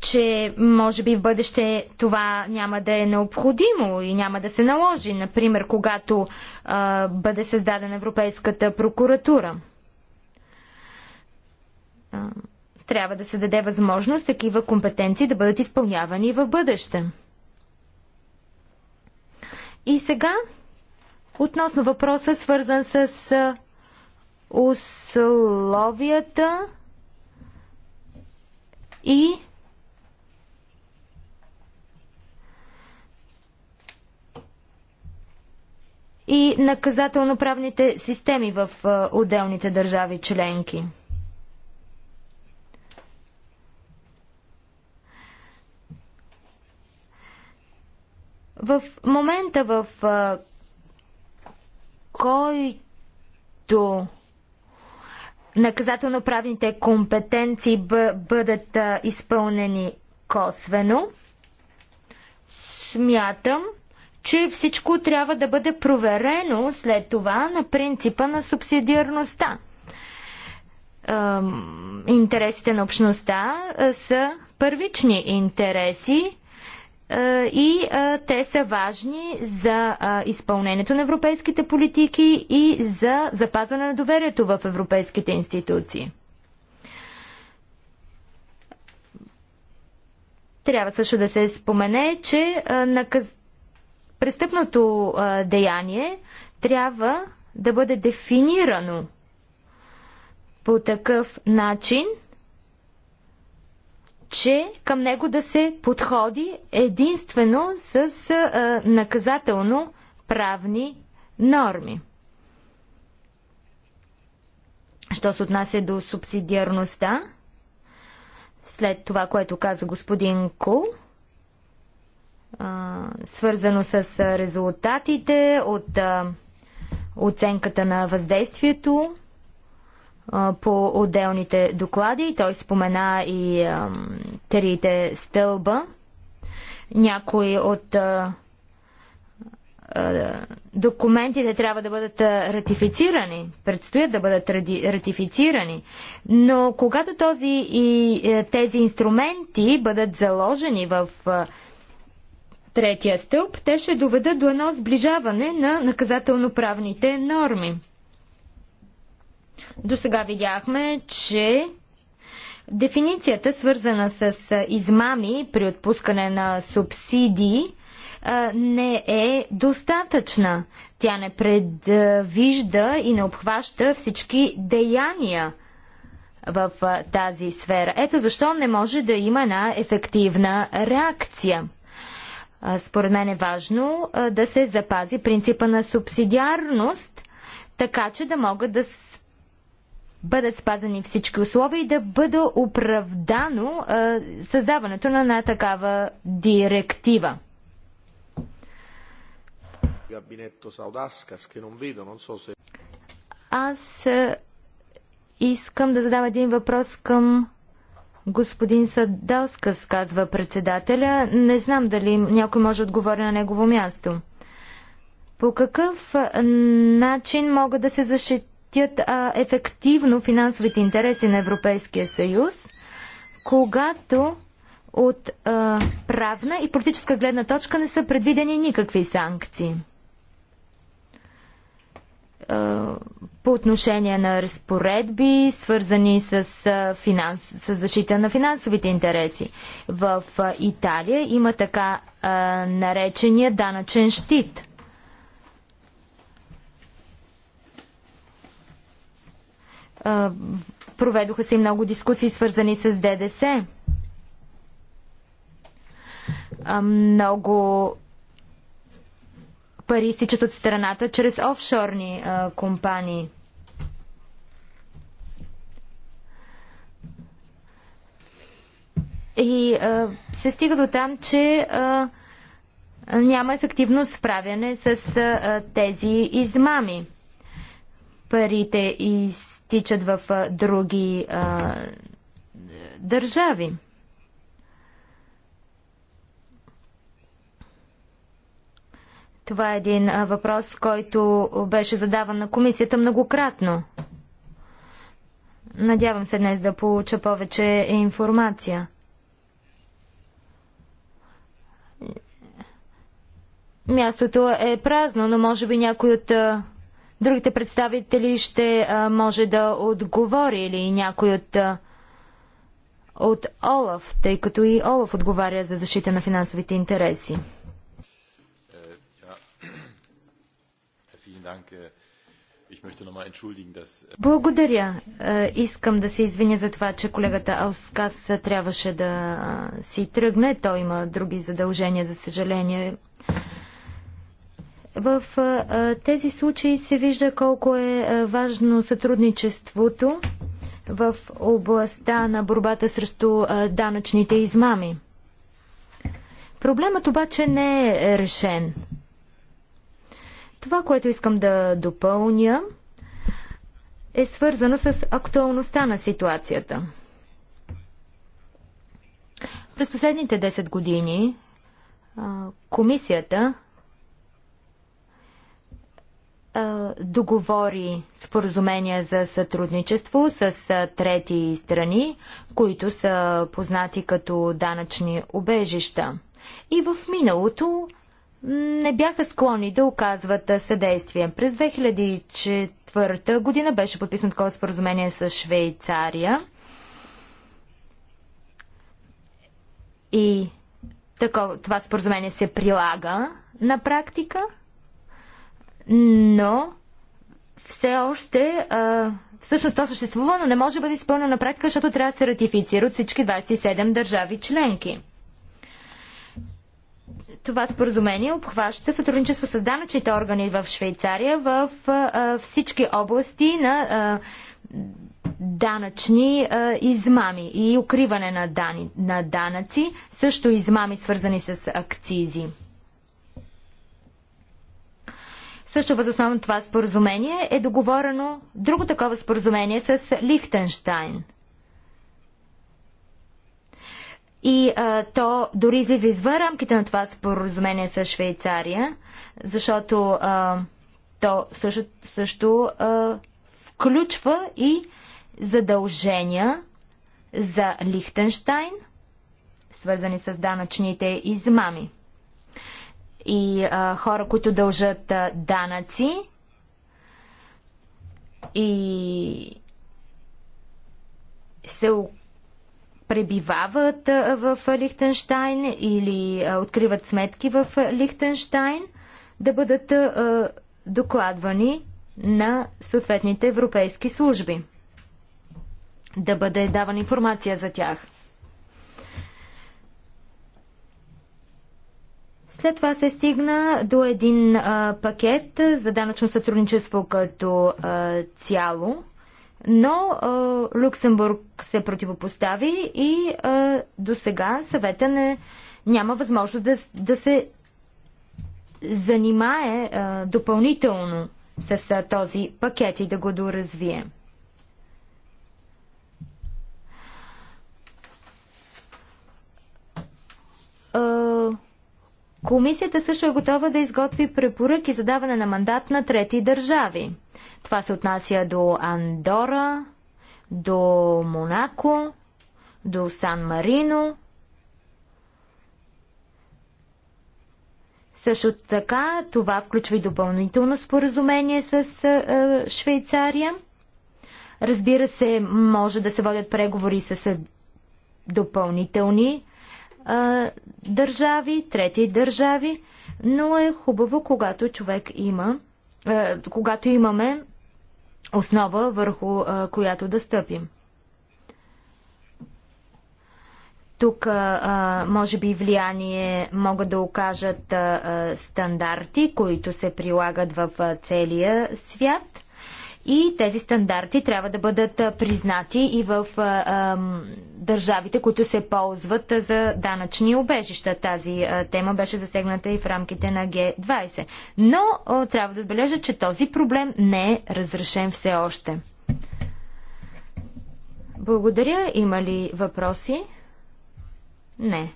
че може би в бъдеще това няма да е необходимо и няма да се наложи, например, когато а, бъде създадена Европейската прокуратура. А, трябва да се даде възможност такива компетенции да бъдат изпълнявани в бъдеще. И сега, относно въпроса, свързан с условията и и наказателно-правните системи в отделните държави членки. В момента, в който наказателно-правните компетенции бъдат изпълнени косвено, смятам, че всичко трябва да бъде проверено след това на принципа на субсидиарността. Интересите на общността са първични интереси и те са важни за изпълнението на европейските политики и за запазване на доверието в европейските институции. Трябва също да се спомене, че наказ престъпното а, деяние трябва да бъде дефинирано по такъв начин, че към него да се подходи единствено с а, наказателно правни норми. Що се отнася до субсидиарността, след това, което каза господин Кул, свързано с резултатите от оценката на въздействието по отделните доклади. Той спомена и трите стълба. Някои от документите трябва да бъдат ратифицирани, предстоят да бъдат ратифицирани, но когато този и е, тези инструменти бъдат заложени в третия стълб, те ще доведат до едно сближаване на наказателно-правните норми. До сега видяхме, че дефиницията, свързана с измами при отпускане на субсидии, не е достатъчна. Тя не предвижда и не обхваща всички деяния в тази сфера. Ето защо не може да има една ефективна реакция. Според мен е важно да се запази принципа на субсидиарност, така че да могат да бъдат спазани всички условия и да бъде оправдано създаването на една такава директива. Аз искам да задам един въпрос към Господин Садалскас, казва председателя, не знам дали някой може да отговори на негово място. По какъв начин могат да се защитят а, ефективно финансовите интереси на Европейския съюз, когато от а, правна и политическа гледна точка не са предвидени никакви санкции? по отношение на разпоредби, свързани с, финанс, с защита на финансовите интереси. В Италия има така а, наречения данъчен щит. А, проведоха се и много дискусии, свързани с ДДС. А, много пари стичат от страната чрез офшорни а, компании. И а, се стига до там, че а, няма ефективно справяне с а, тези измами. Парите изтичат в а, други а, държави. Това е един въпрос, който беше задаван на комисията многократно. Надявам се днес да получа повече информация. Мястото е празно, но може би някой от другите представители ще може да отговори или някой от, от Олаф, тъй като и Олаф отговаря за защита на финансовите интереси. Äh, Благодаря. Е, искам да се извиня за това, че колегата Алскас трябваше да си тръгне. Той има други задължения, за съжаление. В тези случаи се вижда колко е важно сътрудничеството в областта на борбата срещу данъчните измами. Проблемът обаче не е решен. Това, което искам да допълня – е свързано с актуалността на ситуацията. През последните 10 години комисията договори споразумения за сътрудничество с трети страни, които са познати като данъчни обежища. И в миналото не бяха склонни да оказват съдействие. През 2004 година беше подписано такова споразумение с Швейцария. И такова, това споразумение се прилага на практика, но все още а, всъщност то съществува, но не може да бъде изпълнено на практика, защото трябва да се ратифицира от всички 27 държави членки. Това споразумение обхваща сътрудничество с данъчните органи в Швейцария в а, всички области на а, данъчни а, измами и укриване на, дани, на данъци, също измами свързани с акцизи. Също възосновно това споразумение е договорено друго такова споразумение с Лихтенштайн – и а, то дори излиза извън рамките на това споразумение с Швейцария, защото а, то също, също а, включва и задължения за Лихтенштайн, свързани с данъчните измами. И а, хора, които дължат а, данъци и се пребивават в Лихтенштайн или откриват сметки в Лихтенштайн, да бъдат докладвани на съответните европейски служби. Да бъде давана информация за тях. След това се стигна до един а, пакет за данъчно сътрудничество като а, цяло. Но а, Люксембург се противопостави и а, до сега съвета не, няма възможност да, да се занимае а, допълнително с а, този пакет и да го доразвие. А, Комисията също е готова да изготви препоръки за даване на мандат на трети държави. Това се отнася до Андора, до Монако, до Сан Марино. Също така това включва и допълнително споразумение с е, е Швейцария. Разбира се, може да се водят преговори с е, допълнителни а, държави, трети държави, но е хубаво, когато човек има, а, когато имаме основа върху а, която да стъпим. Тук а, може би влияние могат да окажат а, стандарти, които се прилагат в целия свят. И тези стандарти трябва да бъдат признати и в а, държавите, които се ползват за данъчни обежища. Тази а, тема беше засегната и в рамките на Г20. Но а, трябва да отбележа, че този проблем не е разрешен все още. Благодаря. Има ли въпроси? Не.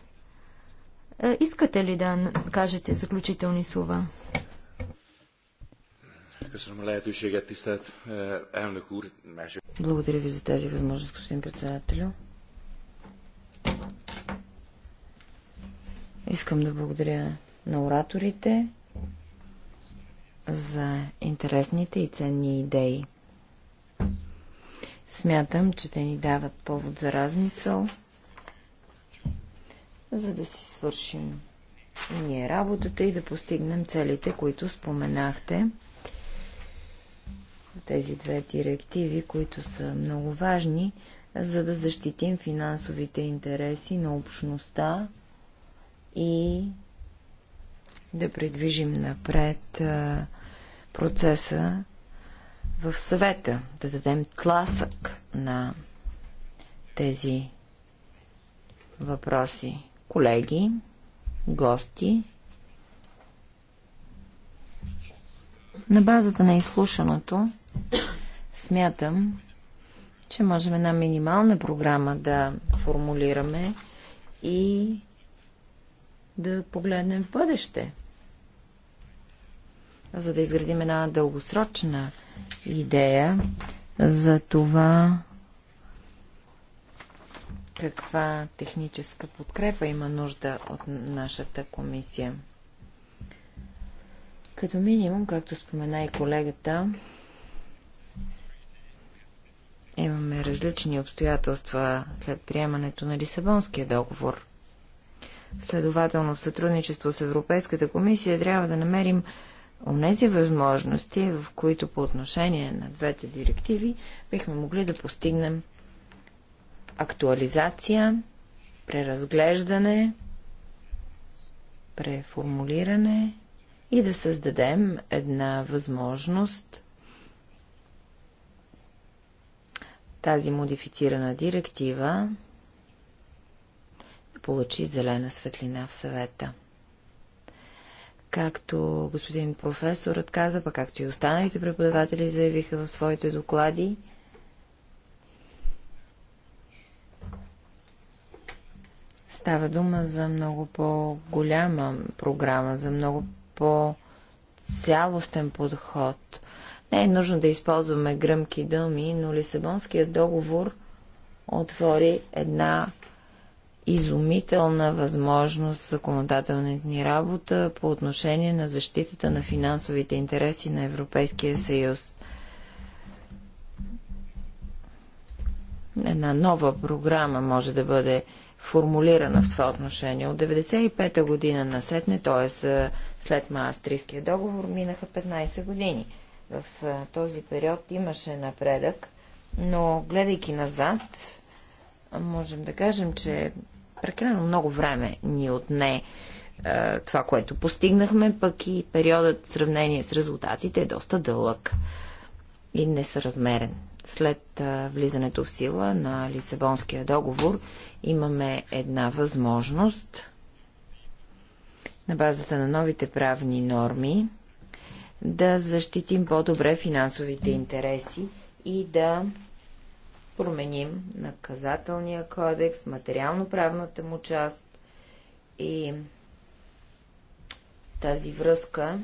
Искате ли да кажете заключителни слова? Eh, благодаря ви за тази възможност, господин председателю. Искам да благодаря на ораторите за интересните и ценни идеи. Смятам, че те ни дават повод за размисъл, за да си свършим ние работата и да постигнем целите, които споменахте тези две директиви, които са много важни, за да защитим финансовите интереси на общността и да придвижим напред процеса в съвета, да дадем тласък на тези въпроси. Колеги, гости, на базата на изслушаното Смятам, че можем една минимална програма да формулираме и да погледнем в бъдеще, за да изградим една дългосрочна идея за това каква техническа подкрепа има нужда от нашата комисия. Като минимум, както спомена и колегата, Имаме различни обстоятелства след приемането на Лисабонския договор. Следователно, в сътрудничество с Европейската комисия трябва да намерим онези възможности, в които по отношение на двете директиви бихме могли да постигнем актуализация, преразглеждане, преформулиране и да създадем една възможност тази модифицирана директива да получи зелена светлина в съвета. Както господин професорът каза, пък както и останалите преподаватели заявиха в своите доклади, става дума за много по-голяма програма, за много по-цялостен подход не е нужно да използваме гръмки думи, но Лисабонският договор отвори една изумителна възможност законодателната ни работа по отношение на защитата на финансовите интереси на Европейския съюз. Една нова програма може да бъде формулирана в това отношение. От 1995 година насетне, т.е. след Маастрийския договор, минаха 15 години – в този период имаше напредък, но гледайки назад, можем да кажем, че прекалено много време ни отне това, което постигнахме, пък и периодът в сравнение с резултатите е доста дълъг и несъразмерен. След влизането в сила на Лисабонския договор имаме една възможност на базата на новите правни норми да защитим по-добре финансовите интереси и да променим наказателния кодекс, материално-правната му част и тази връзка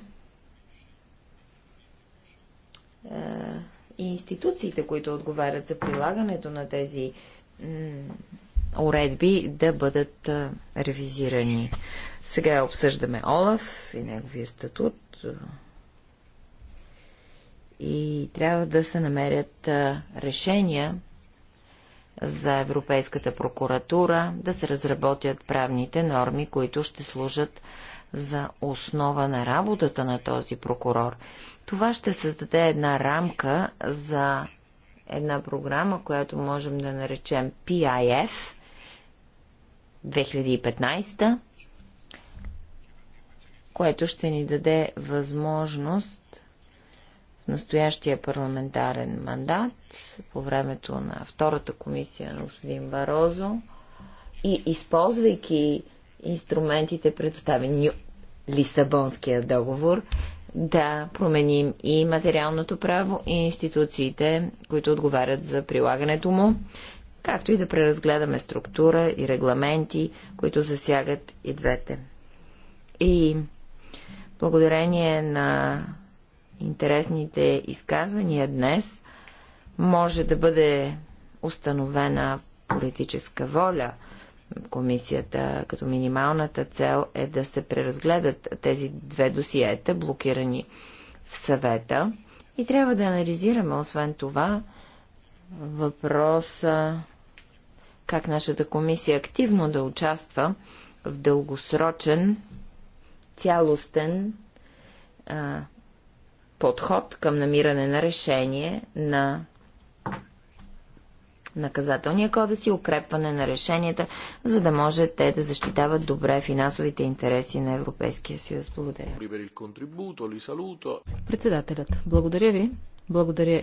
и институциите, които отговарят за прилагането на тези уредби, да бъдат ревизирани. Сега обсъждаме Олаф и неговия статут и трябва да се намерят решения за Европейската прокуратура, да се разработят правните норми, които ще служат за основа на работата на този прокурор. Това ще създаде една рамка за една програма, която можем да наречем PIF 2015, което ще ни даде възможност настоящия парламентарен мандат, по времето на втората комисия на господин Барозо и използвайки инструментите, предоставени Лисабонския договор, да променим и материалното право, и институциите, които отговарят за прилагането му, както и да преразгледаме структура и регламенти, които засягат и двете. И благодарение на интересните изказвания днес може да бъде установена политическа воля. Комисията като минималната цел е да се преразгледат тези две досиета, блокирани в съвета. И трябва да анализираме, освен това, въпроса как нашата комисия активно да участва в дългосрочен, цялостен подход към намиране на решение на наказателния кодекс и укрепване на решенията, за да може те да защитават добре финансовите интереси на Европейския съюз. Благодаря. Председателят, благодаря ви. Благодаря